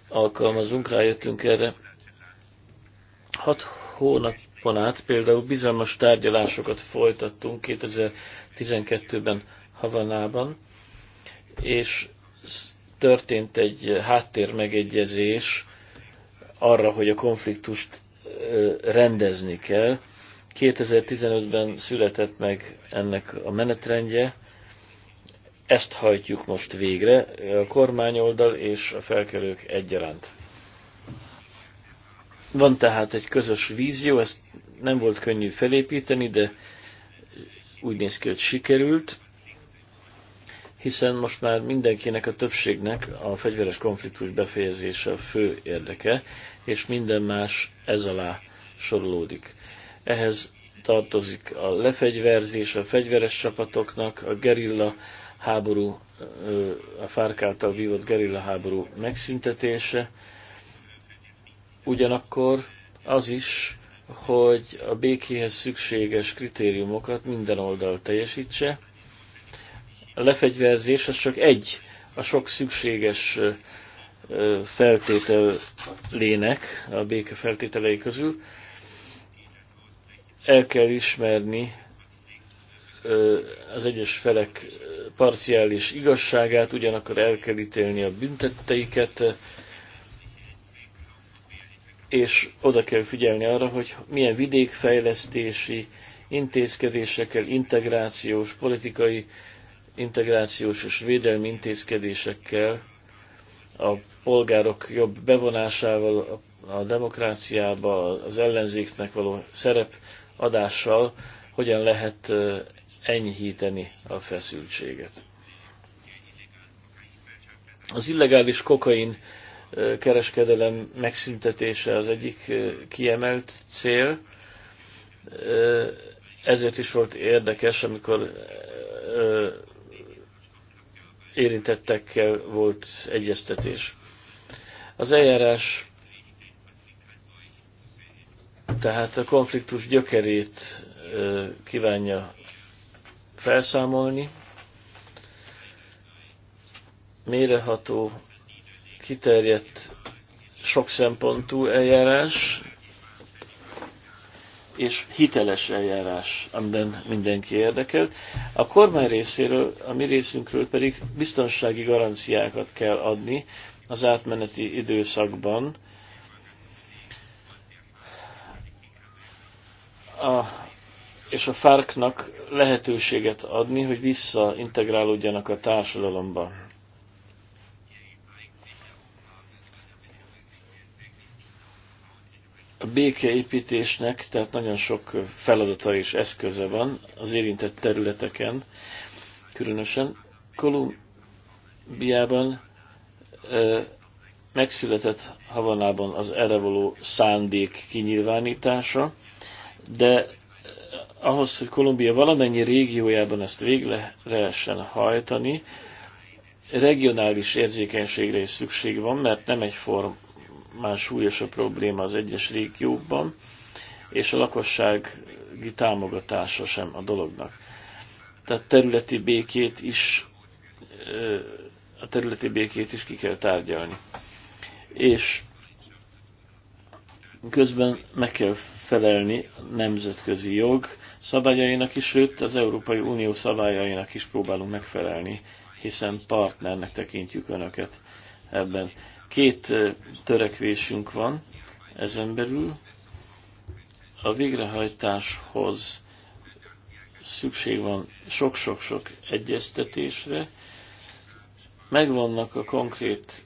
alkalmazunk, rájöttünk erre. Hat hónap át például bizalmas tárgyalásokat folytattunk 2012-ben Havanában, és történt egy háttérmegegyezés arra, hogy a konfliktust rendezni kell. 2015-ben született meg ennek a menetrendje, ezt hajtjuk most végre, a kormányoldal és a felkelők egyaránt. Van tehát egy közös vízió, ezt nem volt könnyű felépíteni, de úgy néz ki, hogy sikerült, hiszen most már mindenkinek, a többségnek a fegyveres konfliktus befejezése a fő érdeke, és minden más ez alá sorolódik. Ehhez tartozik a lefegyverzés a fegyveres csapatoknak, a gerilla háború, a fárkáltal vívott gerilla háború megszüntetése, ugyanakkor az is, hogy a békéhez szükséges kritériumokat minden oldal teljesítse. A lefegyverzés az csak egy a sok szükséges feltételének, a béke feltételei közül. El kell ismerni az egyes felek parciális igazságát, ugyanakkor el kell ítélni a büntetteiket, és oda kell figyelni arra, hogy milyen vidékfejlesztési intézkedésekkel, integrációs, politikai integrációs és védelmi intézkedésekkel, a polgárok jobb bevonásával a demokráciába, az ellenzéknek való szerep adással hogyan lehet enyhíteni a feszültséget. Az illegális kokain kereskedelem megszüntetése az egyik kiemelt cél. Ezért is volt érdekes, amikor érintettekkel volt egyeztetés. Az eljárás tehát a konfliktus gyökerét kívánja felszámolni, méreható kiterjedt, sok szempontú eljárás, és hiteles eljárás, amiben mindenki érdekel. A kormány részéről, a mi részünkről pedig biztonsági garanciákat kell adni az átmeneti időszakban. A, és a fárknak lehetőséget adni, hogy visszaintegrálódjanak a társadalomba. békeépítésnek, tehát nagyon sok feladata és eszköze van az érintett területeken, különösen Kolumbiában ö, megszületett Havanában az erre való szándék kinyilvánítása, de ahhoz, hogy Kolumbia valamennyi régiójában ezt végre lehessen hajtani, regionális érzékenységre is szükség van, mert nem egyforma már súlyos a probléma az egyes régiókban, és a lakossági támogatása sem a dolognak. Tehát területi békét is, a területi békét is ki kell tárgyalni. És közben meg kell felelni a nemzetközi jog szabályainak is, sőt az Európai Unió szabályainak is próbálunk megfelelni, hiszen partnernek tekintjük Önöket ebben. Két törekvésünk van ezen belül. A végrehajtáshoz szükség van sok-sok-sok egyeztetésre. Megvannak a konkrét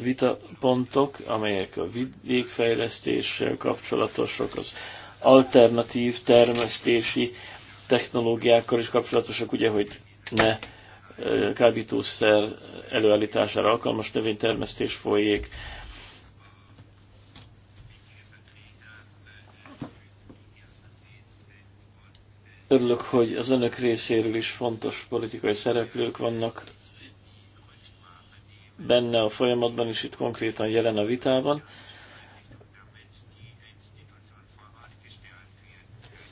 vitapontok, amelyek a vidékfejlesztéssel kapcsolatosak, az alternatív termesztési technológiákkal is kapcsolatosak, ugye, hogy ne kábítószer előállítására alkalmas növénytermesztés folyék. Örülök, hogy az önök részéről is fontos politikai szereplők vannak benne a folyamatban, és itt konkrétan jelen a vitában.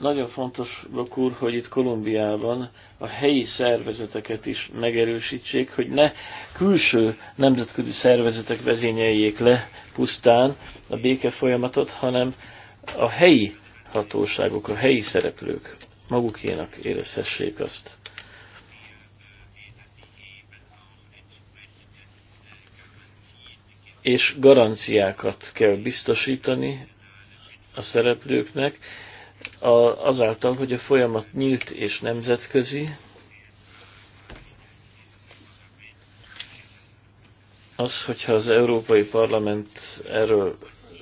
Nagyon fontos, Blok hogy itt Kolumbiában a helyi szervezeteket is megerősítsék, hogy ne külső nemzetközi szervezetek vezényeljék le pusztán a béke folyamatot, hanem a helyi hatóságok, a helyi szereplők magukénak érezhessék azt. És garanciákat kell biztosítani a szereplőknek, azáltal, hogy a folyamat nyílt és nemzetközi, az, hogyha az Európai Parlament erről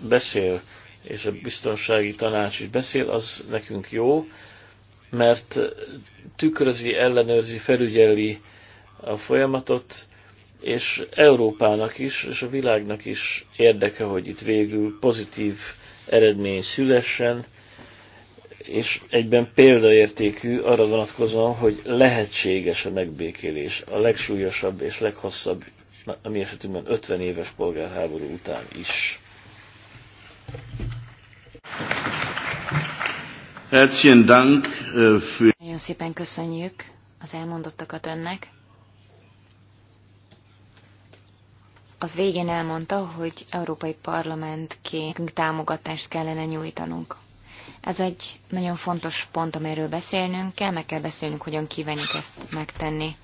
beszél, és a biztonsági tanács is beszél, az nekünk jó, mert tükrözi, ellenőrzi, felügyeli a folyamatot, és Európának is, és a világnak is érdeke, hogy itt végül pozitív eredmény szülessen, és egyben példaértékű arra vonatkozóan, hogy lehetséges a megbékélés a legsúlyosabb és leghosszabb, a mi esetünkben 50 éves polgárháború után is. Dank äh, Nagyon szépen köszönjük az elmondottakat önnek. Az végén elmondta, hogy Európai Parlamentként támogatást kellene nyújtanunk. Ez egy nagyon fontos pont, amiről beszélnünk kell, meg kell beszélnünk, hogyan kívánjuk ezt megtenni.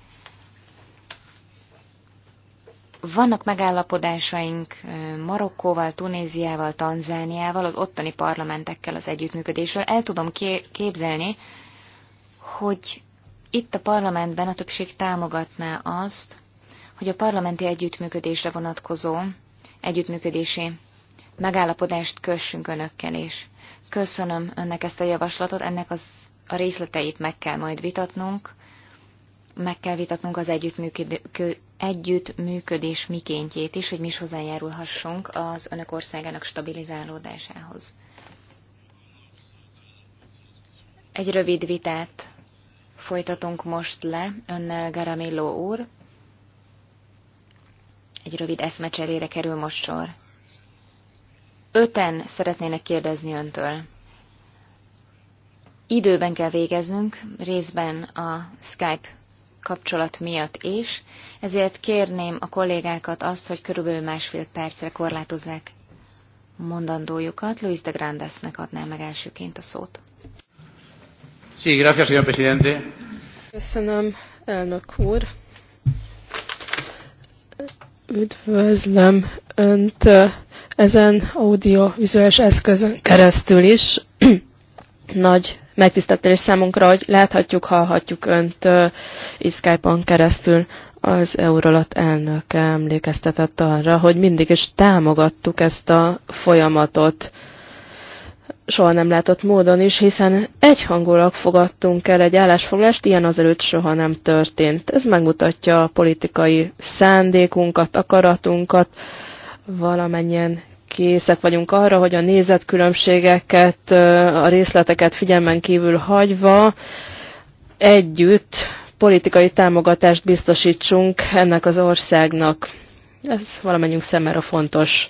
Vannak megállapodásaink Marokkóval, Tunéziával, Tanzániával, az ottani parlamentekkel az együttműködésről. El tudom képzelni, hogy itt a parlamentben a többség támogatná azt, hogy a parlamenti együttműködésre vonatkozó együttműködési megállapodást kössünk önökkel is. Köszönöm önnek ezt a javaslatot, ennek az, a részleteit meg kell majd vitatnunk, meg kell vitatnunk az együttműködés mikéntjét is, hogy mi is hozzájárulhassunk az önök országának stabilizálódásához. Egy rövid vitát folytatunk most le önnel, Garamilló úr. Egy rövid eszmecserére kerül most sor. Öten szeretnének kérdezni öntől. Időben kell végeznünk, részben a Skype kapcsolat miatt is, ezért kérném a kollégákat azt, hogy körülbelül másfél percre korlátozzák mondandójukat. Luis de Grandesnek adnám meg elsőként a szót. Sí, gracias, señor presidente. Köszönöm, elnök úr. Üdvözlöm önt ezen audiovizuális eszközön keresztül is nagy megtiszteltetés számunkra, hogy láthatjuk, hallhatjuk Önt uh, Skype-on keresztül. Az Eurolat elnöke emlékeztetett arra, hogy mindig is támogattuk ezt a folyamatot soha nem látott módon is, hiszen egyhangulag fogadtunk el egy állásfoglást, ilyen azelőtt soha nem történt. Ez megmutatja a politikai szándékunkat, akaratunkat, valamennyien készek vagyunk arra, hogy a nézetkülönbségeket, a részleteket figyelmen kívül hagyva együtt politikai támogatást biztosítsunk ennek az országnak. Ez valamennyünk szemére fontos.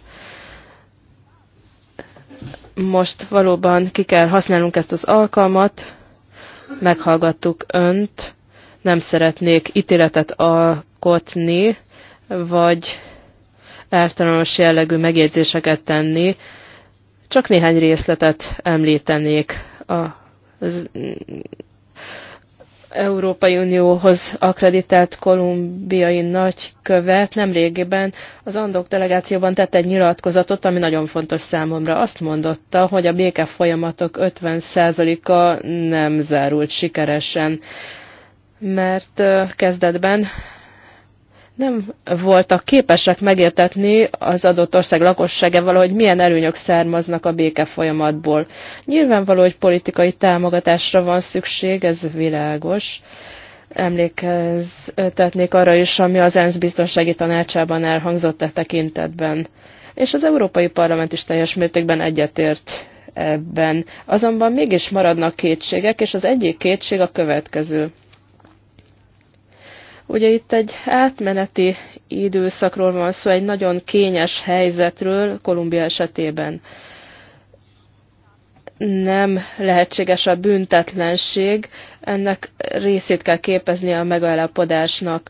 Most valóban ki kell használnunk ezt az alkalmat. Meghallgattuk önt. Nem szeretnék ítéletet alkotni, vagy általános jellegű megjegyzéseket tenni, csak néhány részletet említenék a az Európai Unióhoz akreditált kolumbiai nagykövet nemrégiben az Andok delegációban tett egy nyilatkozatot, ami nagyon fontos számomra. Azt mondotta, hogy a béke folyamatok 50%-a nem zárult sikeresen, mert kezdetben nem voltak képesek megértetni az adott ország lakossága hogy milyen előnyök származnak a béke folyamatból. Nyilvánvaló, hogy politikai támogatásra van szükség, ez világos. Emlékeztetnék arra is, ami az ENSZ biztonsági tanácsában elhangzott a e tekintetben. És az Európai Parlament is teljes mértékben egyetért ebben. Azonban mégis maradnak kétségek, és az egyik kétség a következő. Ugye itt egy átmeneti időszakról van szó, egy nagyon kényes helyzetről Kolumbia esetében. Nem lehetséges a büntetlenség, ennek részét kell képezni a megállapodásnak.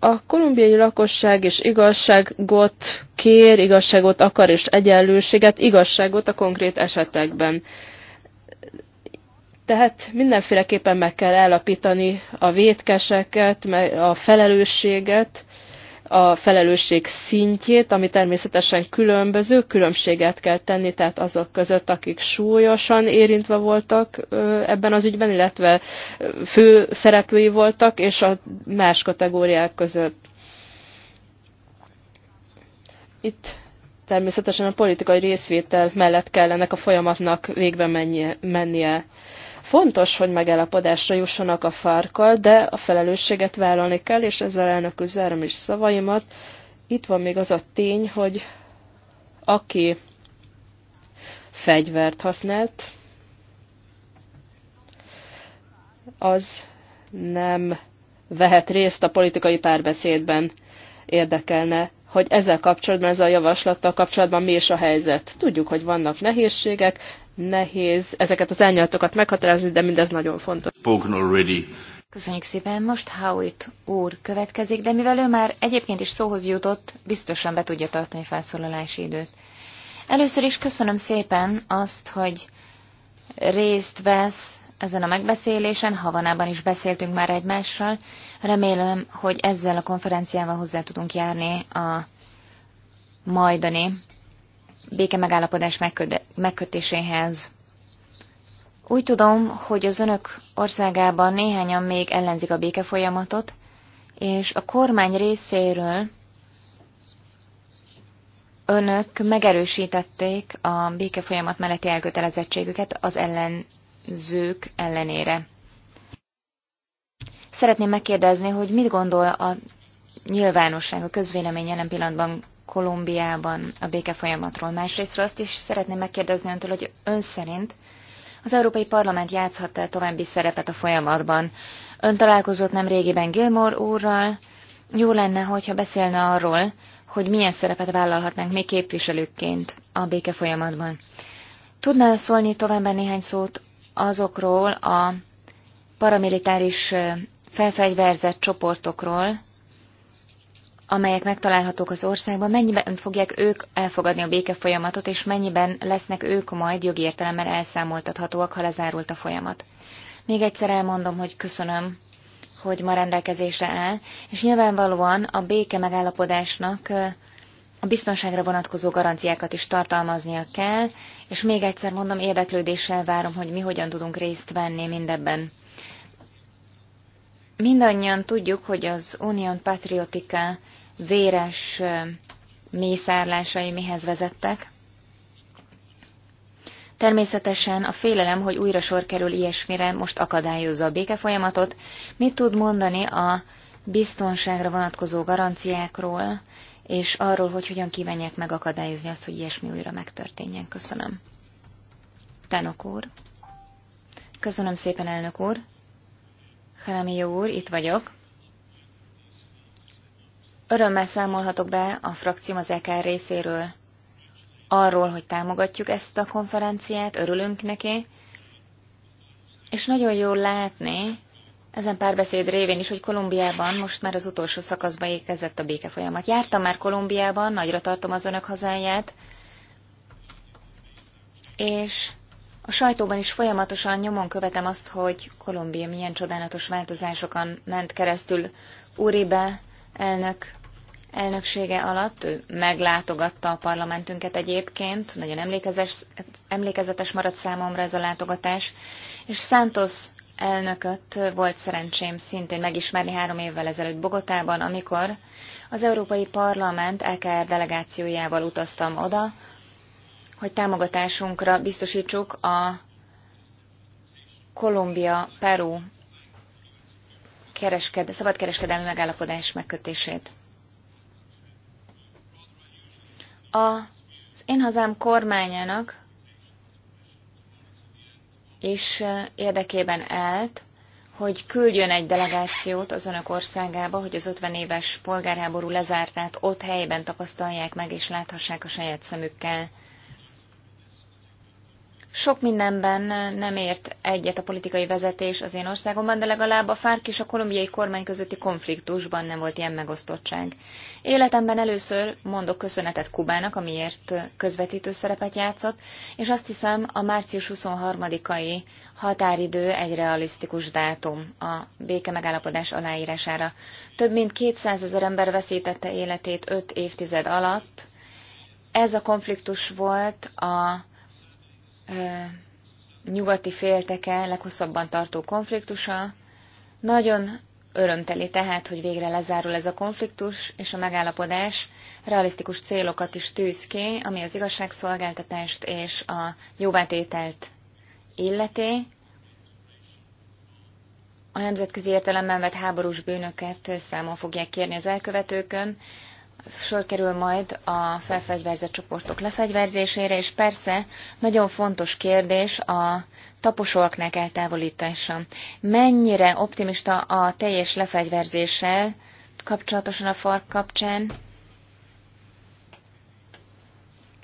A kolumbiai lakosság és igazságot kér, igazságot akar és egyenlőséget, igazságot a konkrét esetekben. Tehát mindenféleképpen meg kell állapítani a vétkeseket, a felelősséget, a felelősség szintjét, ami természetesen különböző, különbséget kell tenni, tehát azok között, akik súlyosan érintve voltak ebben az ügyben, illetve fő szereplői voltak, és a más kategóriák között. Itt természetesen a politikai részvétel mellett kell ennek a folyamatnak végbe mennie. Fontos, hogy megállapodásra jussanak a farkkal, de a felelősséget vállalni kell, és ezzel elnökül zárom is szavaimat. Itt van még az a tény, hogy aki fegyvert használt, az nem vehet részt a politikai párbeszédben. Érdekelne, hogy ezzel kapcsolatban, ez a javaslattal kapcsolatban mi is a helyzet. Tudjuk, hogy vannak nehézségek, nehéz ezeket az elnyaltokat meghatározni, de mindez nagyon fontos. Köszönjük szépen, most Howitt úr következik, de mivel ő már egyébként is szóhoz jutott, biztosan be tudja tartani felszólalási időt. Először is köszönöm szépen azt, hogy részt vesz ezen a megbeszélésen, Havanában is beszéltünk már egymással. Remélem, hogy ezzel a konferenciával hozzá tudunk járni a majdani béke megállapodás megkötéséhez. Úgy tudom, hogy az önök országában néhányan még ellenzik a béke folyamatot, és a kormány részéről önök megerősítették a béke folyamat melletti elkötelezettségüket az ellenzők ellenére. Szeretném megkérdezni, hogy mit gondol a nyilvánosság, a közvélemény jelen pillanatban Kolumbiában a béke folyamatról. Másrésztről azt is szeretném megkérdezni öntől, hogy ön szerint az Európai Parlament játszhat-e további szerepet a folyamatban? Ön találkozott nem régiben Gilmore úrral, jó lenne, hogyha beszélne arról, hogy milyen szerepet vállalhatnánk mi képviselőkként a béke folyamatban. Tudná szólni továbbá néhány szót azokról a paramilitáris felfegyverzett csoportokról, amelyek megtalálhatók az országban, mennyiben fogják ők elfogadni a béke folyamatot, és mennyiben lesznek ők majd jogi értelemben elszámoltathatóak, ha lezárult a folyamat. Még egyszer elmondom, hogy köszönöm, hogy ma rendelkezésre áll, és nyilvánvalóan a béke megállapodásnak a biztonságra vonatkozó garanciákat is tartalmaznia kell, és még egyszer mondom, érdeklődéssel várom, hogy mi hogyan tudunk részt venni mindebben. Mindannyian tudjuk, hogy az Union Patriotica véres mészárlásai mihez vezettek. Természetesen a félelem, hogy újra sor kerül ilyesmire, most akadályozza a békefolyamatot. Mit tud mondani a biztonságra vonatkozó garanciákról, és arról, hogy hogyan kívánják megakadályozni azt, hogy ilyesmi újra megtörténjen. Köszönöm. Tenok úr. Köszönöm szépen, elnök úr. Haramio úr, itt vagyok. Örömmel számolhatok be a frakcióm az EKR részéről arról, hogy támogatjuk ezt a konferenciát, örülünk neki, és nagyon jól látni ezen párbeszéd révén is, hogy Kolumbiában most már az utolsó szakaszba érkezett a béke folyamat. Jártam már Kolumbiában, nagyra tartom az önök hazáját, és a sajtóban is folyamatosan nyomon követem azt, hogy Kolumbia milyen csodálatos változásokon ment keresztül. Uribe elnök elnöksége alatt. Ő meglátogatta a parlamentünket egyébként, nagyon emlékezetes, emlékezetes maradt számomra ez a látogatás, és Santos elnököt volt szerencsém szintén megismerni három évvel ezelőtt Bogotában, amikor az Európai Parlament EKR delegációjával utaztam oda, hogy támogatásunkra biztosítsuk a Kolumbia-Peru kereskedel, szabadkereskedelmi megállapodás megkötését. Az én hazám kormányának is érdekében állt, hogy küldjön egy delegációt az önök országába, hogy az 50 éves polgárháború lezártát ott helyben tapasztalják meg és láthassák a saját szemükkel. Sok mindenben nem ért egyet a politikai vezetés az én országomban, de legalább a FARC és a kolumbiai kormány közötti konfliktusban nem volt ilyen megosztottság. Életemben először mondok köszönetet Kubának, amiért közvetítő szerepet játszott, és azt hiszem a március 23-ai határidő egy realisztikus dátum a béke megállapodás aláírására. Több mint 200 ezer ember veszítette életét 5 évtized alatt. Ez a konfliktus volt a nyugati félteke leghosszabban tartó konfliktusa. Nagyon örömteli tehát, hogy végre lezárul ez a konfliktus, és a megállapodás realisztikus célokat is tűz ki, ami az igazságszolgáltatást és a jóvátételt illeti. A nemzetközi értelemben vett háborús bűnöket számon fogják kérni az elkövetőkön, sor kerül majd a felfegyverzett csoportok lefegyverzésére, és persze nagyon fontos kérdés a taposolknak eltávolítása. Mennyire optimista a teljes lefegyverzéssel kapcsolatosan a fark kapcsán?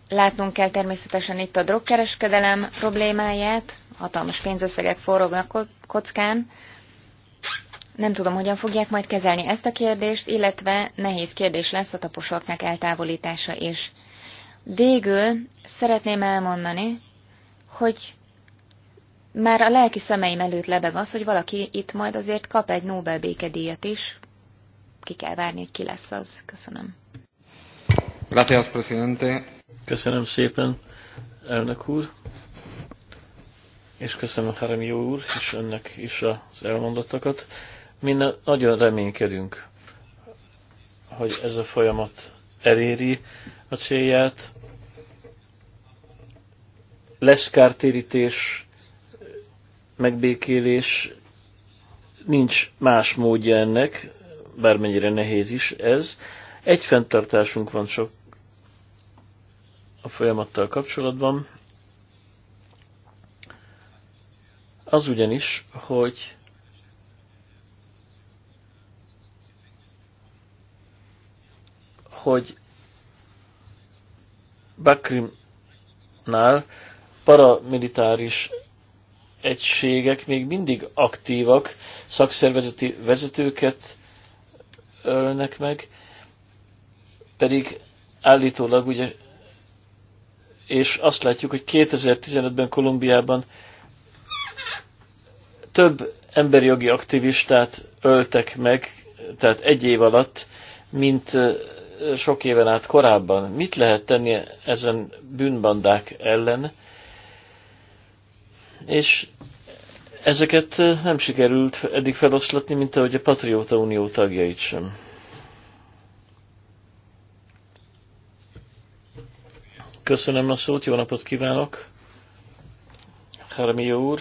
Látnunk kell természetesen itt a drogkereskedelem problémáját, hatalmas pénzösszegek forognak kockán, nem tudom, hogyan fogják majd kezelni ezt a kérdést, illetve nehéz kérdés lesz a taposoknak eltávolítása is. Végül szeretném elmondani, hogy már a lelki szemeim előtt lebeg az, hogy valaki itt majd azért kap egy Nobel békedíjat is. Ki kell várni, hogy ki lesz az. Köszönöm. Gracias, presidente. Köszönöm szépen, elnök úr. És köszönöm Harami úr, és önnek is az elmondottakat. Mi nagyon reménykedünk, hogy ez a folyamat eléri a célját. Lesz kártérítés, megbékélés, nincs más módja ennek, bármennyire nehéz is ez. Egy fenntartásunk van csak a folyamattal kapcsolatban. Az ugyanis, hogy hogy Bakrimnál paramilitáris egységek még mindig aktívak, szakszervezeti vezetőket ölnek meg, pedig állítólag ugye, és azt látjuk, hogy 2015-ben Kolumbiában több emberi jogi aktivistát öltek meg, tehát egy év alatt, mint sok éven át korábban. Mit lehet tenni ezen bűnbandák ellen? És ezeket eh, nem sikerült eddig feloszlatni, mint ahogy a Patrióta Unió tagjait sem. Köszönöm a szót, jó napot kívánok! Hermió úr,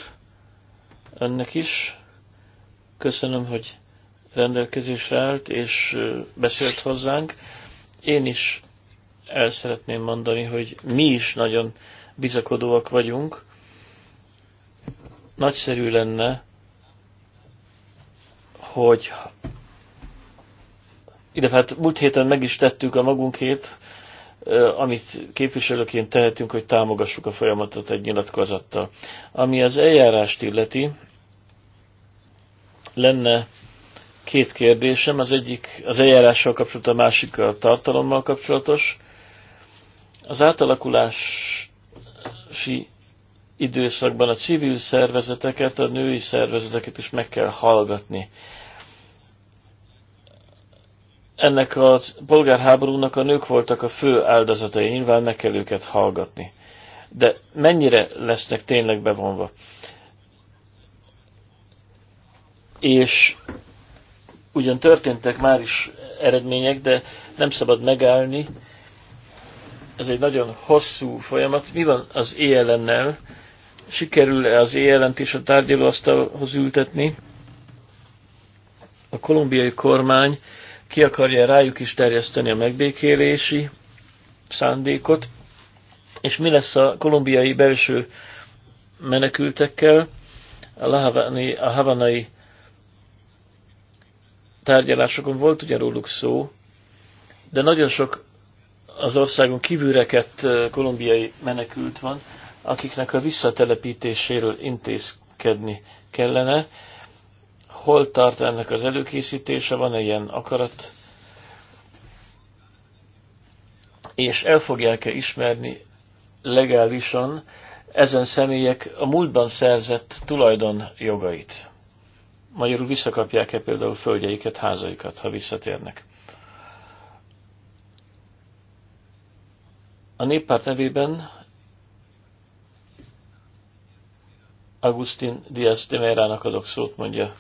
önnek is. Köszönöm, hogy rendelkezésre állt és eh, beszélt hozzánk. Én is el szeretném mondani, hogy mi is nagyon bizakodóak vagyunk. Nagyszerű lenne, hogy ide hát múlt héten meg is tettük a magunkét, amit képviselőként tehetünk, hogy támogassuk a folyamatot egy nyilatkozattal. Ami az eljárást illeti, lenne két kérdésem, az egyik az eljárással kapcsolatos, a másik a tartalommal kapcsolatos. Az átalakulási időszakban a civil szervezeteket, a női szervezeteket is meg kell hallgatni. Ennek a polgárháborúnak a nők voltak a fő áldozatai, nyilván meg kell őket hallgatni. De mennyire lesznek tényleg bevonva? És Ugyan történtek már is eredmények, de nem szabad megállni. Ez egy nagyon hosszú folyamat. Mi van az ELN-nel? Sikerül-e az ELN-t a tárgyalóasztalhoz ültetni? A kolumbiai kormány ki akarja rájuk is terjeszteni a megbékélési szándékot, és mi lesz a kolumbiai belső menekültekkel, a, Lahavani, a havanai tárgyalásokon volt ugye róluk szó, de nagyon sok az országon kívülreket kolumbiai menekült van, akiknek a visszatelepítéséről intézkedni kellene. Hol tart ennek az előkészítése, van-e ilyen akarat, és el fogják-e ismerni legálisan ezen személyek a múltban szerzett tulajdon jogait magyarul visszakapják-e például földjeiket, házaikat, ha visszatérnek. A néppárt nevében Agustin Diaz de Meirának adok szót, mondja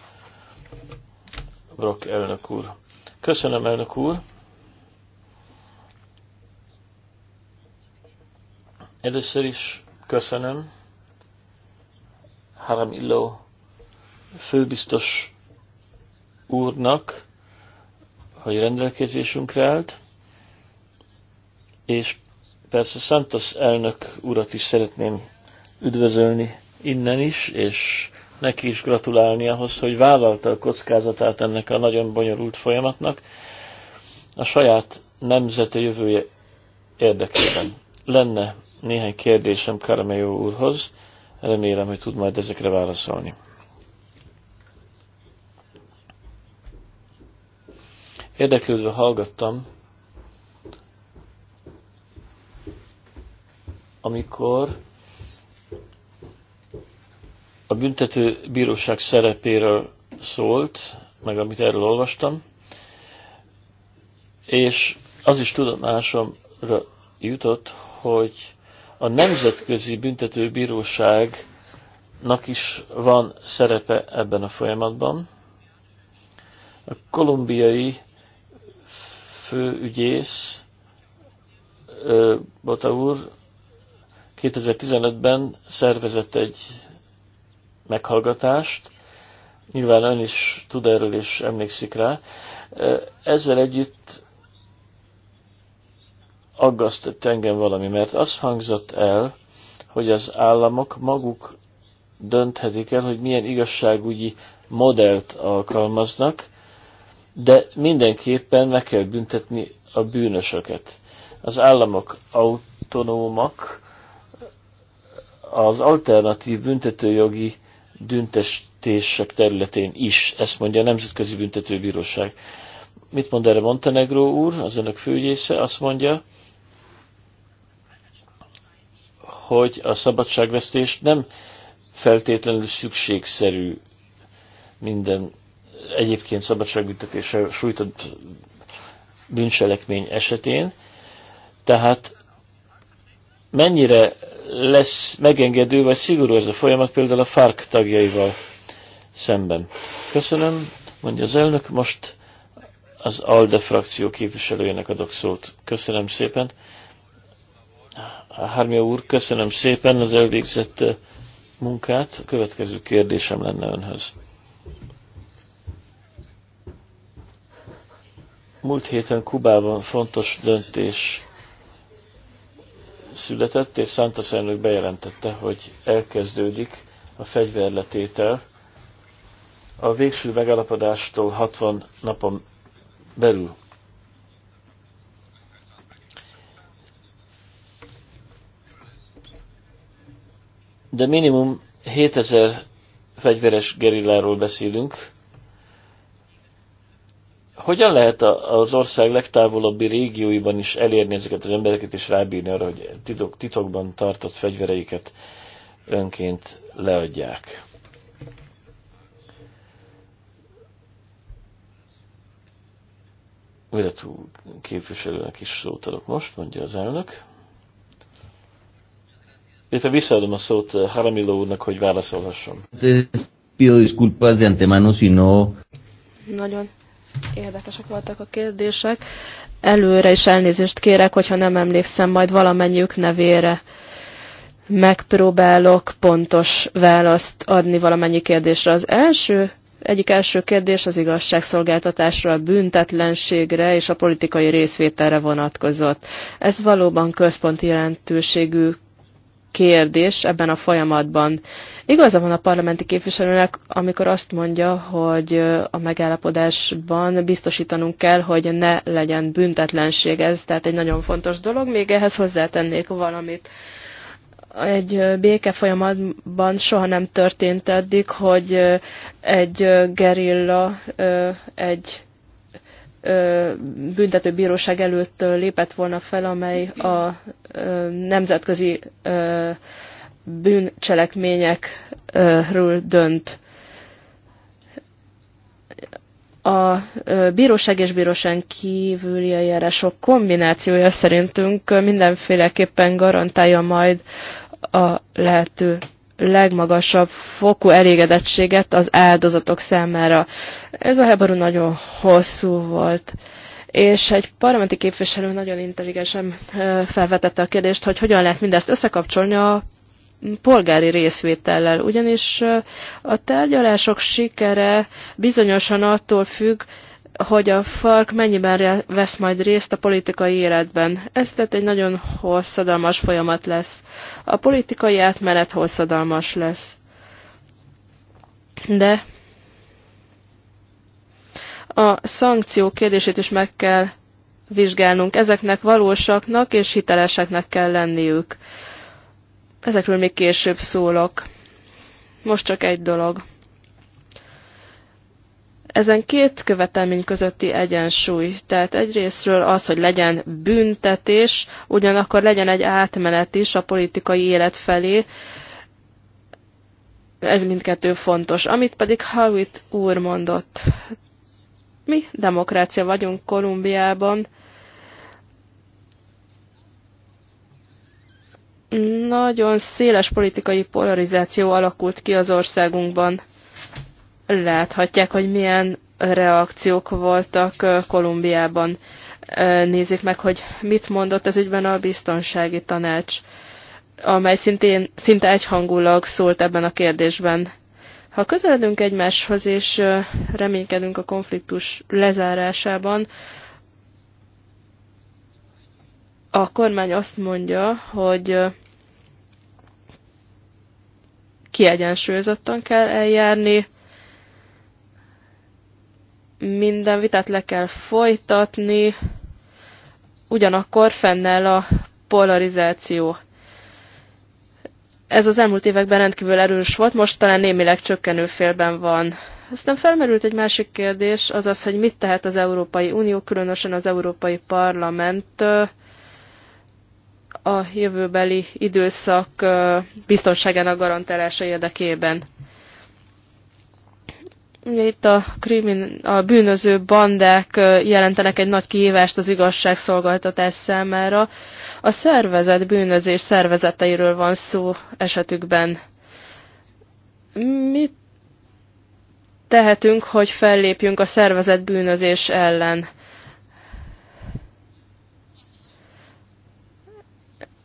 Brock elnök úr. Köszönöm, elnök úr! Először is köszönöm Haram Illó főbiztos úrnak, hogy rendelkezésünkre állt, és persze Santos elnök urat is szeretném üdvözölni innen is, és neki is gratulálni ahhoz, hogy vállalta a kockázatát ennek a nagyon bonyolult folyamatnak a saját nemzete jövője érdekében. Lenne néhány kérdésem Karameó úrhoz, remélem, hogy tud majd ezekre válaszolni. Érdeklődve hallgattam, amikor a büntető bíróság szerepéről szólt, meg amit erről olvastam, és az is tudomásomra jutott, hogy a Nemzetközi Büntető Bíróságnak is van szerepe ebben a folyamatban. A kolumbiai főügyész Bata úr 2015-ben szervezett egy meghallgatást, nyilván ön is tud erről és emlékszik rá. Ezzel együtt aggasztott engem valami, mert az hangzott el, hogy az államok maguk dönthetik el, hogy milyen igazságügyi modellt alkalmaznak, de mindenképpen meg kell büntetni a bűnösöket. Az államok autonómak, az alternatív büntetőjogi büntetések területén is, ezt mondja a Nemzetközi Büntetőbíróság. Mit mond erre Montenegró úr, az önök főgyésze? Azt mondja, hogy a szabadságvesztés nem feltétlenül szükségszerű minden egyébként szabadságbüntetésre sújtott bűncselekmény esetén. Tehát mennyire lesz megengedő vagy szigorú ez a folyamat például a FARC tagjaival szemben. Köszönöm, mondja az elnök, most az ALDE frakció képviselőjének adok szót. Köszönöm szépen. Hármia úr, köszönöm szépen az elvégzett munkát. A következő kérdésem lenne önhöz. Múlt héten Kubában fontos döntés született, és Santos elnök bejelentette, hogy elkezdődik a fegyverletétel. A végső megállapodástól 60 napon belül. De minimum 7000 fegyveres gerilláról beszélünk, hogyan lehet az ország legtávolabbi régióiban is elérni ezeket az embereket, és rábírni arra, hogy titok, titokban tartott fegyvereiket önként leadják? Viratú képviselőnek is szót adok most, mondja az elnök. Illetve visszaadom a szót Haramilo úrnak, hogy válaszolhasson. Nagyon Érdekesek voltak a kérdések. Előre is elnézést kérek, hogyha nem emlékszem majd valamennyiük nevére. Megpróbálok pontos választ adni valamennyi kérdésre. Az első egyik első kérdés az igazságszolgáltatásra, a büntetlenségre és a politikai részvételre vonatkozott. Ez valóban központi jelentőségű kérdés ebben a folyamatban. Igaza van a parlamenti képviselőnek, amikor azt mondja, hogy a megállapodásban biztosítanunk kell, hogy ne legyen büntetlenség. Ez tehát egy nagyon fontos dolog. Még ehhez hozzátennék valamit egy béke folyamatban soha nem történt eddig, hogy egy gerilla egy büntetőbíróság előtt lépett volna fel, amely a nemzetközi bűncselekményekről dönt. A bíróság és bíróság kívüli eljárások kombinációja szerintünk mindenféleképpen garantálja majd a lehető legmagasabb fokú elégedettséget az áldozatok számára. Ez a háború nagyon hosszú volt és egy parlamenti képviselő nagyon intelligensen felvetette a kérdést, hogy hogyan lehet mindezt összekapcsolni a polgári részvétellel, ugyanis a tárgyalások sikere bizonyosan attól függ, hogy a FARC mennyiben vesz majd részt a politikai életben. Ez tehát egy nagyon hosszadalmas folyamat lesz. A politikai átmenet hosszadalmas lesz. De a szankció kérdését is meg kell vizsgálnunk. Ezeknek valósaknak és hiteleseknek kell lenniük. Ezekről még később szólok. Most csak egy dolog. Ezen két követelmény közötti egyensúly, tehát egyrésztről az, hogy legyen büntetés, ugyanakkor legyen egy átmenet is a politikai élet felé, ez mindkettő fontos. Amit pedig Howitt úr mondott, mi demokrácia vagyunk Kolumbiában, Nagyon széles politikai polarizáció alakult ki az országunkban. Láthatják, hogy milyen reakciók voltak Kolumbiában. Nézik meg, hogy mit mondott ez ügyben a biztonsági tanács, amely szintén, szinte egyhangulag szólt ebben a kérdésben. Ha közeledünk egymáshoz és reménykedünk a konfliktus lezárásában, a kormány azt mondja, hogy kiegyensúlyozottan kell eljárni, minden vitát le kell folytatni, ugyanakkor fennáll a polarizáció. Ez az elmúlt években rendkívül erős volt, most talán némileg csökkenő félben van. Aztán felmerült egy másik kérdés, az az, hogy mit tehet az Európai Unió, különösen az Európai Parlament a jövőbeli időszak biztonságának garantálása érdekében. Ugye itt a, krimin, a bűnöző bandák jelentenek egy nagy kihívást az igazságszolgáltatás számára. A szervezet bűnözés szervezeteiről van szó esetükben. Mit tehetünk, hogy fellépjünk a szervezet bűnözés ellen?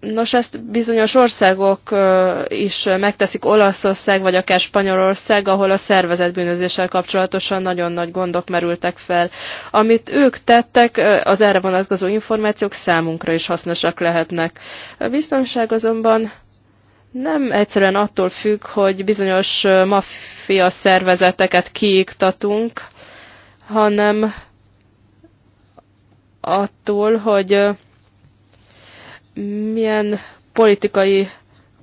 Nos, ezt bizonyos országok is megteszik, Olaszország vagy akár Spanyolország, ahol a szervezetbűnözéssel kapcsolatosan nagyon nagy gondok merültek fel. Amit ők tettek, az erre vonatkozó információk számunkra is hasznosak lehetnek. A biztonság azonban nem egyszerűen attól függ, hogy bizonyos maffia szervezeteket kiiktatunk, hanem attól, hogy milyen politikai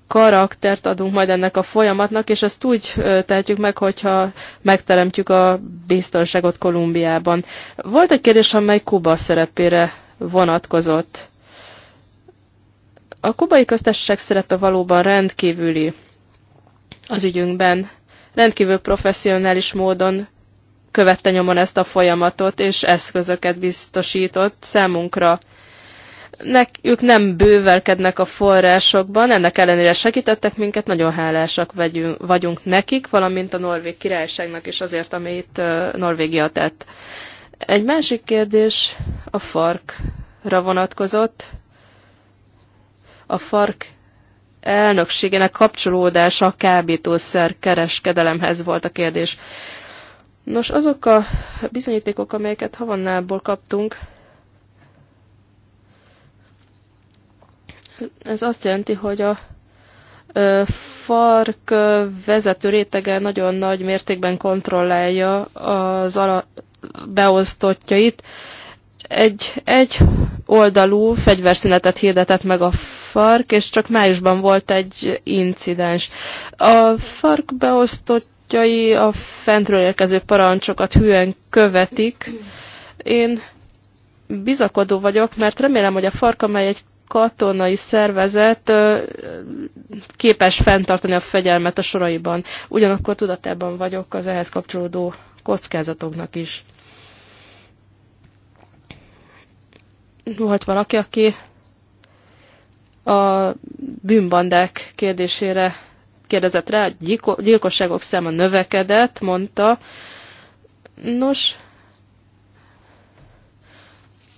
karaktert adunk majd ennek a folyamatnak, és ezt úgy tehetjük meg, hogyha megteremtjük a biztonságot Kolumbiában. Volt egy kérdés, amely Kuba szerepére vonatkozott. A kubai köztesség szerepe valóban rendkívüli az ügyünkben. Rendkívül professzionális módon követte nyomon ezt a folyamatot, és eszközöket biztosított számunkra nek, ők nem bővelkednek a forrásokban, ennek ellenére segítettek minket, nagyon hálásak vegyünk, vagyunk nekik, valamint a Norvég királyságnak is azért, amit Norvégia tett. Egy másik kérdés a farkra vonatkozott. A fark elnökségének kapcsolódása a kábítószer kereskedelemhez volt a kérdés. Nos, azok a bizonyítékok, amelyeket Havannából kaptunk, Ez azt jelenti, hogy a FARC vezető rétege nagyon nagy mértékben kontrollálja az ala beosztottjait. Egy, egy oldalú fegyverszünetet hirdetett meg a FARC, és csak májusban volt egy incidens. A FARC beosztottjai a fentről érkező parancsokat hűen követik. Én bizakodó vagyok, mert remélem, hogy a FARC, amely egy katonai szervezet képes fenntartani a fegyelmet a soraiban. Ugyanakkor tudatában vagyok az ehhez kapcsolódó kockázatoknak is. Volt valaki, aki a bűnbandák kérdésére kérdezett rá, gyilkosságok száma növekedett, mondta. Nos,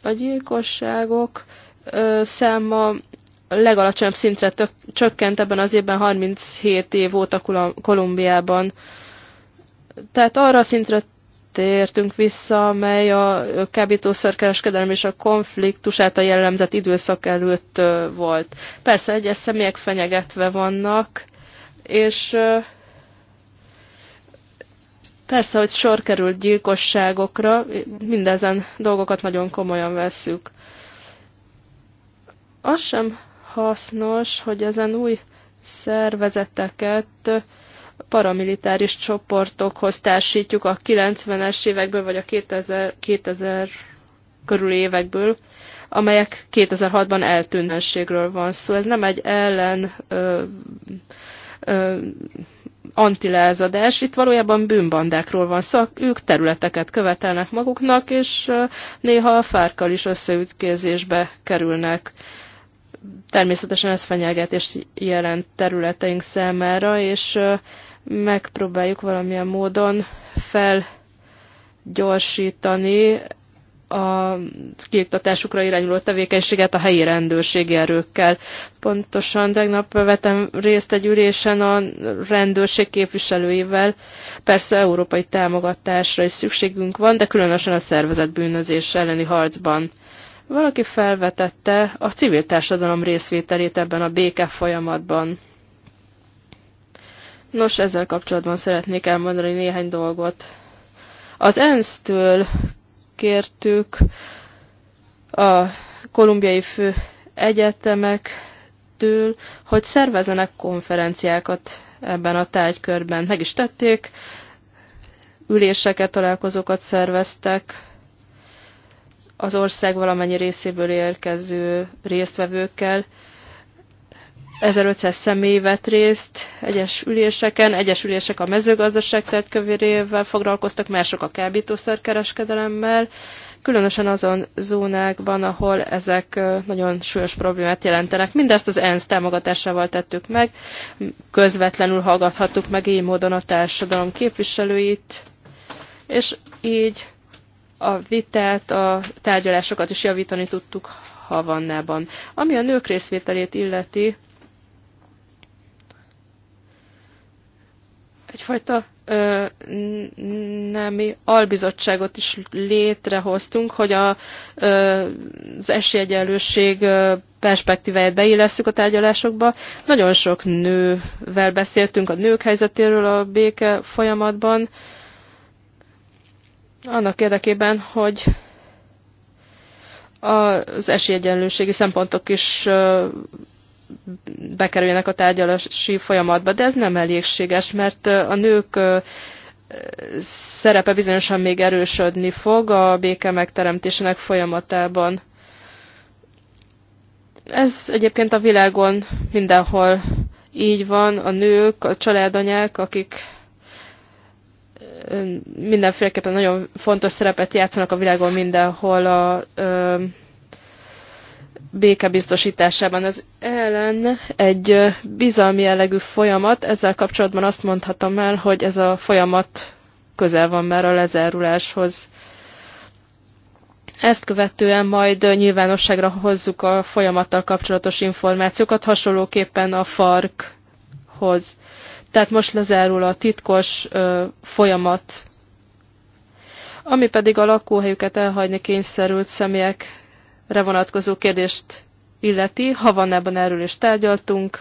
a gyilkosságok száma legalacsonyabb szintre tök, csökkent ebben az évben 37 év óta Kolumbiában. Tehát arra a szintre tértünk vissza, amely a kábítószerkereskedelem és a konfliktus által jellemzett időszak előtt volt. Persze egyes személyek fenyegetve vannak, és persze, hogy sor került gyilkosságokra, mindezen dolgokat nagyon komolyan vesszük az sem hasznos, hogy ezen új szervezeteket paramilitáris csoportokhoz társítjuk a 90-es évekből, vagy a 2000, 2000 körül évekből, amelyek 2006-ban eltűnőségről van szó. Ez nem egy ellen ö, ö, antilázadás, itt valójában bűnbandákról van szó, szóval ők területeket követelnek maguknak, és néha a fárkal is összeütkézésbe kerülnek természetesen ez fenyegetést jelent területeink számára, és megpróbáljuk valamilyen módon felgyorsítani a kiiktatásukra irányuló tevékenységet a helyi rendőrségi erőkkel. Pontosan tegnap vettem részt egy ülésen a rendőrség képviselőivel. Persze európai támogatásra is szükségünk van, de különösen a szervezett bűnözés elleni harcban. Valaki felvetette a civil társadalom részvételét ebben a béke folyamatban. Nos, ezzel kapcsolatban szeretnék elmondani néhány dolgot. Az ENSZ-től kértük a kolumbiai fő egyetemektől, hogy szervezenek konferenciákat ebben a tárgykörben. Meg is tették, üléseket, találkozókat szerveztek, az ország valamennyi részéből érkező résztvevőkkel. 1500 személy vett részt egyes üléseken, egyes ülések a mezőgazdaság kövérével foglalkoztak, mások a kábítószerkereskedelemmel, különösen azon zónákban, ahol ezek nagyon súlyos problémát jelentenek. Mindezt az ENSZ támogatásával tettük meg, közvetlenül hallgathattuk meg így módon a társadalom képviselőit, és így a vitát, a tárgyalásokat is javítani tudtuk Havannában. Ami a nők részvételét illeti, egyfajta ö, nemi albizottságot is létrehoztunk, hogy a, ö, az esélyegyenlőség perspektíváját beillesszük a tárgyalásokba. Nagyon sok nővel beszéltünk a nők helyzetéről a béke folyamatban. Ö, annak érdekében, hogy az esélyegyenlőségi szempontok is bekerüljenek a tárgyalási folyamatba, de ez nem elégséges, mert a nők szerepe bizonyosan még erősödni fog a béke megteremtésének folyamatában. Ez egyébként a világon mindenhol így van, a nők, a családanyák, akik mindenféleképpen nagyon fontos szerepet játszanak a világon mindenhol a ö, béke biztosításában. Az ellen egy bizalmi jellegű folyamat, ezzel kapcsolatban azt mondhatom el, hogy ez a folyamat közel van már a lezáruláshoz. Ezt követően majd nyilvánosságra hozzuk a folyamattal kapcsolatos információkat, hasonlóképpen a farkhoz. Tehát most lezárul a titkos ö, folyamat, ami pedig a lakóhelyüket elhagyni kényszerült személyekre vonatkozó kérdést illeti. Havannában erről is tárgyaltunk.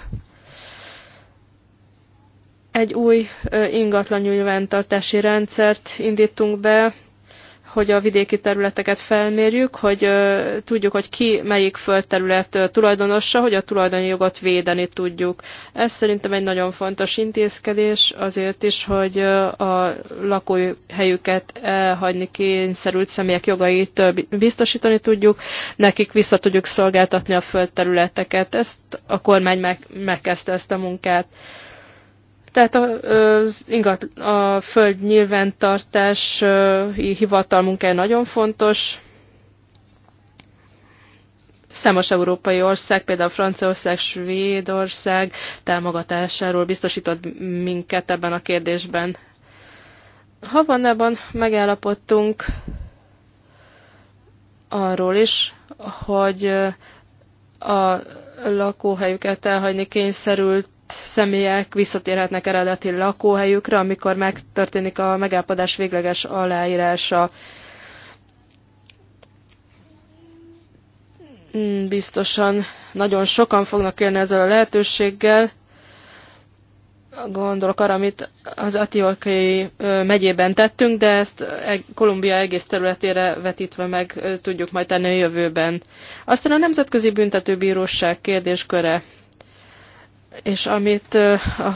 Egy új ö, ingatlan nyilvántartási rendszert indítunk be, hogy a vidéki területeket felmérjük, hogy tudjuk, hogy ki melyik földterület tulajdonosa, hogy a tulajdoni jogot védeni tudjuk. Ez szerintem egy nagyon fontos intézkedés azért is, hogy a lakóhelyüket elhagyni kényszerült személyek jogait biztosítani tudjuk, nekik vissza tudjuk szolgáltatni a földterületeket. Ezt a kormány meg, megkezdte ezt a munkát. Tehát az ingat, a föld nyilvántartás hivatal munkája nagyon fontos. Számos európai ország, például Franciaország, Svédország támogatásáról biztosított minket ebben a kérdésben. Havannában megállapodtunk arról is, hogy a lakóhelyüket elhagyni kényszerült személyek visszatérhetnek eredeti lakóhelyükre, amikor megtörténik a megállapodás végleges aláírása. Hmm, biztosan nagyon sokan fognak élni ezzel a lehetőséggel. Gondolok arra, amit az Atiolkai megyében tettünk, de ezt e-, Kolumbia egész területére vetítve meg tudjuk majd tenni a jövőben. Aztán a Nemzetközi Büntetőbíróság kérdésköre és amit a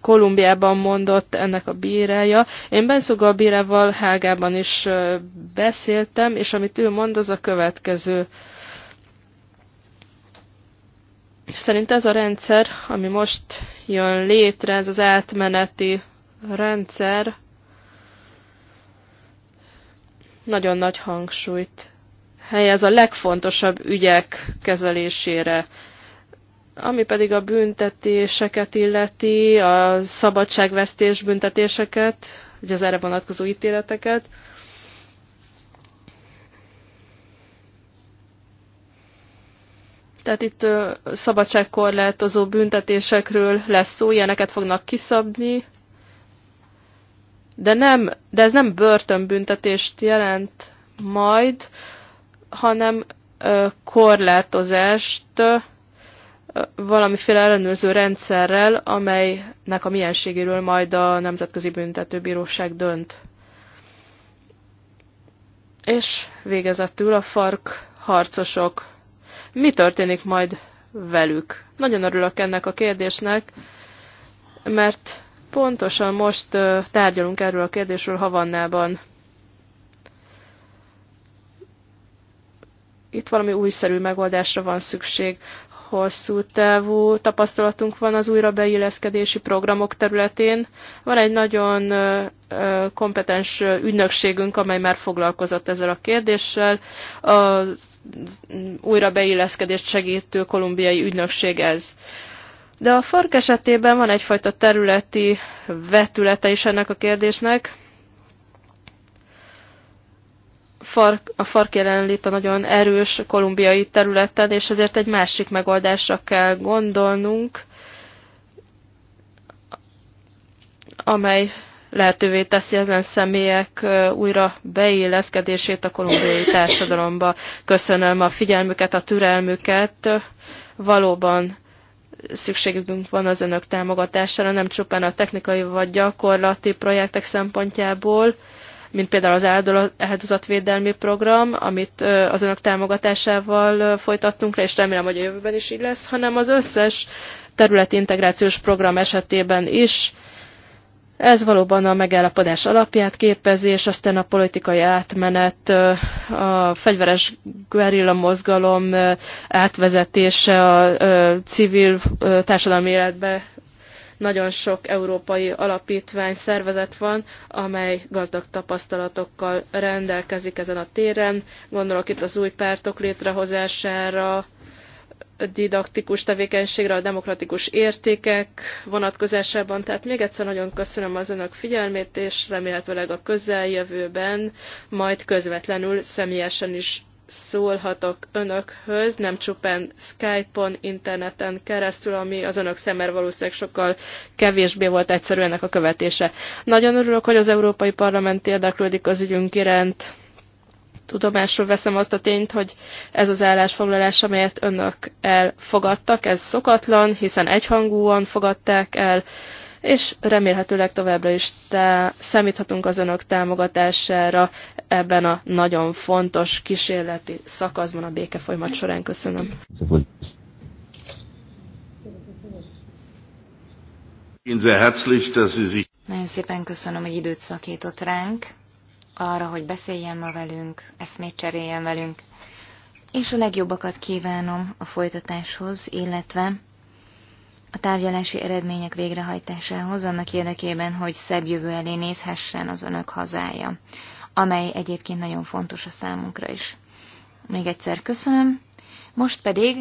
Kolumbiában mondott ennek a bírája. Én Benszuga bírával Hágában is beszéltem, és amit ő mond, az a következő. Szerint ez a rendszer, ami most jön létre, ez az átmeneti rendszer, nagyon nagy hangsúlyt helyez a legfontosabb ügyek kezelésére ami pedig a büntetéseket illeti, a szabadságvesztés büntetéseket, ugye az erre vonatkozó ítéleteket, Tehát itt szabadságkorlátozó büntetésekről lesz szó, ilyeneket fognak kiszabni, de, nem, de ez nem börtönbüntetést jelent majd, hanem korlátozást, valamiféle ellenőrző rendszerrel, amelynek a mienségéről majd a Nemzetközi Büntetőbíróság dönt. És végezetül a fark harcosok. Mi történik majd velük? Nagyon örülök ennek a kérdésnek, mert pontosan most tárgyalunk erről a kérdésről Havannában. Itt valami újszerű megoldásra van szükség hosszú távú tapasztalatunk van az újra beilleszkedési programok területén. Van egy nagyon kompetens ügynökségünk, amely már foglalkozott ezzel a kérdéssel. A újra beilleszkedést segítő kolumbiai ügynökség ez. De a fark esetében van egyfajta területi vetülete is ennek a kérdésnek, fark, a fark jelenlét a nagyon erős kolumbiai területen, és ezért egy másik megoldásra kell gondolnunk, amely lehetővé teszi ezen személyek újra beilleszkedését a kolumbiai társadalomba. Köszönöm a figyelmüket, a türelmüket. Valóban szükségünk van az önök támogatására, nem csupán a technikai vagy gyakorlati projektek szempontjából, mint például az áldozatvédelmi program, amit az önök támogatásával folytattunk le, és remélem, hogy a jövőben is így lesz, hanem az összes területi integrációs program esetében is. Ez valóban a megállapodás alapját képezi, és aztán a politikai átmenet, a fegyveres guerilla mozgalom átvezetése a civil társadalmi életbe nagyon sok európai alapítvány szervezet van, amely gazdag tapasztalatokkal rendelkezik ezen a téren. Gondolok itt az új pártok létrehozására, didaktikus tevékenységre, a demokratikus értékek vonatkozásában. Tehát még egyszer nagyon köszönöm az önök figyelmét, és remélhetőleg a közeljövőben majd közvetlenül személyesen is szólhatok önökhöz, nem csupán Skype-on, interneten keresztül, ami az önök szemmel valószínűleg sokkal kevésbé volt egyszerű ennek a követése. Nagyon örülök, hogy az Európai Parlament érdeklődik az ügyünk iránt. Tudomásról veszem azt a tényt, hogy ez az állásfoglalás, amelyet önök elfogadtak, ez szokatlan, hiszen egyhangúan fogadták el, és remélhetőleg továbbra is tá- számíthatunk az önök támogatására ebben a nagyon fontos kísérleti szakaszban a békefolyamat során. Köszönöm. Nagyon szépen köszönöm, hogy időt szakított ránk, arra, hogy beszéljen ma velünk, eszmét cseréljen velünk, és a legjobbakat kívánom a folytatáshoz, illetve a tárgyalási eredmények végrehajtásához annak érdekében, hogy szebb jövő elé nézhessen az önök hazája, amely egyébként nagyon fontos a számunkra is. Még egyszer köszönöm. Most pedig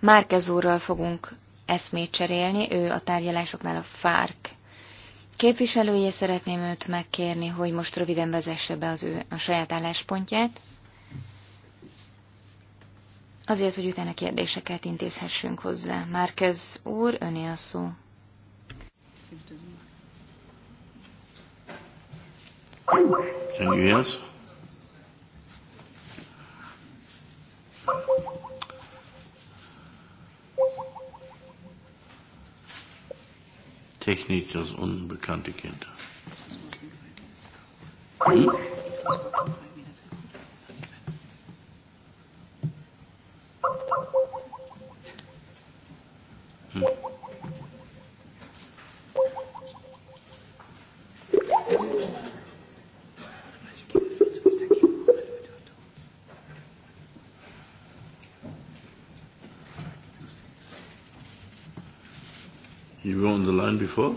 Márkez úrral fogunk eszmét cserélni, ő a tárgyalásoknál a fárk. képviselője, szeretném őt megkérni, hogy most röviden vezesse be az ő a saját álláspontját azért, hogy utána kérdéseket intézhessünk hozzá. Márkez úr, öné a szó. Can you hear us? Technik az Unbekannte Kinder. Hm? Hm. You were on the line before?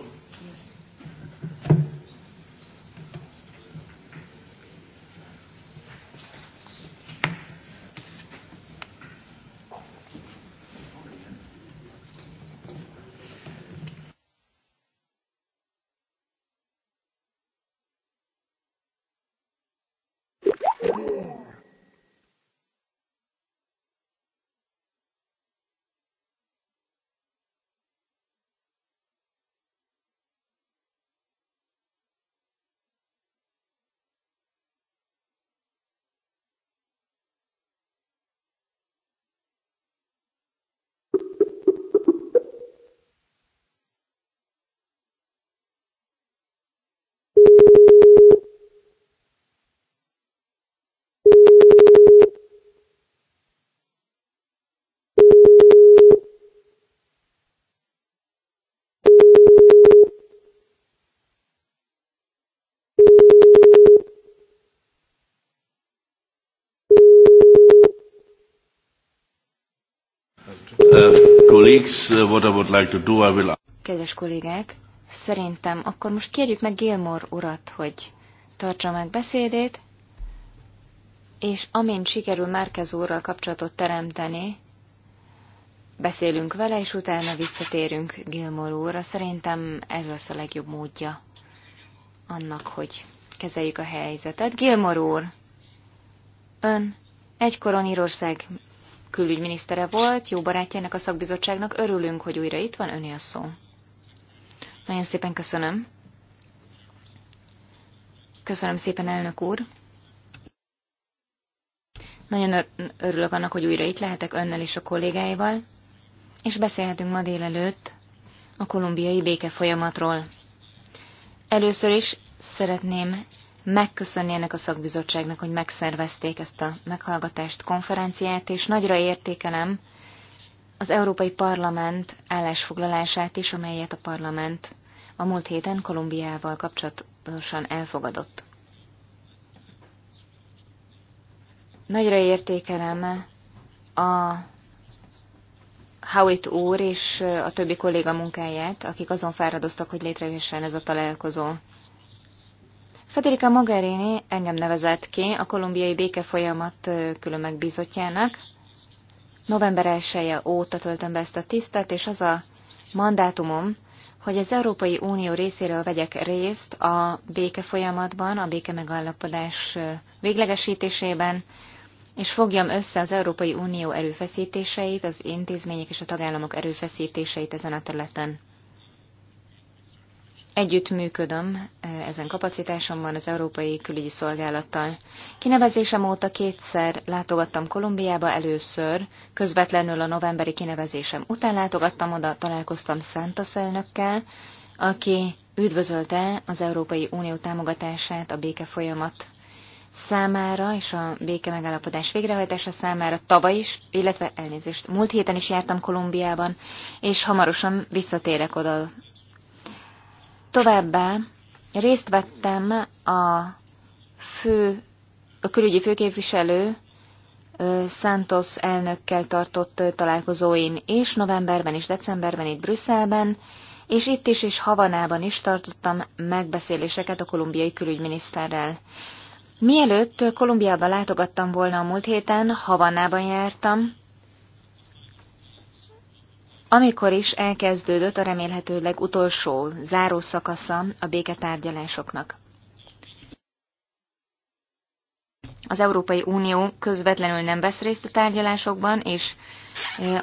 colleagues, uh, what I would like to do, I will... Kedves kollégák, szerintem akkor most kérjük meg Gilmore urat, hogy tartsa meg beszédét, és amint sikerül Márkez úrral kapcsolatot teremteni, beszélünk vele, és utána visszatérünk Gilmore úrra. Szerintem ez lesz a legjobb módja annak, hogy kezeljük a helyzetet. Gilmore úr, ön egykoron Írország külügyminisztere volt, jó barátjának a szakbizottságnak. Örülünk, hogy újra itt van, öné a szó. Nagyon szépen köszönöm. Köszönöm szépen, elnök úr. Nagyon örülök annak, hogy újra itt lehetek önnel és a kollégáival, és beszélhetünk ma délelőtt a kolumbiai béke folyamatról. Először is szeretném megköszönni ennek a szakbizottságnak, hogy megszervezték ezt a meghallgatást, konferenciát, és nagyra értékelem az Európai Parlament állásfoglalását is, amelyet a parlament a múlt héten Kolumbiával kapcsolatosan elfogadott. Nagyra értékelem a Howitt úr és a többi kolléga munkáját, akik azon fáradoztak, hogy létrejöjjön ez a találkozó. Federica Mogherini engem nevezett ki a kolumbiai békefolyamat külön megbízottjának. November 1 -e óta töltöm be ezt a tisztet, és az a mandátumom, hogy az Európai Unió részéről vegyek részt a béke folyamatban, a béke megállapodás véglegesítésében, és fogjam össze az Európai Unió erőfeszítéseit, az intézmények és a tagállamok erőfeszítéseit ezen a területen. Együttműködöm ezen kapacitásomban az Európai Külügyi Szolgálattal. Kinevezésem óta kétszer látogattam Kolumbiába először, közvetlenül a novemberi kinevezésem után látogattam oda, találkoztam Santos elnökkel, aki üdvözölte az Európai Unió támogatását a béke folyamat számára és a béke megállapodás végrehajtása számára tavaly is, illetve elnézést, múlt héten is jártam Kolumbiában, és hamarosan visszatérek oda Továbbá részt vettem a fő, a külügyi főképviselő Santos elnökkel tartott találkozóin, és novemberben és decemberben itt Brüsszelben, és itt is és Havanában is tartottam megbeszéléseket a kolumbiai külügyminiszterrel. Mielőtt Kolumbiába látogattam volna a múlt héten, Havanában jártam, amikor is elkezdődött a remélhetőleg utolsó záró szakasza a béketárgyalásoknak. Az Európai Unió közvetlenül nem vesz részt a tárgyalásokban, és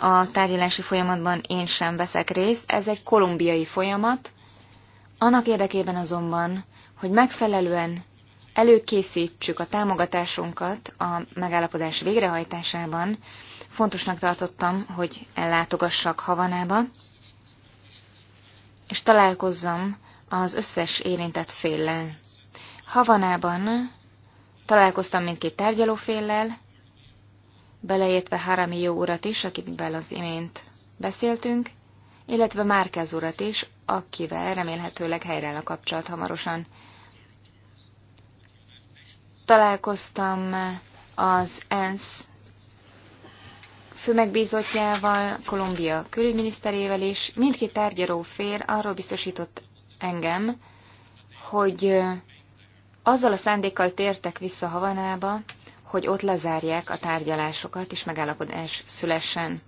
a tárgyalási folyamatban én sem veszek részt. Ez egy kolumbiai folyamat. Annak érdekében azonban, hogy megfelelően előkészítsük a támogatásunkat a megállapodás végrehajtásában, fontosnak tartottam, hogy ellátogassak Havanába, és találkozzam az összes érintett féllel. Havanában találkoztam mindkét tárgyalóféllel, beleértve Harami jó urat is, akivel az imént beszéltünk, illetve Márkez urat is, akivel remélhetőleg helyreáll a kapcsolat hamarosan. Találkoztam az ENSZ főmegbízottjával, Kolumbia külügyminiszterével is. Mindkét tárgyaló fél arról biztosított engem, hogy azzal a szándékkal tértek vissza Havanába, hogy ott lezárják a tárgyalásokat, és megállapodás szülessen.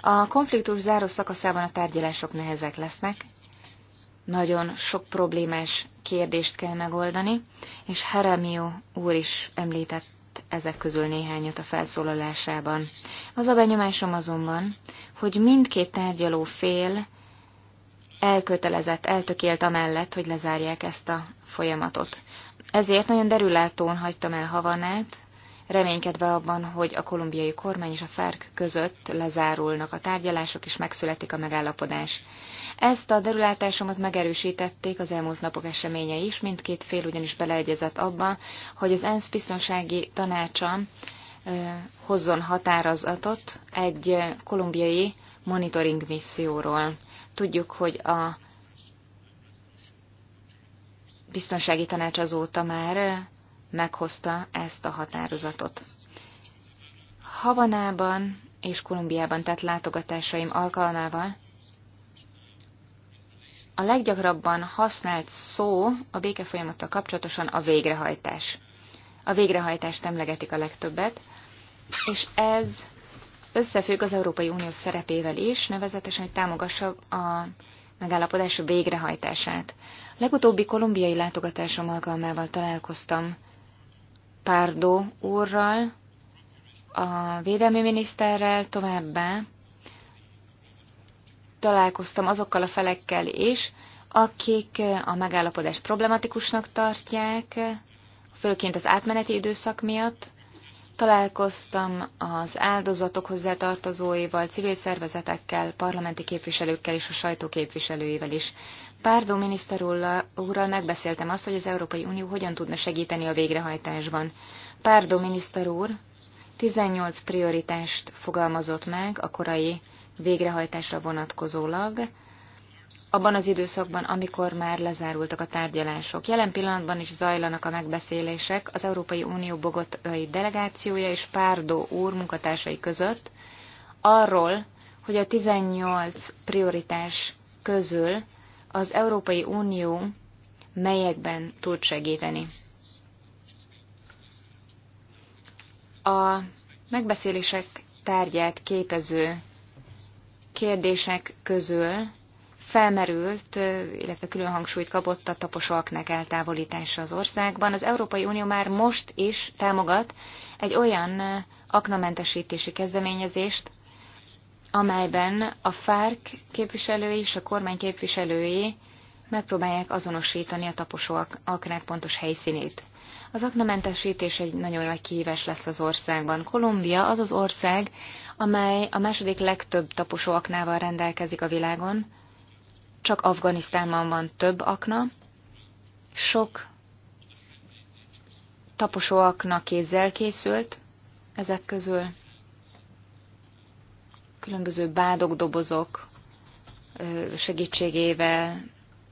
A konfliktus záró szakaszában a tárgyalások nehezek lesznek, nagyon sok problémás kérdést kell megoldani, és Heremio úr is említett ezek közül néhányat a felszólalásában. Az a benyomásom azonban, hogy mindkét tárgyaló fél elkötelezett, eltökélt amellett, hogy lezárják ezt a folyamatot. Ezért nagyon derülátón hagytam el Havanát, reménykedve abban, hogy a kolumbiai kormány és a FARC között lezárulnak a tárgyalások, és megszületik a megállapodás. Ezt a derülátásomat megerősítették az elmúlt napok eseményei is, mindkét fél ugyanis beleegyezett abba, hogy az ENSZ biztonsági tanácsa hozzon határozatot egy kolumbiai monitoring misszióról. Tudjuk, hogy a biztonsági tanács azóta már meghozta ezt a határozatot. Havanában és Kolumbiában tett látogatásaim alkalmával a leggyakrabban használt szó a békefolyamattal kapcsolatosan a végrehajtás. A végrehajtást emlegetik a legtöbbet, és ez összefügg az Európai Unió szerepével is, nevezetesen, hogy támogassa a megállapodás végrehajtását. Legutóbbi kolumbiai látogatásom alkalmával találkoztam Párdó úrral, a védelmi miniszterrel, továbbá találkoztam azokkal a felekkel is, akik a megállapodást problematikusnak tartják, főként az átmeneti időszak miatt, Találkoztam az áldozatok hozzátartozóival, civil szervezetekkel, parlamenti képviselőkkel és a sajtóképviselőivel is. Párdó miniszter úrral megbeszéltem azt, hogy az Európai Unió hogyan tudna segíteni a végrehajtásban. Párdó miniszter úr 18 prioritást fogalmazott meg a korai végrehajtásra vonatkozólag, abban az időszakban, amikor már lezárultak a tárgyalások. Jelen pillanatban is zajlanak a megbeszélések az Európai Unió bogotai delegációja és Párdó úr munkatársai között arról, hogy a 18 prioritás közül az Európai Unió melyekben tud segíteni. A megbeszélések tárgyát képező kérdések közül felmerült, illetve külön hangsúlyt kapott a tapos eltávolítása az országban. Az Európai Unió már most is támogat egy olyan aknamentesítési kezdeményezést, amelyben a FARC képviselői és a kormány képviselői megpróbálják azonosítani a taposó aknák pontos helyszínét. Az aknamentesítés egy nagyon nagy kihívás lesz az országban. Kolumbia az az ország, amely a második legtöbb taposó aknával rendelkezik a világon, csak Afganisztánban van több akna, sok taposó akna kézzel készült ezek közül, különböző bádok, dobozok segítségével,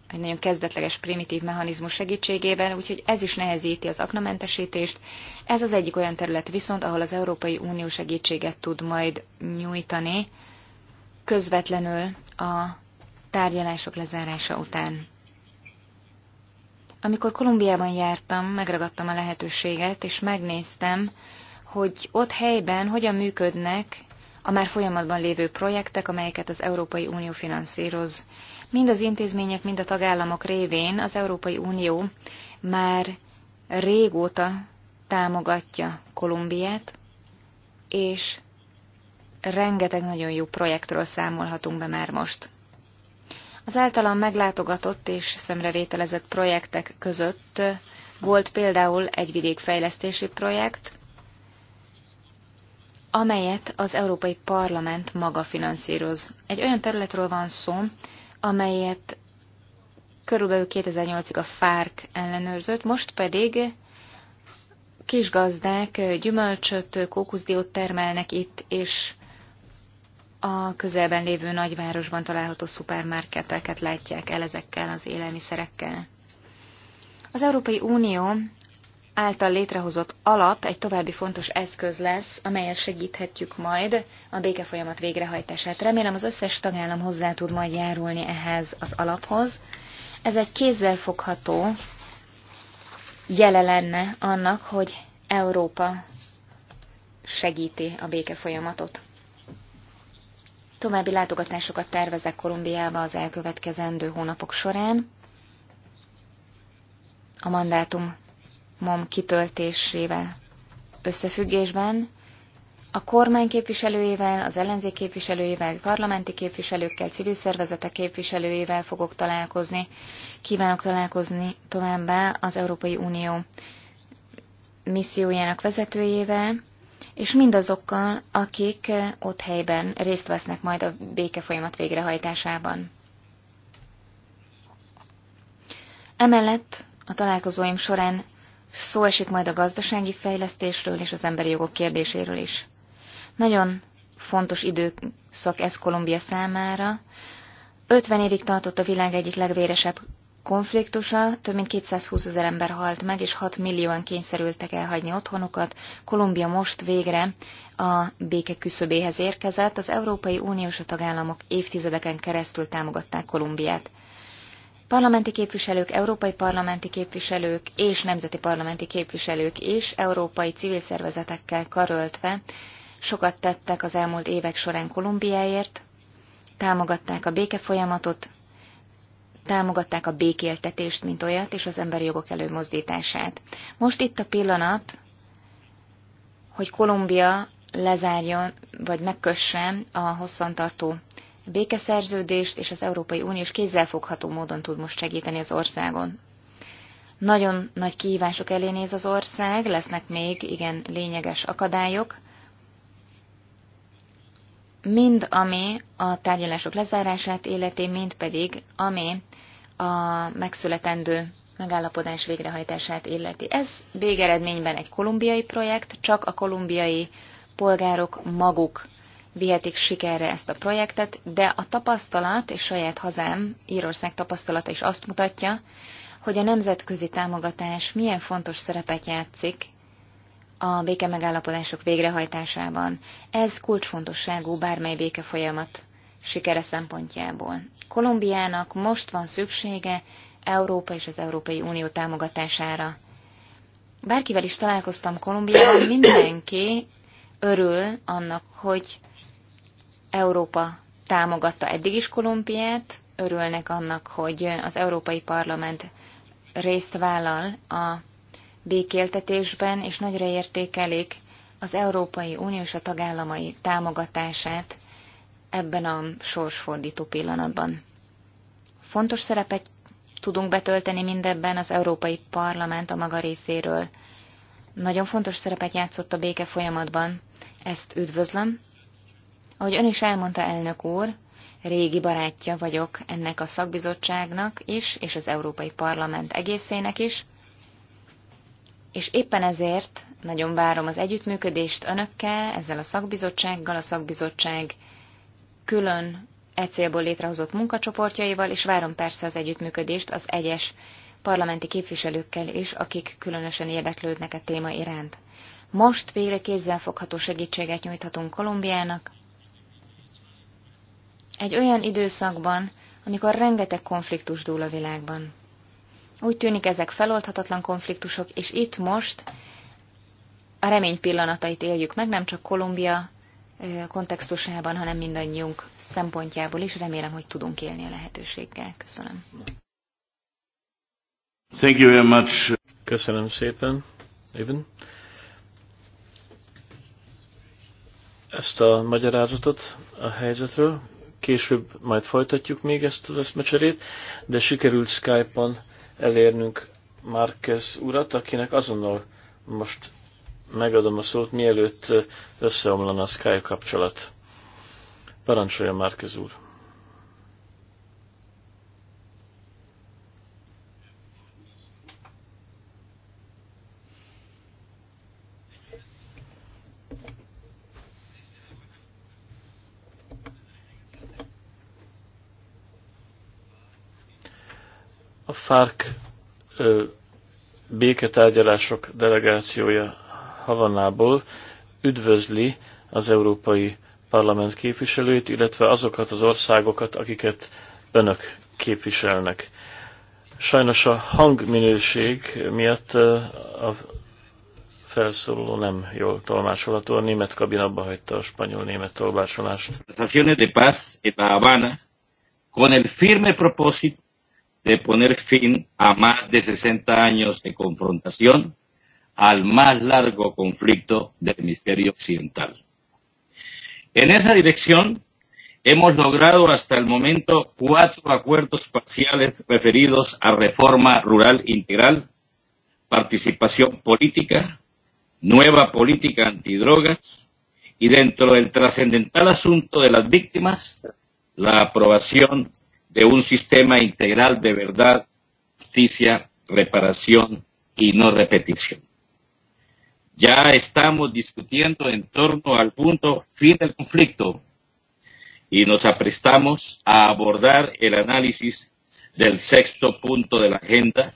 egy nagyon kezdetleges primitív mechanizmus segítségével, úgyhogy ez is nehezíti az aknamentesítést. Ez az egyik olyan terület viszont, ahol az Európai Unió segítséget tud majd nyújtani közvetlenül a tárgyalások lezárása után. Amikor Kolumbiában jártam, megragadtam a lehetőséget, és megnéztem, hogy ott helyben hogyan működnek a már folyamatban lévő projektek, amelyeket az Európai Unió finanszíroz. Mind az intézmények, mind a tagállamok révén az Európai Unió már régóta támogatja Kolumbiát, és rengeteg nagyon jó projektről számolhatunk be már most. Az általam meglátogatott és szemrevételezett projektek között volt például egy vidékfejlesztési projekt, amelyet az Európai Parlament maga finanszíroz. Egy olyan területről van szó, amelyet körülbelül 2008-ig a FARC ellenőrzött, most pedig kisgazdák gyümölcsöt, kókuszdiót termelnek itt, és a közelben lévő nagyvárosban található szupermarketeket látják el ezekkel az élelmiszerekkel. Az Európai Unió által létrehozott alap egy további fontos eszköz lesz, amelyet segíthetjük majd a békefolyamat végrehajtását. Remélem az összes tagállam hozzá tud majd járulni ehhez az alaphoz. Ez egy kézzelfogható jele lenne annak, hogy Európa segíti a békefolyamatot. További látogatásokat tervezek Kolumbiába az elkövetkezendő hónapok során. A mandátumom kitöltésével összefüggésben a kormány képviselőjével, az ellenzék képviselőjével, parlamenti képviselőkkel, civil szervezetek képviselőjével fogok találkozni. Kívánok találkozni továbbá az Európai Unió missziójának vezetőjével, és mindazokkal, akik eh, ott helyben részt vesznek majd a békefolyamat végrehajtásában. Emellett a találkozóim során szó esik majd a gazdasági fejlesztésről és az emberi jogok kérdéséről is. Nagyon fontos időszak ez Kolumbia számára. 50 évig tartott a világ egyik legvéresebb konfliktusa több mint 220 ezer ember halt meg, és 6 millióan kényszerültek elhagyni otthonukat. Kolumbia most végre a béke küszöbéhez érkezett. Az Európai Uniós tagállamok évtizedeken keresztül támogatták Kolumbiát. Parlamenti képviselők, európai parlamenti képviselők és nemzeti parlamenti képviselők és európai civil szervezetekkel karöltve sokat tettek az elmúlt évek során Kolumbiáért, támogatták a békefolyamatot, támogatták a békéltetést, mint olyat, és az emberi jogok előmozdítását. Most itt a pillanat, hogy Kolumbia lezárjon, vagy megkösse a hosszantartó békeszerződést, és az Európai Uniós kézzelfogható módon tud most segíteni az országon. Nagyon nagy kihívások elé néz az ország, lesznek még igen lényeges akadályok, mind ami a tárgyalások lezárását illeti, mind pedig ami a megszületendő megállapodás végrehajtását illeti. Ez végeredményben egy kolumbiai projekt, csak a kolumbiai polgárok maguk vihetik sikerre ezt a projektet, de a tapasztalat és saját hazám, Írország tapasztalata is azt mutatja, hogy a nemzetközi támogatás milyen fontos szerepet játszik a béke megállapodások végrehajtásában. Ez kulcsfontosságú bármely béke folyamat sikere szempontjából. Kolumbiának most van szüksége Európa és az Európai Unió támogatására. Bárkivel is találkoztam Kolumbiában, mindenki örül annak, hogy Európa támogatta eddig is Kolumbiát, örülnek annak, hogy az Európai Parlament részt vállal a békéltetésben, és nagyra értékelik az Európai Unió és a tagállamai támogatását ebben a sorsfordító pillanatban. Fontos szerepet tudunk betölteni mindebben az Európai Parlament a maga részéről. Nagyon fontos szerepet játszott a béke folyamatban, ezt üdvözlöm. Ahogy ön is elmondta, elnök úr, régi barátja vagyok ennek a szakbizottságnak is, és az Európai Parlament egészének is, és éppen ezért nagyon várom az együttműködést önökkel, ezzel a szakbizottsággal, a szakbizottság külön e célból létrehozott munkacsoportjaival, és várom persze az együttműködést az egyes parlamenti képviselőkkel is, akik különösen érdeklődnek a téma iránt. Most végre kézzelfogható segítséget nyújthatunk Kolumbiának. Egy olyan időszakban, amikor rengeteg konfliktus dúl a világban. Úgy tűnik, ezek feloldhatatlan konfliktusok, és itt most a remény pillanatait éljük meg, nem csak Kolumbia kontextusában, hanem mindannyiunk szempontjából is. Remélem, hogy tudunk élni a lehetőséggel. Köszönöm. Thank you very much. Köszönöm szépen, Even. Ezt a magyarázatot a helyzetről. Később majd folytatjuk még ezt az eszmecserét, de sikerült Skype-on elérnünk Márquez urat, akinek azonnal most megadom a szót, mielőtt összeomlana a Sky kapcsolat. Parancsolja Márquez úr! Árk béketárgyalások delegációja Havanából üdvözli az Európai Parlament képviselőit, illetve azokat az országokat, akiket önök képviselnek. Sajnos a hangminőség miatt a felszóló nem jól tolmácsolható, a német kabin abba hagyta a spanyol-német tolmácsolást. de paz a Habana con el firme propósito de poner fin a más de 60 años de confrontación al más largo conflicto del hemisferio occidental. En esa dirección, hemos logrado hasta el momento cuatro acuerdos parciales referidos a reforma rural integral, participación política, nueva política antidrogas y dentro del trascendental asunto de las víctimas, la aprobación de un sistema integral de verdad, justicia, reparación y no repetición. Ya estamos discutiendo en torno al punto fin del conflicto y nos aprestamos a abordar el análisis del sexto punto de la agenda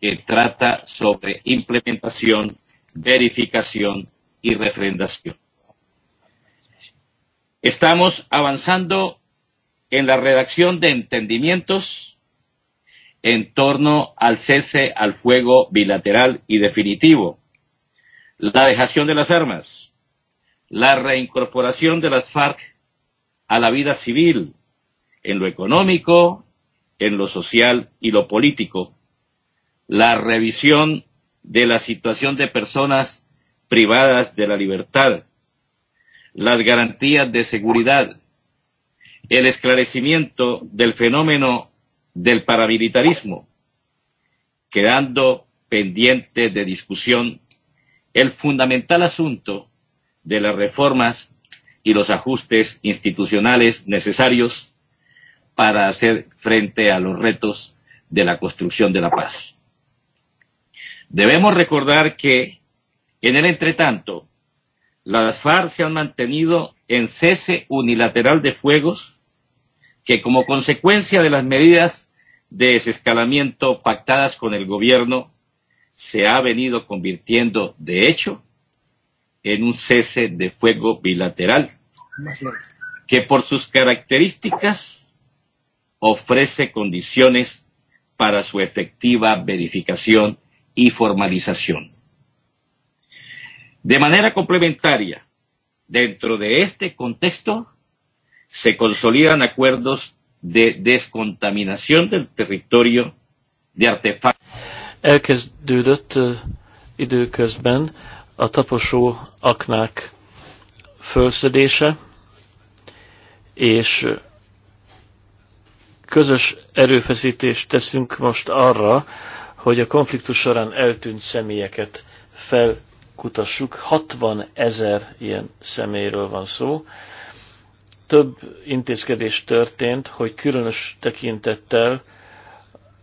que trata sobre implementación, verificación y refrendación. Estamos avanzando en la redacción de entendimientos en torno al cese al fuego bilateral y definitivo, la dejación de las armas, la reincorporación de las FARC a la vida civil, en lo económico, en lo social y lo político, la revisión de la situación de personas privadas de la libertad, las garantías de seguridad, el esclarecimiento del fenómeno del paramilitarismo, quedando pendiente de discusión el fundamental asunto de las reformas y los ajustes institucionales necesarios para hacer frente a los retos de la construcción de la paz. Debemos recordar que, en el entretanto, las FARC se han mantenido en cese unilateral de fuegos que como consecuencia de las medidas de desescalamiento pactadas con el gobierno se ha venido convirtiendo de hecho en un cese de fuego bilateral que por sus características ofrece condiciones para su efectiva verificación y formalización. De manera complementaria, Dentro de este contexto, se consolidan acuerdos de descontaminación del territorio de artefactos. Elkezdődött uh, időközben a taposó aknák fölszedése, és közös erőfeszítést teszünk most arra, hogy a konfliktus során eltűnt személyeket fel kutassuk. 60 ezer ilyen személyről van szó. Több intézkedés történt, hogy különös tekintettel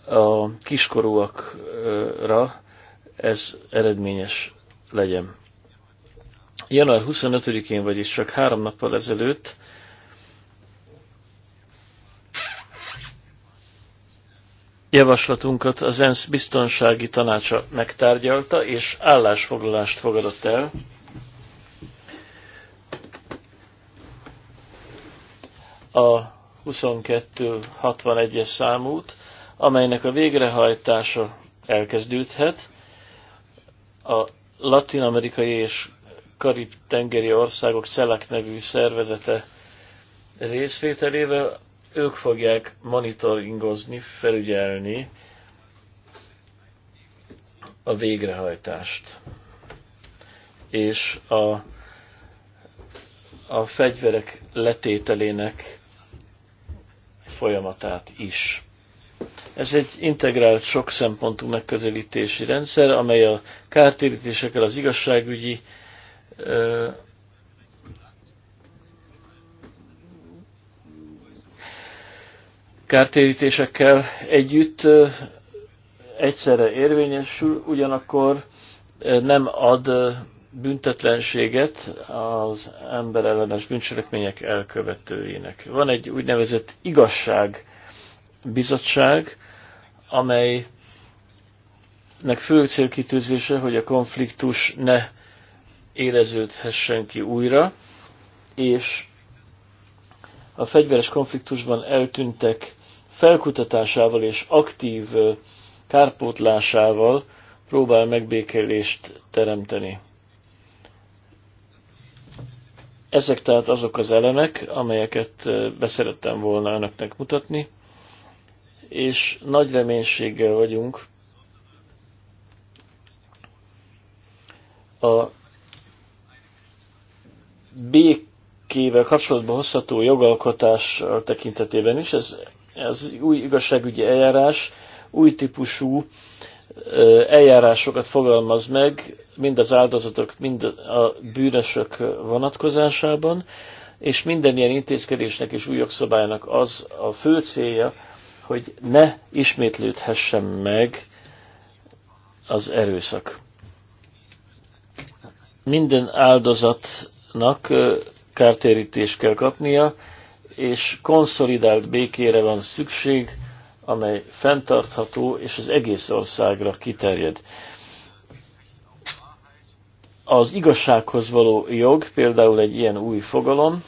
a kiskorúakra ez eredményes legyen. Január 25-én, vagyis csak három nappal ezelőtt javaslatunkat az ENSZ biztonsági tanácsa megtárgyalta, és állásfoglalást fogadott el. A 2261-es számút, amelynek a végrehajtása elkezdődhet. A latin-amerikai és karib-tengeri országok CELAC nevű szervezete részvételével ők fogják monitoringozni, felügyelni a végrehajtást. És a, a fegyverek letételének folyamatát is. Ez egy integrált, sok szempontú megközelítési rendszer, amely a kártérítésekkel, az igazságügyi kártérítésekkel együtt egyszerre érvényesül, ugyanakkor nem ad büntetlenséget az emberellenes bűncselekmények elkövetőinek. Van egy úgynevezett igazság bizottság, amelynek fő célkitűzése, hogy a konfliktus ne éreződhessen ki újra, és a fegyveres konfliktusban eltűntek felkutatásával és aktív kárpótlásával próbál megbékélést teremteni. Ezek tehát azok az elemek, amelyeket beszerettem volna önöknek mutatni, és nagy reménységgel vagyunk a békével kapcsolatban hozható jogalkotás tekintetében is, ez ez új igazságügyi eljárás új típusú eljárásokat fogalmaz meg, mind az áldozatok, mind a bűnösök vonatkozásában, és minden ilyen intézkedésnek és új jogszabálynak az a fő célja, hogy ne ismétlődhessen meg az erőszak. Minden áldozatnak kártérítést kell kapnia, és konszolidált békére van szükség, amely fenntartható és az egész országra kiterjed. Az igazsághoz való jog például egy ilyen új fogalom,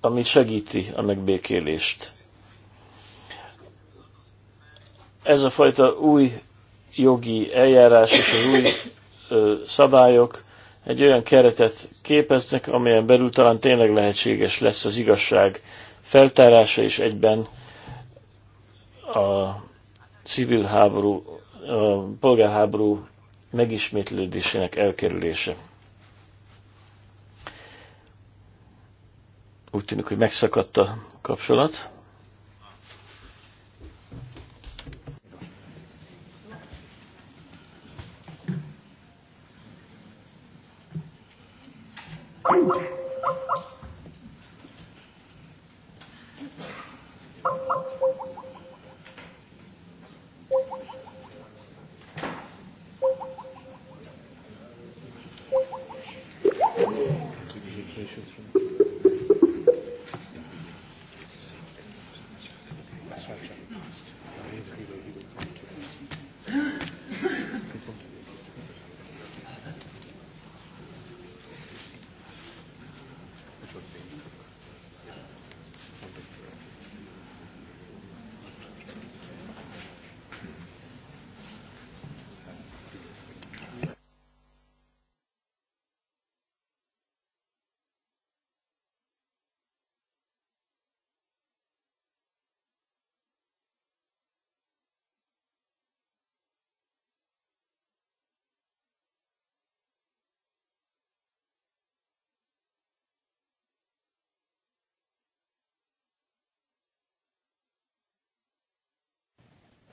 ami segíti a megbékélést. Ez a fajta új jogi eljárás és az új ö, szabályok egy olyan keretet képeznek, amelyen belül talán tényleg lehetséges lesz az igazság feltárása, és egyben a civil háború, a polgárháború megismétlődésének elkerülése. Úgy tűnik, hogy megszakadt a kapcsolat.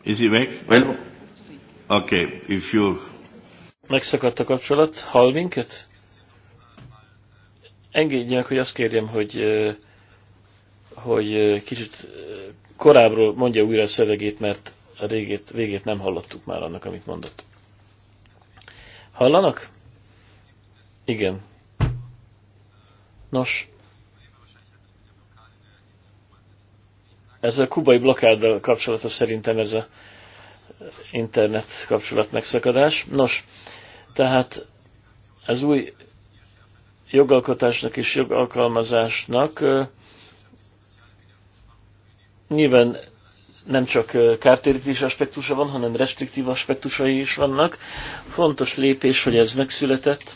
Is he back? Well, okay, if you... Megszakadt a kapcsolat. Hall minket? Engedjenek, hogy azt kérjem, hogy, hogy kicsit korábbról mondja újra a szövegét, mert a régét, végét nem hallottuk már annak, amit mondott. Hallanak? Igen. Nos, Ez a kubai blokkáddal kapcsolatos szerintem ez a internet kapcsolat megszakadás. Nos, tehát ez új jogalkotásnak és jogalkalmazásnak nyilván nem csak kártérítés aspektusa van, hanem restriktív aspektusai is vannak. Fontos lépés, hogy ez megszületett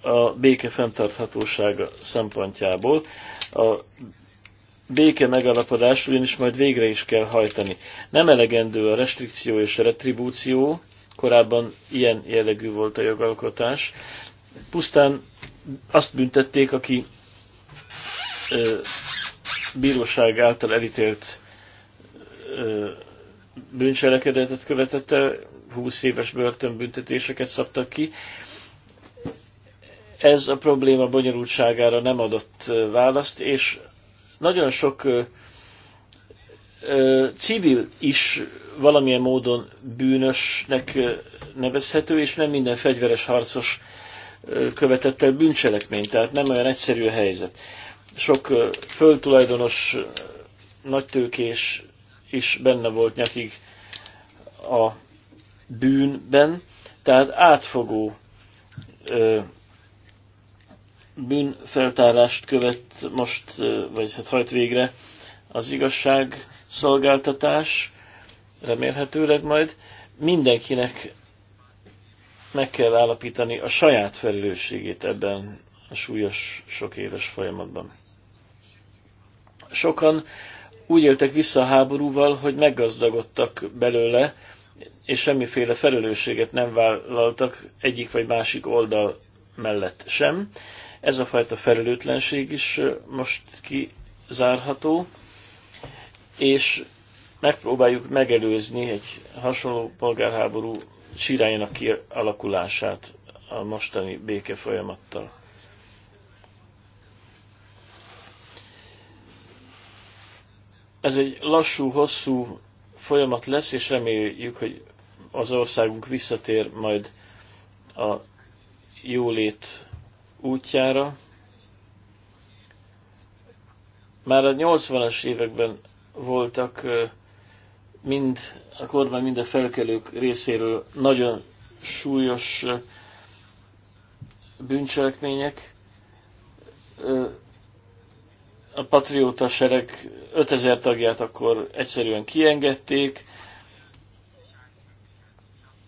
a béke fenntarthatósága szempontjából. A béke megalapodás ugyanis majd végre is kell hajtani. Nem elegendő a restrikció és a retribúció, korábban ilyen jellegű volt a jogalkotás. Pusztán azt büntették, aki ö, bíróság által elítélt ö, bűncselekedetet követett el, 20 éves börtönbüntetéseket szabtak ki. Ez a probléma bonyolultságára nem adott választ, és nagyon sok ö, ö, civil is valamilyen módon bűnösnek nevezhető, és nem minden fegyveres harcos követett el bűncselekményt, tehát nem olyan egyszerű a helyzet. Sok ö, földtulajdonos nagytőkés is benne volt nyakig a bűnben, tehát átfogó ö, bűnfeltárást követ most, vagy hát hajt végre az igazság szolgáltatás, remélhetőleg majd, mindenkinek meg kell állapítani a saját felelősségét ebben a súlyos, sok éves folyamatban. Sokan úgy éltek vissza a háborúval, hogy meggazdagodtak belőle, és semmiféle felelősséget nem vállaltak egyik vagy másik oldal mellett sem, ez a fajta felelőtlenség is most kizárható, és megpróbáljuk megelőzni egy hasonló polgárháború sírájának kialakulását a mostani béke folyamattal. Ez egy lassú, hosszú folyamat lesz, és reméljük, hogy az országunk visszatér majd a jólét útjára. Már a 80-as években voltak mind a kormány, mind a felkelők részéről nagyon súlyos bűncselekmények. A patrióta sereg 5000 tagját akkor egyszerűen kiengedték.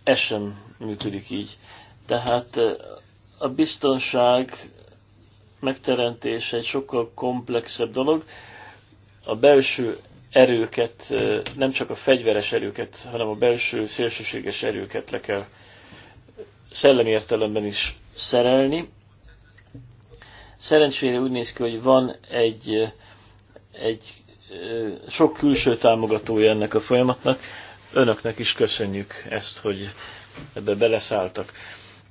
Ez sem működik így. Tehát a biztonság megteremtése egy sokkal komplexebb dolog. A belső erőket, nem csak a fegyveres erőket, hanem a belső szélsőséges erőket le kell szellemi értelemben is szerelni. Szerencsére úgy néz ki, hogy van egy, egy sok külső támogatója ennek a folyamatnak. Önöknek is köszönjük ezt, hogy ebbe beleszálltak.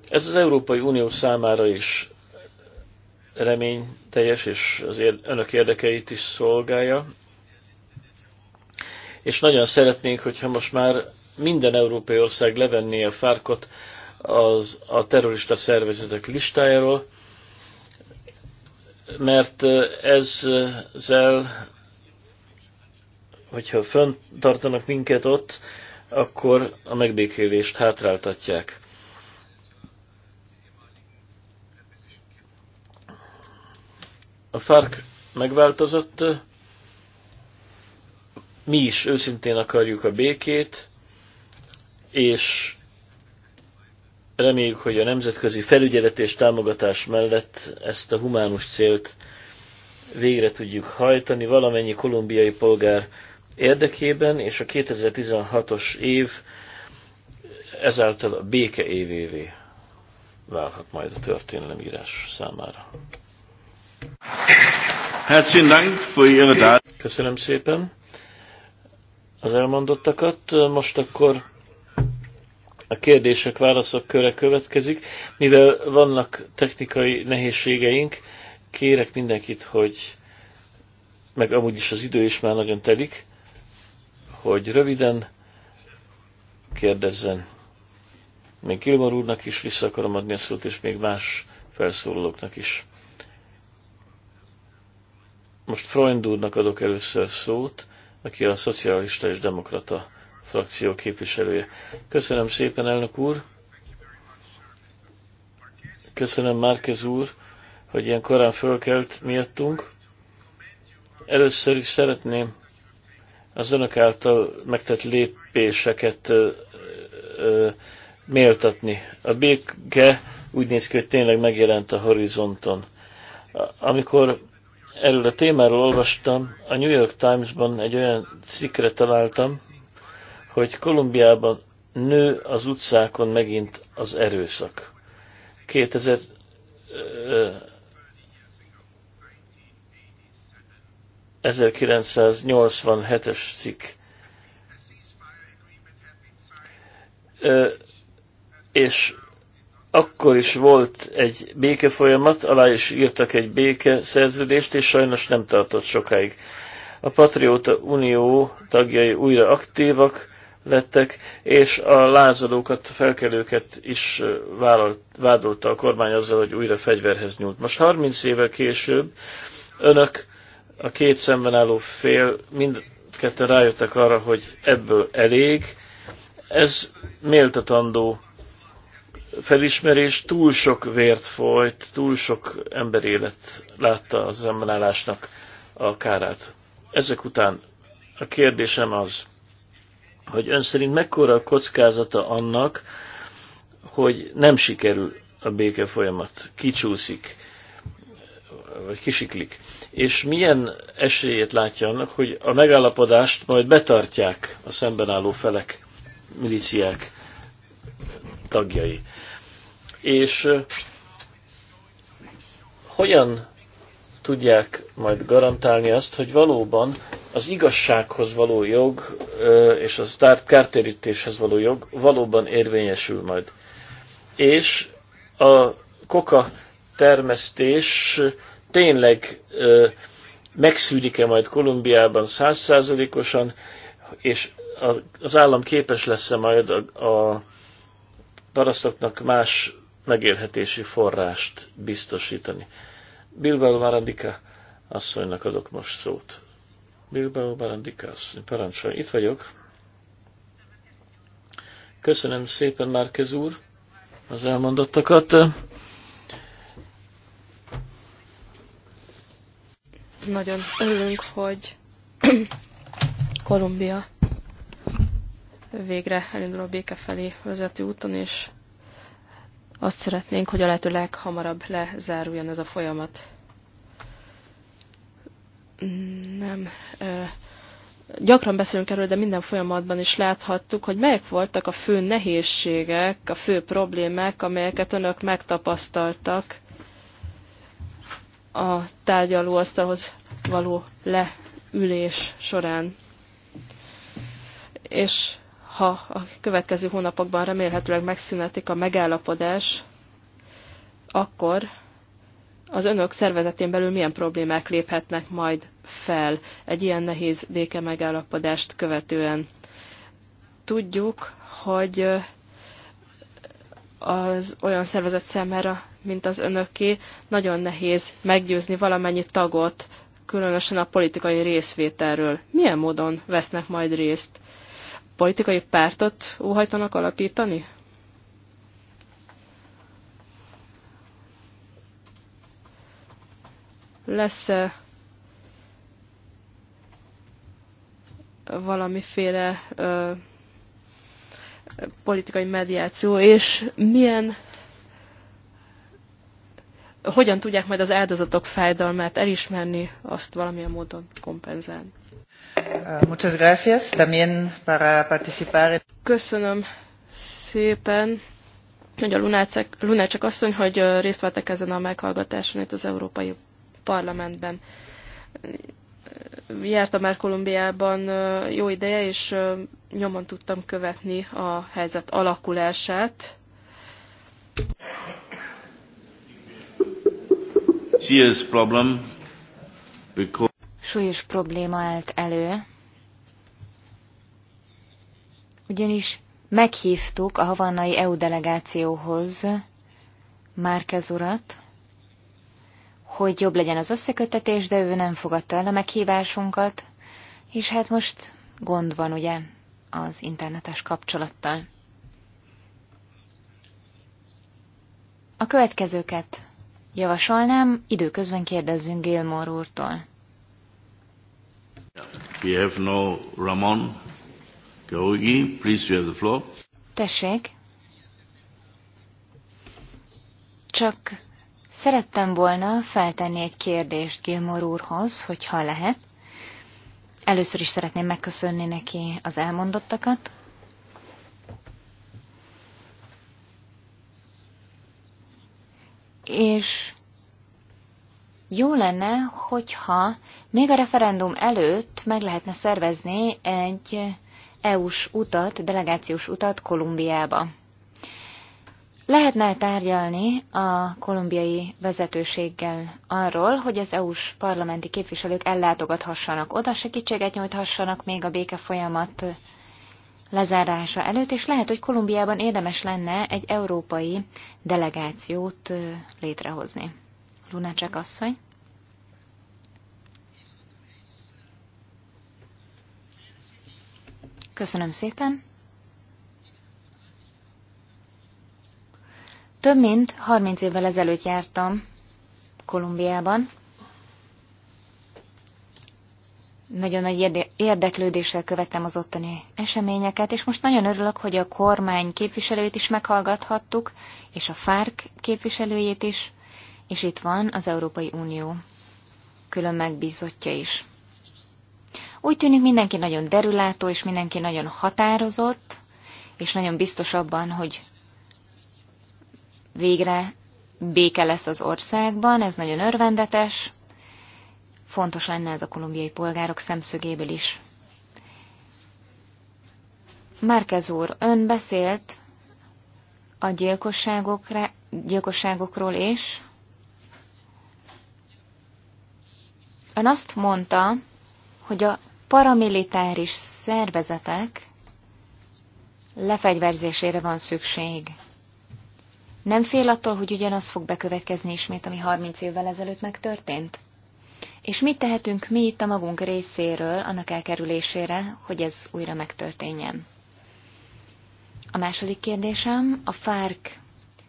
Ez az Európai Unió számára is reményteljes, és az önök érdekeit is szolgálja. És nagyon szeretnénk, hogyha most már minden európai ország levenné a fárkot az, a terrorista szervezetek listájáról, mert ezzel, hogyha fönntartanak minket ott, akkor a megbékélést hátráltatják. A FARC megváltozott, mi is őszintén akarjuk a békét, és reméljük, hogy a nemzetközi felügyelet és támogatás mellett ezt a humánus célt végre tudjuk hajtani valamennyi kolumbiai polgár érdekében, és a 2016-os év ezáltal a béke évévé válhat majd a történelemírás számára. Köszönöm szépen az elmondottakat. Most akkor a kérdések, válaszok köre következik. Mivel vannak technikai nehézségeink, kérek mindenkit, hogy meg amúgy is az idő is már nagyon telik, hogy röviden kérdezzen. Még Kilmar úrnak is vissza akarom adni a szót, és még más felszólalóknak is. Most Freund úrnak adok először szót, aki a Szocialista és Demokrata frakció képviselője. Köszönöm szépen, elnök úr! Köszönöm, Márkez úr, hogy ilyen korán fölkelt miattunk. Először is szeretném az önök által megtett lépéseket ö, ö, méltatni. A béke úgy néz ki, hogy tényleg megjelent a horizonton. Amikor erről a témáról olvastam, a New York Times-ban egy olyan cikkre találtam, hogy Kolumbiában nő az utcákon megint az erőszak. 2000 1987-es cikk. és akkor is volt egy békefolyamat, alá is írtak egy béke szerződést, és sajnos nem tartott sokáig. A Patrióta Unió tagjai újra aktívak lettek, és a lázadókat, felkelőket is vállalt, vádolta a kormány azzal, hogy újra fegyverhez nyúlt. Most 30 évvel később önök, a két szemben álló fél mindketten rájöttek arra, hogy ebből elég. Ez méltatandó felismerés, túl sok vért folyt, túl sok emberélet látta az emlálásnak a kárát. Ezek után a kérdésem az, hogy ön szerint mekkora a kockázata annak, hogy nem sikerül a béke folyamat, kicsúszik, vagy kisiklik. És milyen esélyét látja annak, hogy a megállapodást majd betartják a szemben álló felek, miliciák tagjai. És hogyan tudják majd garantálni azt, hogy valóban az igazsághoz való jog és a tárt kártérítéshez való jog valóban érvényesül majd. És a koka termesztés tényleg megszűnik-e majd Kolumbiában százszázalékosan, és az állam képes lesz-e majd a, a parasztoknak más megélhetési forrást biztosítani. Bilbao Marandika asszonynak adok most szót. Bilbao Marandika asszony, parancsolj, itt vagyok. Köszönöm szépen, Márkez úr, az elmondottakat. Nagyon örülünk, hogy Kolumbia végre elindul a béke felé vezető úton, és azt szeretnénk, hogy a lehető leghamarabb lezáruljon ez a folyamat. Nem. Gyakran beszélünk erről, de minden folyamatban is láthattuk, hogy melyek voltak a fő nehézségek, a fő problémák, amelyeket önök megtapasztaltak a tárgyalóasztalhoz való leülés során. És ha a következő hónapokban remélhetőleg megszünetik a megállapodás, akkor az önök szervezetén belül milyen problémák léphetnek majd fel egy ilyen nehéz béke megállapodást követően. Tudjuk, hogy az olyan szervezet számára, mint az önöké, nagyon nehéz meggyőzni valamennyi tagot, különösen a politikai részvételről. Milyen módon vesznek majd részt? politikai pártot óhajtanak alapítani? lesz -e valamiféle ö, politikai mediáció, és milyen hogyan tudják majd az áldozatok fájdalmát elismerni, azt valamilyen módon kompenzálni. Eh, muchas gracias también para participar. Köszönöm szépen, hogy a Lunácek, Lunácek asszony, hogy eh, részt vettek ezen a meghallgatáson itt az Európai Parlamentben. Eh, jártam már Kolumbiában jó ideje, és nyomon tudtam követni a helyzet alakulását serious problem because Súlyos probléma állt elő, ugyanis meghívtuk a havannai EU delegációhoz Márkez urat, hogy jobb legyen az összekötetés, de ő nem fogadta el a meghívásunkat, és hát most gond van ugye az internetes kapcsolattal. A következőket Javasolnám, időközben kérdezzünk Gilmore úrtól. We have no Ramon Gaugi. Please, you have the floor. Tessék. Csak szerettem volna feltenni egy kérdést Gilmore úrhoz, hogyha lehet. Először is szeretném megköszönni neki az elmondottakat. és jó lenne, hogyha még a referendum előtt meg lehetne szervezni egy EU-s utat, delegációs utat Kolumbiába. Lehetne tárgyalni a kolumbiai vezetőséggel arról, hogy az EU-s parlamenti képviselők ellátogathassanak oda, segítséget nyújthassanak még a béke folyamat lezárása előtt, és lehet, hogy Kolumbiában érdemes lenne egy európai delegációt létrehozni. Lunácsek asszony. Köszönöm szépen. Több mint 30 évvel ezelőtt jártam Kolumbiában, Nagyon nagy érdeklődéssel követtem az ottani eseményeket, és most nagyon örülök, hogy a kormány képviselőjét is meghallgathattuk, és a FARC képviselőjét is, és itt van az Európai Unió külön megbízottja is. Úgy tűnik mindenki nagyon derülátó, és mindenki nagyon határozott, és nagyon biztos abban, hogy végre béke lesz az országban, ez nagyon örvendetes, Fontos lenne ez a kolumbiai polgárok szemszögéből is. Márkez úr, ön beszélt a gyilkosságokról és ön azt mondta, hogy a paramilitáris szervezetek lefegyverzésére van szükség. Nem fél attól, hogy ugyanaz fog bekövetkezni ismét, ami 30 évvel ezelőtt megtörtént? És mit tehetünk mi itt a magunk részéről annak elkerülésére, hogy ez újra megtörténjen? A második kérdésem, a FARC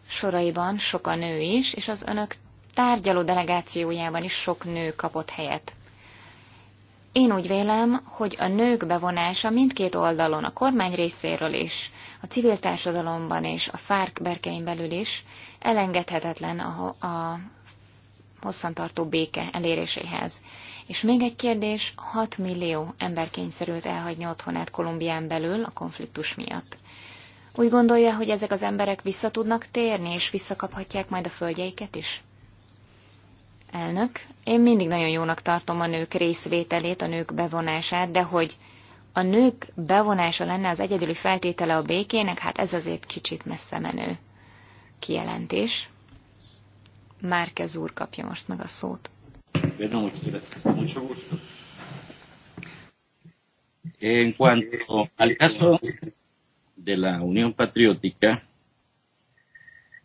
soraiban sok a nő is, és az önök tárgyaló delegációjában is sok nő kapott helyet. Én úgy vélem, hogy a nők bevonása mindkét oldalon, a kormány részéről is, a civil társadalomban és a FARC berkein belül is elengedhetetlen a, a hosszantartó béke eléréséhez. És még egy kérdés, 6 millió ember kényszerült elhagyni otthonát Kolumbián belül a konfliktus miatt. Úgy gondolja, hogy ezek az emberek vissza tudnak térni, és visszakaphatják majd a földjeiket is? Elnök, én mindig nagyon jónak tartom a nők részvételét, a nők bevonását, de hogy a nők bevonása lenne az egyedüli feltétele a békének, hát ez azért kicsit messze menő kijelentés. Márkez úr kapja most meg a szót. En cuanto al caso de la Unión Patriótica,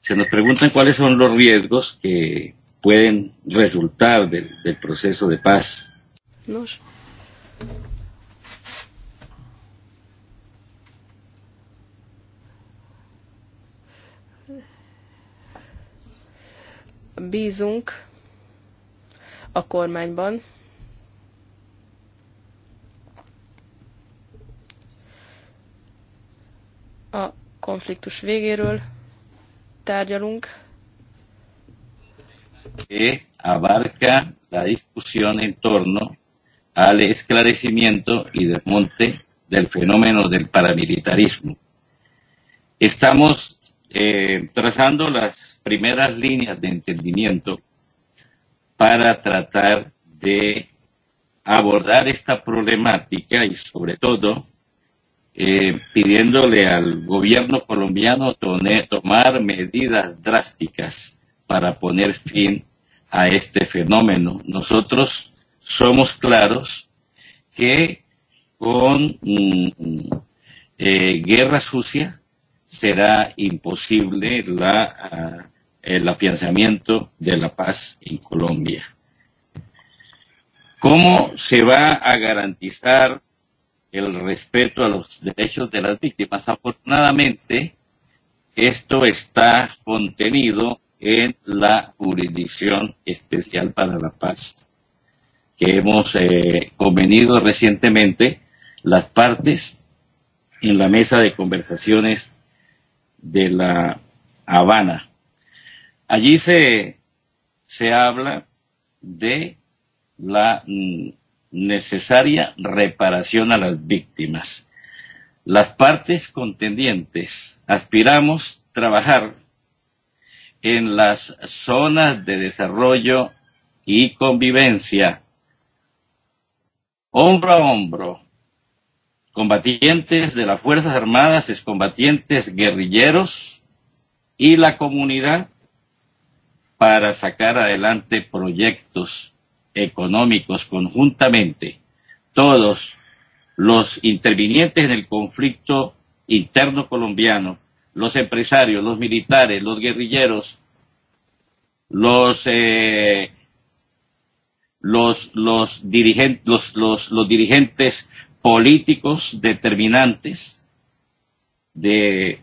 se nos preguntan cuáles son los riesgos que pueden resultar del, del proceso de paz. Nos, Bízunk a kormányban. A konfliktus végéről tárgyalunk. Que abarca la discusión en torno al esclarecimiento y desmonte del fenómeno del paramilitarismo. Estamos eh, trazando las primeras líneas de entendimiento para tratar de abordar esta problemática y sobre todo eh, pidiéndole al gobierno colombiano tome, tomar medidas drásticas para poner fin a este fenómeno. Nosotros somos claros que con mm, eh, guerra sucia será imposible la, uh, el afianzamiento de la paz en Colombia. ¿Cómo se va a garantizar el respeto a los derechos de las víctimas? Afortunadamente, esto está contenido en la Jurisdicción Especial para la Paz, que hemos eh, convenido recientemente las partes en la mesa de conversaciones de La Habana. Allí se, se habla de la necesaria reparación a las víctimas. Las partes contendientes aspiramos trabajar en las zonas de desarrollo y convivencia, hombro a hombro, combatientes de las Fuerzas Armadas, excombatientes guerrilleros y la comunidad para sacar adelante proyectos económicos conjuntamente. Todos los intervinientes en el conflicto interno colombiano, los empresarios, los militares, los guerrilleros, los eh, los los dirigentes los, los, los dirigentes políticos determinantes de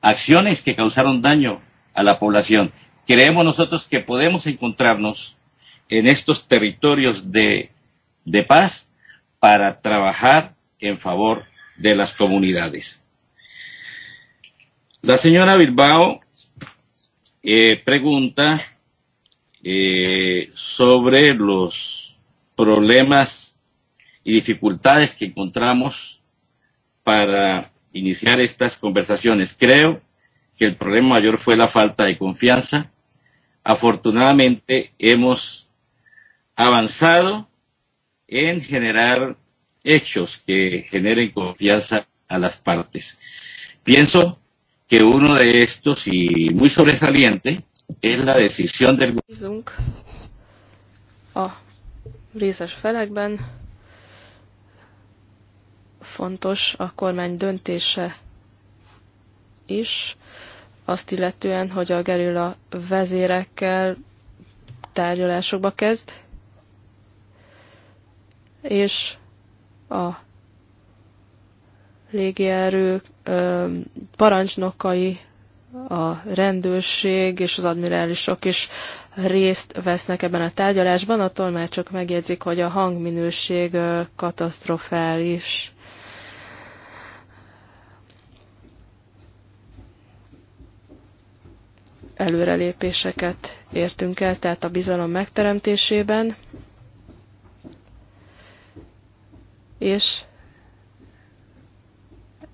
acciones que causaron daño a la población. Creemos nosotros que podemos encontrarnos en estos territorios de, de paz para trabajar en favor de las comunidades. La señora Bilbao eh, pregunta eh, sobre los problemas y dificultades que encontramos para iniciar estas conversaciones. Creo que el problema mayor fue la falta de confianza. Afortunadamente hemos avanzado en generar hechos que generen confianza a las partes. Pienso que uno de estos y muy sobresaliente es la decisión del a részes felekben fontos a kormány döntése is, azt illetően, hogy a gerilla vezérekkel tárgyalásokba kezd, és a légierő parancsnokai, a rendőrség és az admirálisok is részt vesznek ebben a tárgyalásban, a tolmácsok megjegyzik, hogy a hangminőség katasztrofális. előrelépéseket értünk el, tehát a bizalom megteremtésében, és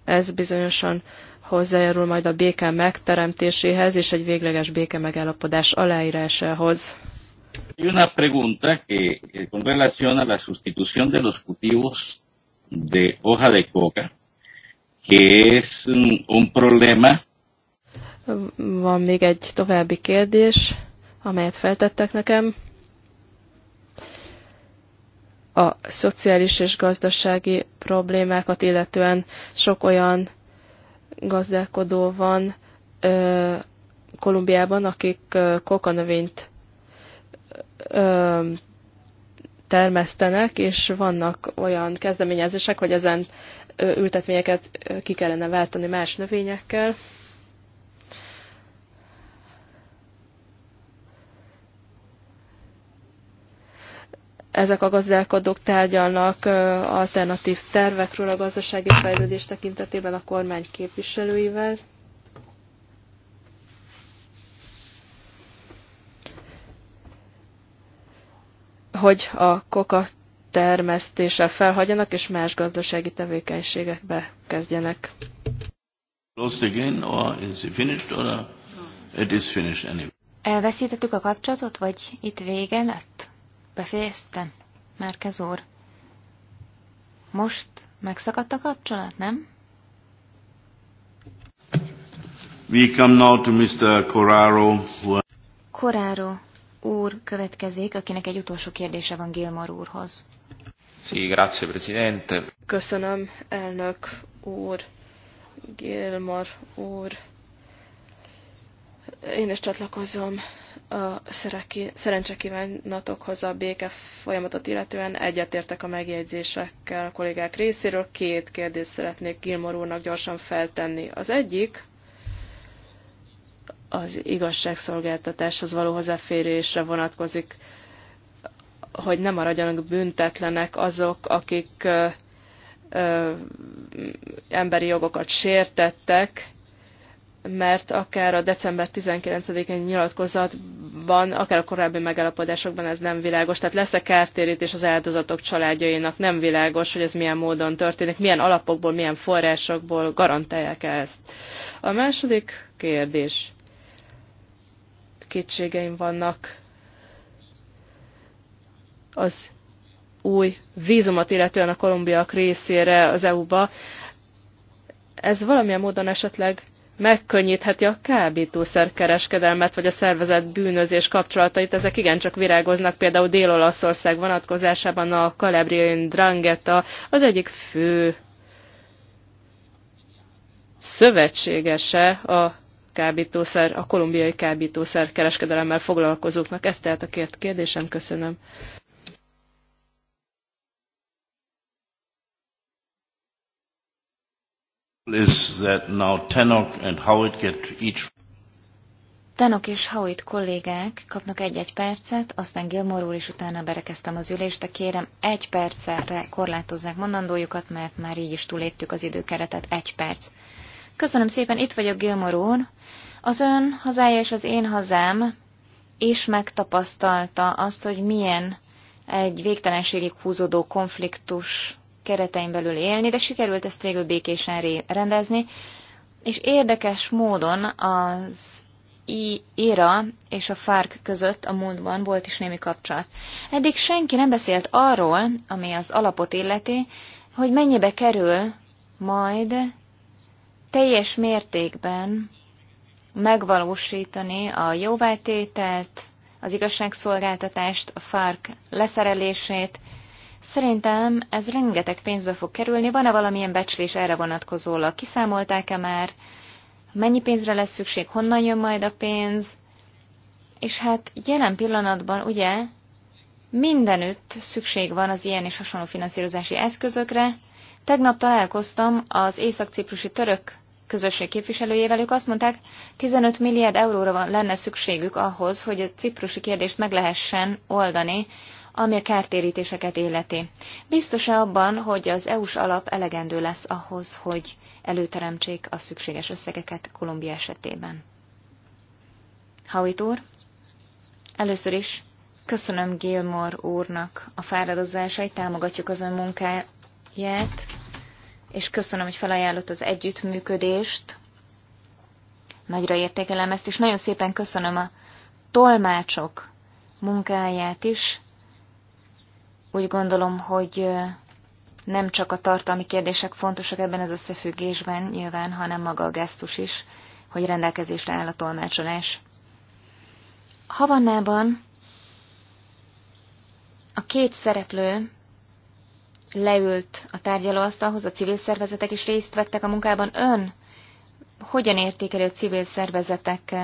ez bizonyosan hozzájárul majd a béke megteremtéséhez és egy végleges béke megállapodás aláírásához. Hay una pregunta que con relación a la sustitución de los cultivos de hoja de coca, que es un problema van még egy további kérdés, amelyet feltettek nekem. A szociális és gazdasági problémákat illetően sok olyan gazdálkodó van ö, Kolumbiában, akik ö, kokanövényt ö, termesztenek, és vannak olyan kezdeményezések, hogy ezen ültetvényeket ki kellene váltani más növényekkel. ezek a gazdálkodók tárgyalnak alternatív tervekről a gazdasági fejlődés tekintetében a kormány képviselőivel. hogy a koka termesztéssel felhagyjanak, és más gazdasági tevékenységekbe kezdjenek. Elveszítettük a kapcsolatot, vagy itt vége lett? Befejezte? Márkez úr. Most megszakadt a kapcsolat, nem? We come now to Mr. Coraro. Who... úr következik, akinek egy utolsó kérdése van Gilmar úrhoz. Sí, grazie, Presidente. Köszönöm, elnök úr, Gilmar úr. Én is csatlakozom a szerencse kívánatokhoz a béke folyamatot illetően egyetértek a megjegyzésekkel a kollégák részéről. Két kérdést szeretnék Gilmor úrnak gyorsan feltenni. Az egyik az igazságszolgáltatáshoz való hozzáférésre vonatkozik, hogy nem maradjanak büntetlenek azok, akik ö, ö, emberi jogokat sértettek, mert akár a december 19-én nyilatkozatban, akár a korábbi megállapodásokban ez nem világos. Tehát lesz-e kártérítés az áldozatok családjainak? Nem világos, hogy ez milyen módon történik, milyen alapokból, milyen forrásokból garantálják -e ezt. A második kérdés. Kétségeim vannak az új vízumot illetően a kolumbiak részére az EU-ba. Ez valamilyen módon esetleg megkönnyítheti a kábítószerkereskedelmet, vagy a szervezett bűnözés kapcsolatait. Ezek igencsak virágoznak például Dél-Olaszország vonatkozásában a Calabrian Drangetta az egyik fő szövetségese a kábítószer, a kolumbiai kábítószer kereskedelemmel foglalkozóknak. Ez tehát a két kérdésem, köszönöm. is that now Tenok and Howitt get each Tenok és Howitt kollégák kapnak egy-egy percet, aztán Gilmore úr is utána berekeztem az ülést, de kérem egy percre korlátozzák mondandójukat, mert már így is túléptük az időkeretet, egy perc. Köszönöm szépen, itt vagyok Gilmore úr. Az ön hazája és az én hazám is megtapasztalta azt, hogy milyen egy végtelenségig húzódó konfliktus keretein belül élni, de sikerült ezt végül békésen rendezni, és érdekes módon az IRA és a Fark között a múltban volt is némi kapcsolat. Eddig senki nem beszélt arról, ami az alapot illeti, hogy mennyibe kerül majd teljes mértékben megvalósítani a jóvátételt, az igazságszolgáltatást, a FARC leszerelését, Szerintem ez rengeteg pénzbe fog kerülni. Van-e valamilyen becslés erre vonatkozólag? Kiszámolták-e már? Mennyi pénzre lesz szükség? Honnan jön majd a pénz? És hát jelen pillanatban ugye mindenütt szükség van az ilyen és hasonló finanszírozási eszközökre. Tegnap találkoztam az észak-ciprusi török közösség képviselőjével, ők azt mondták, 15 milliárd euróra van, lenne szükségük ahhoz, hogy a ciprusi kérdést meg lehessen oldani ami a kártérítéseket életi. Biztos -e abban, hogy az EU-s alap elegendő lesz ahhoz, hogy előteremtsék a szükséges összegeket Kolumbia esetében? Howitt úr, először is köszönöm Gilmore úrnak a fáradozásait, támogatjuk az ön munkáját, és köszönöm, hogy felajánlott az együttműködést. Nagyra értékelem ezt, és nagyon szépen köszönöm a tolmácsok munkáját is, úgy gondolom, hogy nem csak a tartalmi kérdések fontosak ebben az összefüggésben nyilván, hanem maga a gesztus is, hogy rendelkezésre áll a tolmácsolás. Havannában a két szereplő leült a tárgyalóasztalhoz, a civil szervezetek is részt vettek a munkában. Ön hogyan értékeli a civil szervezetek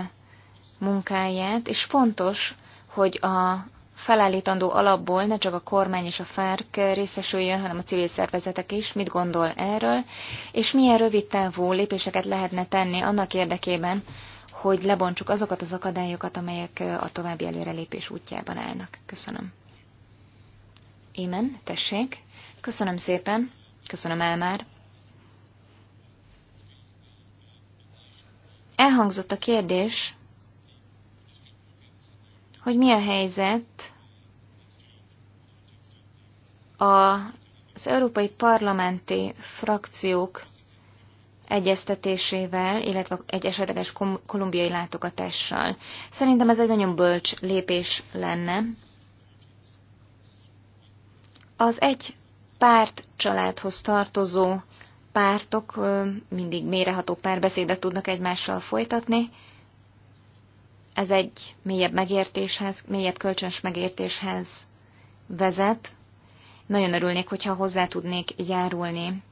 munkáját, és fontos, hogy a felállítandó alapból ne csak a kormány és a FARC részesüljön, hanem a civil szervezetek is. Mit gondol erről? És milyen rövid távú lépéseket lehetne tenni annak érdekében, hogy lebontsuk azokat az akadályokat, amelyek a további előrelépés útjában állnak. Köszönöm. Émen, tessék. Köszönöm szépen. Köszönöm el már. Elhangzott a kérdés, hogy mi a helyzet az európai parlamenti frakciók egyeztetésével, illetve egy esetleges kolumbiai látogatással. Szerintem ez egy nagyon bölcs lépés lenne. Az egy párt családhoz tartozó pártok mindig méreható párbeszédet tudnak egymással folytatni, ez egy mélyebb megértéshez, mélyebb kölcsönös megértéshez vezet. Nagyon örülnék, hogyha hozzá tudnék járulni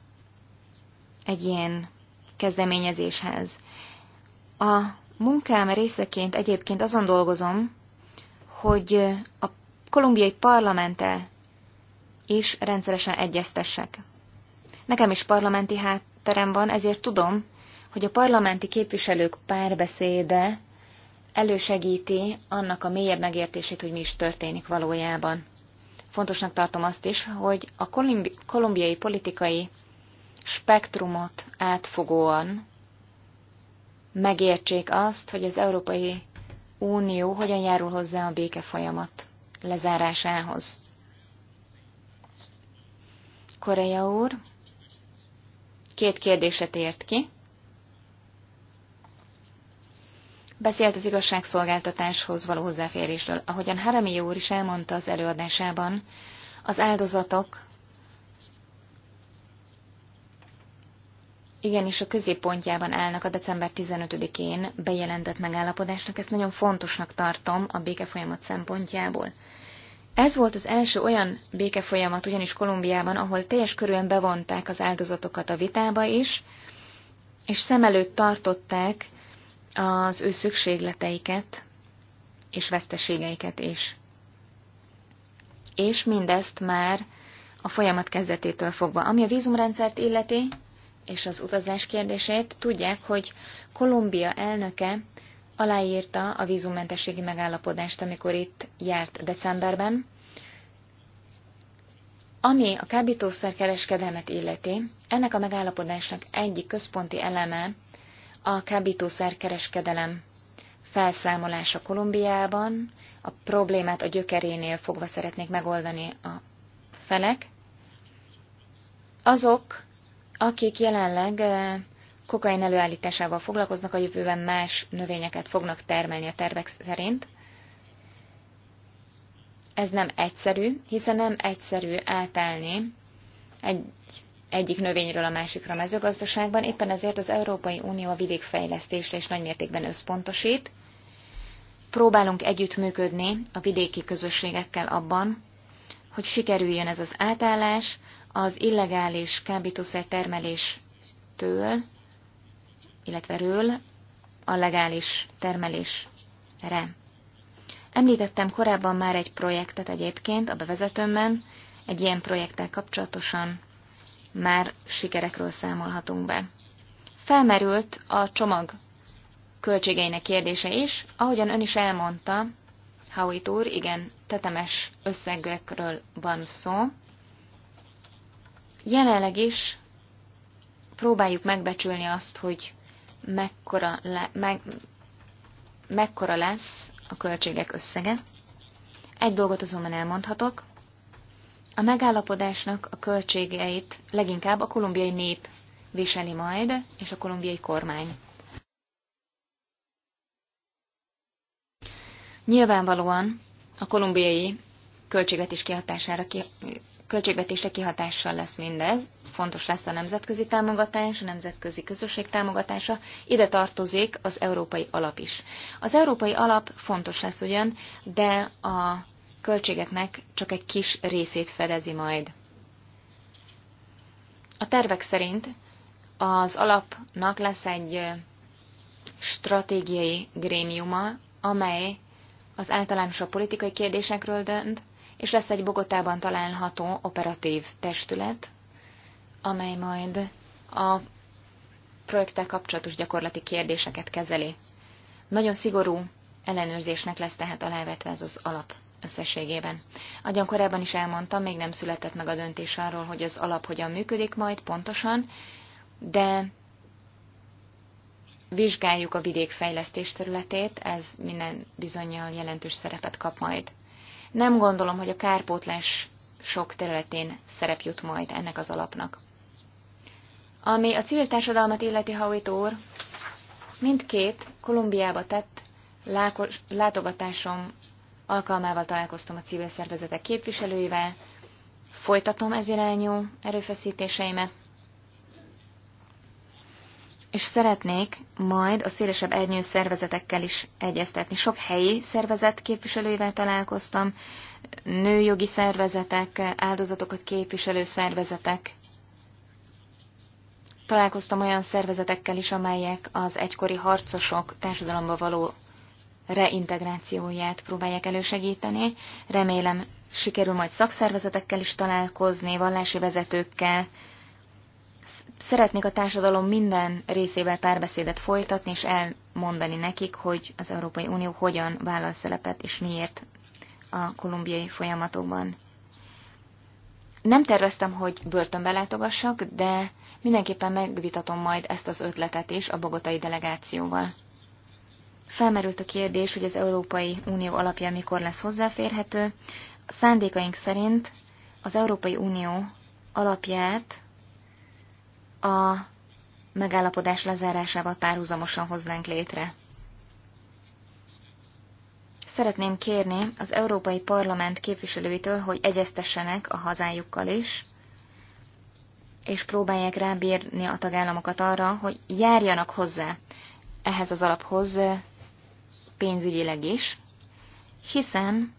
egy ilyen kezdeményezéshez. A munkám részeként egyébként azon dolgozom, hogy a kolumbiai parlamenttel is rendszeresen egyeztessek. Nekem is parlamenti hátterem van, ezért tudom, hogy a parlamenti képviselők párbeszéde elősegíti annak a mélyebb megértését, hogy mi is történik valójában. Fontosnak tartom azt is, hogy a kolumbi- kolumbiai politikai spektrumot átfogóan megértsék azt, hogy az Európai Unió hogyan járul hozzá a béke folyamat lezárásához. Korea úr két kérdéset ért ki. Beszélt az igazságszolgáltatáshoz való hozzáférésről. Ahogyan Harami úr is elmondta az előadásában, az áldozatok igenis a középpontjában állnak a december 15-én bejelentett megállapodásnak, ezt nagyon fontosnak tartom a békefolyamat szempontjából. Ez volt az első olyan békefolyamat ugyanis Kolumbiában, ahol teljes körülön bevonták az áldozatokat a vitába is, és szem előtt tartották az ő szükségleteiket és veszteségeiket is. És mindezt már a folyamat kezdetétől fogva. Ami a vízumrendszert illeti, és az utazás kérdését, tudják, hogy Kolumbia elnöke aláírta a vízummentességi megállapodást, amikor itt járt decemberben. Ami a kábítószer kereskedelmet illeti, ennek a megállapodásnak egyik központi eleme a kábítószerkereskedelem felszámolása Kolumbiában, a problémát a gyökerénél fogva szeretnék megoldani a felek. Azok, akik jelenleg kokain előállításával foglalkoznak, a jövőben más növényeket fognak termelni a tervek szerint. Ez nem egyszerű, hiszen nem egyszerű átállni egy egyik növényről a másikra a mezőgazdaságban, éppen ezért az Európai Unió a vidékfejlesztésre is nagymértékben összpontosít. Próbálunk együttműködni a vidéki közösségekkel abban, hogy sikerüljön ez az átállás az illegális kábítószer termeléstől, illetve ről a legális termelésre. Említettem korábban már egy projektet egyébként a bevezetőmben, egy ilyen projekttel kapcsolatosan már sikerekről számolhatunk be. Felmerült a csomag költségeinek kérdése is, ahogyan ön is elmondta, Howitt úr, igen, tetemes összegekről van szó. Jelenleg is próbáljuk megbecsülni azt, hogy mekkora, le, meg, mekkora lesz a költségek összege. Egy dolgot azonban elmondhatok, a megállapodásnak a költségeit leginkább a kolumbiai nép viseli majd, és a kolumbiai kormány. Nyilvánvalóan a kolumbiai költségvetés kihatására ki, költségvetésre kihatással lesz mindez. Fontos lesz a nemzetközi támogatás, a nemzetközi közösség támogatása. Ide tartozik az európai alap is. Az európai alap fontos lesz ugyan, de a költségeknek csak egy kis részét fedezi majd. A tervek szerint az alapnak lesz egy stratégiai grémiuma, amely az a politikai kérdésekről dönt, és lesz egy Bogotában található operatív testület, amely majd a projekttel kapcsolatos gyakorlati kérdéseket kezeli. Nagyon szigorú ellenőrzésnek lesz tehát alávetve ez az alap összességében. Agyan korábban is elmondtam, még nem született meg a döntés arról, hogy az alap hogyan működik majd pontosan, de vizsgáljuk a vidék fejlesztés területét, ez minden bizonyal jelentős szerepet kap majd. Nem gondolom, hogy a kárpótlás sok területén szerep jut majd ennek az alapnak. Ami a civil társadalmat illeti Hawit úr, mindkét Kolumbiába tett látogatásom alkalmával találkoztam a civil szervezetek képviselőivel, folytatom ez irányú erőfeszítéseimet, és szeretnék majd a szélesebb ernyő szervezetekkel is egyeztetni. Sok helyi szervezet képviselőivel találkoztam, nőjogi szervezetek, áldozatokat képviselő szervezetek. Találkoztam olyan szervezetekkel is, amelyek az egykori harcosok társadalomba való reintegrációját próbálják elősegíteni. Remélem sikerül majd szakszervezetekkel is találkozni, vallási vezetőkkel. Szeretnék a társadalom minden részével párbeszédet folytatni, és elmondani nekik, hogy az Európai Unió hogyan vállal szerepet, és miért a kolumbiai folyamatokban. Nem terveztem, hogy börtönbe látogassak, de mindenképpen megvitatom majd ezt az ötletet is a bogotai delegációval. Felmerült a kérdés, hogy az Európai Unió alapja mikor lesz hozzáférhető. A szándékaink szerint az Európai Unió alapját a megállapodás lezárásával párhuzamosan hoznánk létre. Szeretném kérni az Európai Parlament képviselőitől, hogy egyeztessenek a hazájukkal is, és próbálják rábírni a tagállamokat arra, hogy járjanak hozzá ehhez az alaphoz pénzügyileg is, hiszen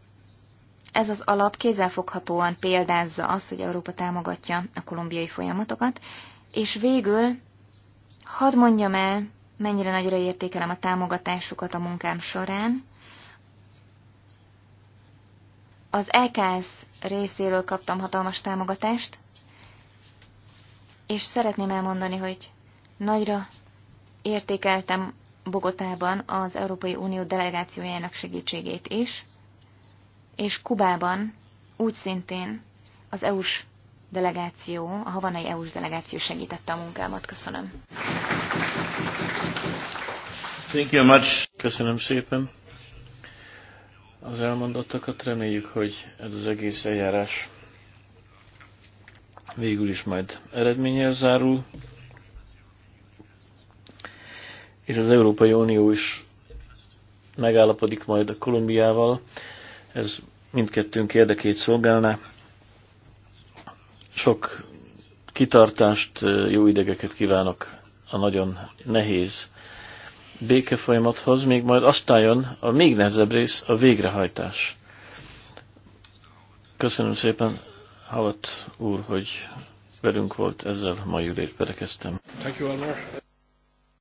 ez az alap kézzelfoghatóan példázza azt, hogy Európa támogatja a kolumbiai folyamatokat, és végül hadd mondjam el, mennyire nagyra értékelem a támogatásukat a munkám során. Az EKS részéről kaptam hatalmas támogatást, és szeretném elmondani, hogy nagyra értékeltem Bogotában az Európai Unió delegációjának segítségét is, és Kubában úgy szintén az EU-s delegáció, a havanai EU-s delegáció segítette a munkámat. Köszönöm. Thank you much. Köszönöm szépen az elmondottakat. Reméljük, hogy ez az egész eljárás végül is majd eredménnyel zárul és az Európai Unió is megállapodik majd a Kolumbiával. Ez mindkettőnk érdekét szolgálná. Sok kitartást, jó idegeket kívánok a nagyon nehéz békefolyamathoz, még majd aztán jön a még nehezebb rész, a végrehajtás. Köszönöm szépen, Havat úr, hogy velünk volt, ezzel mai ülést berekeztem. Thank you,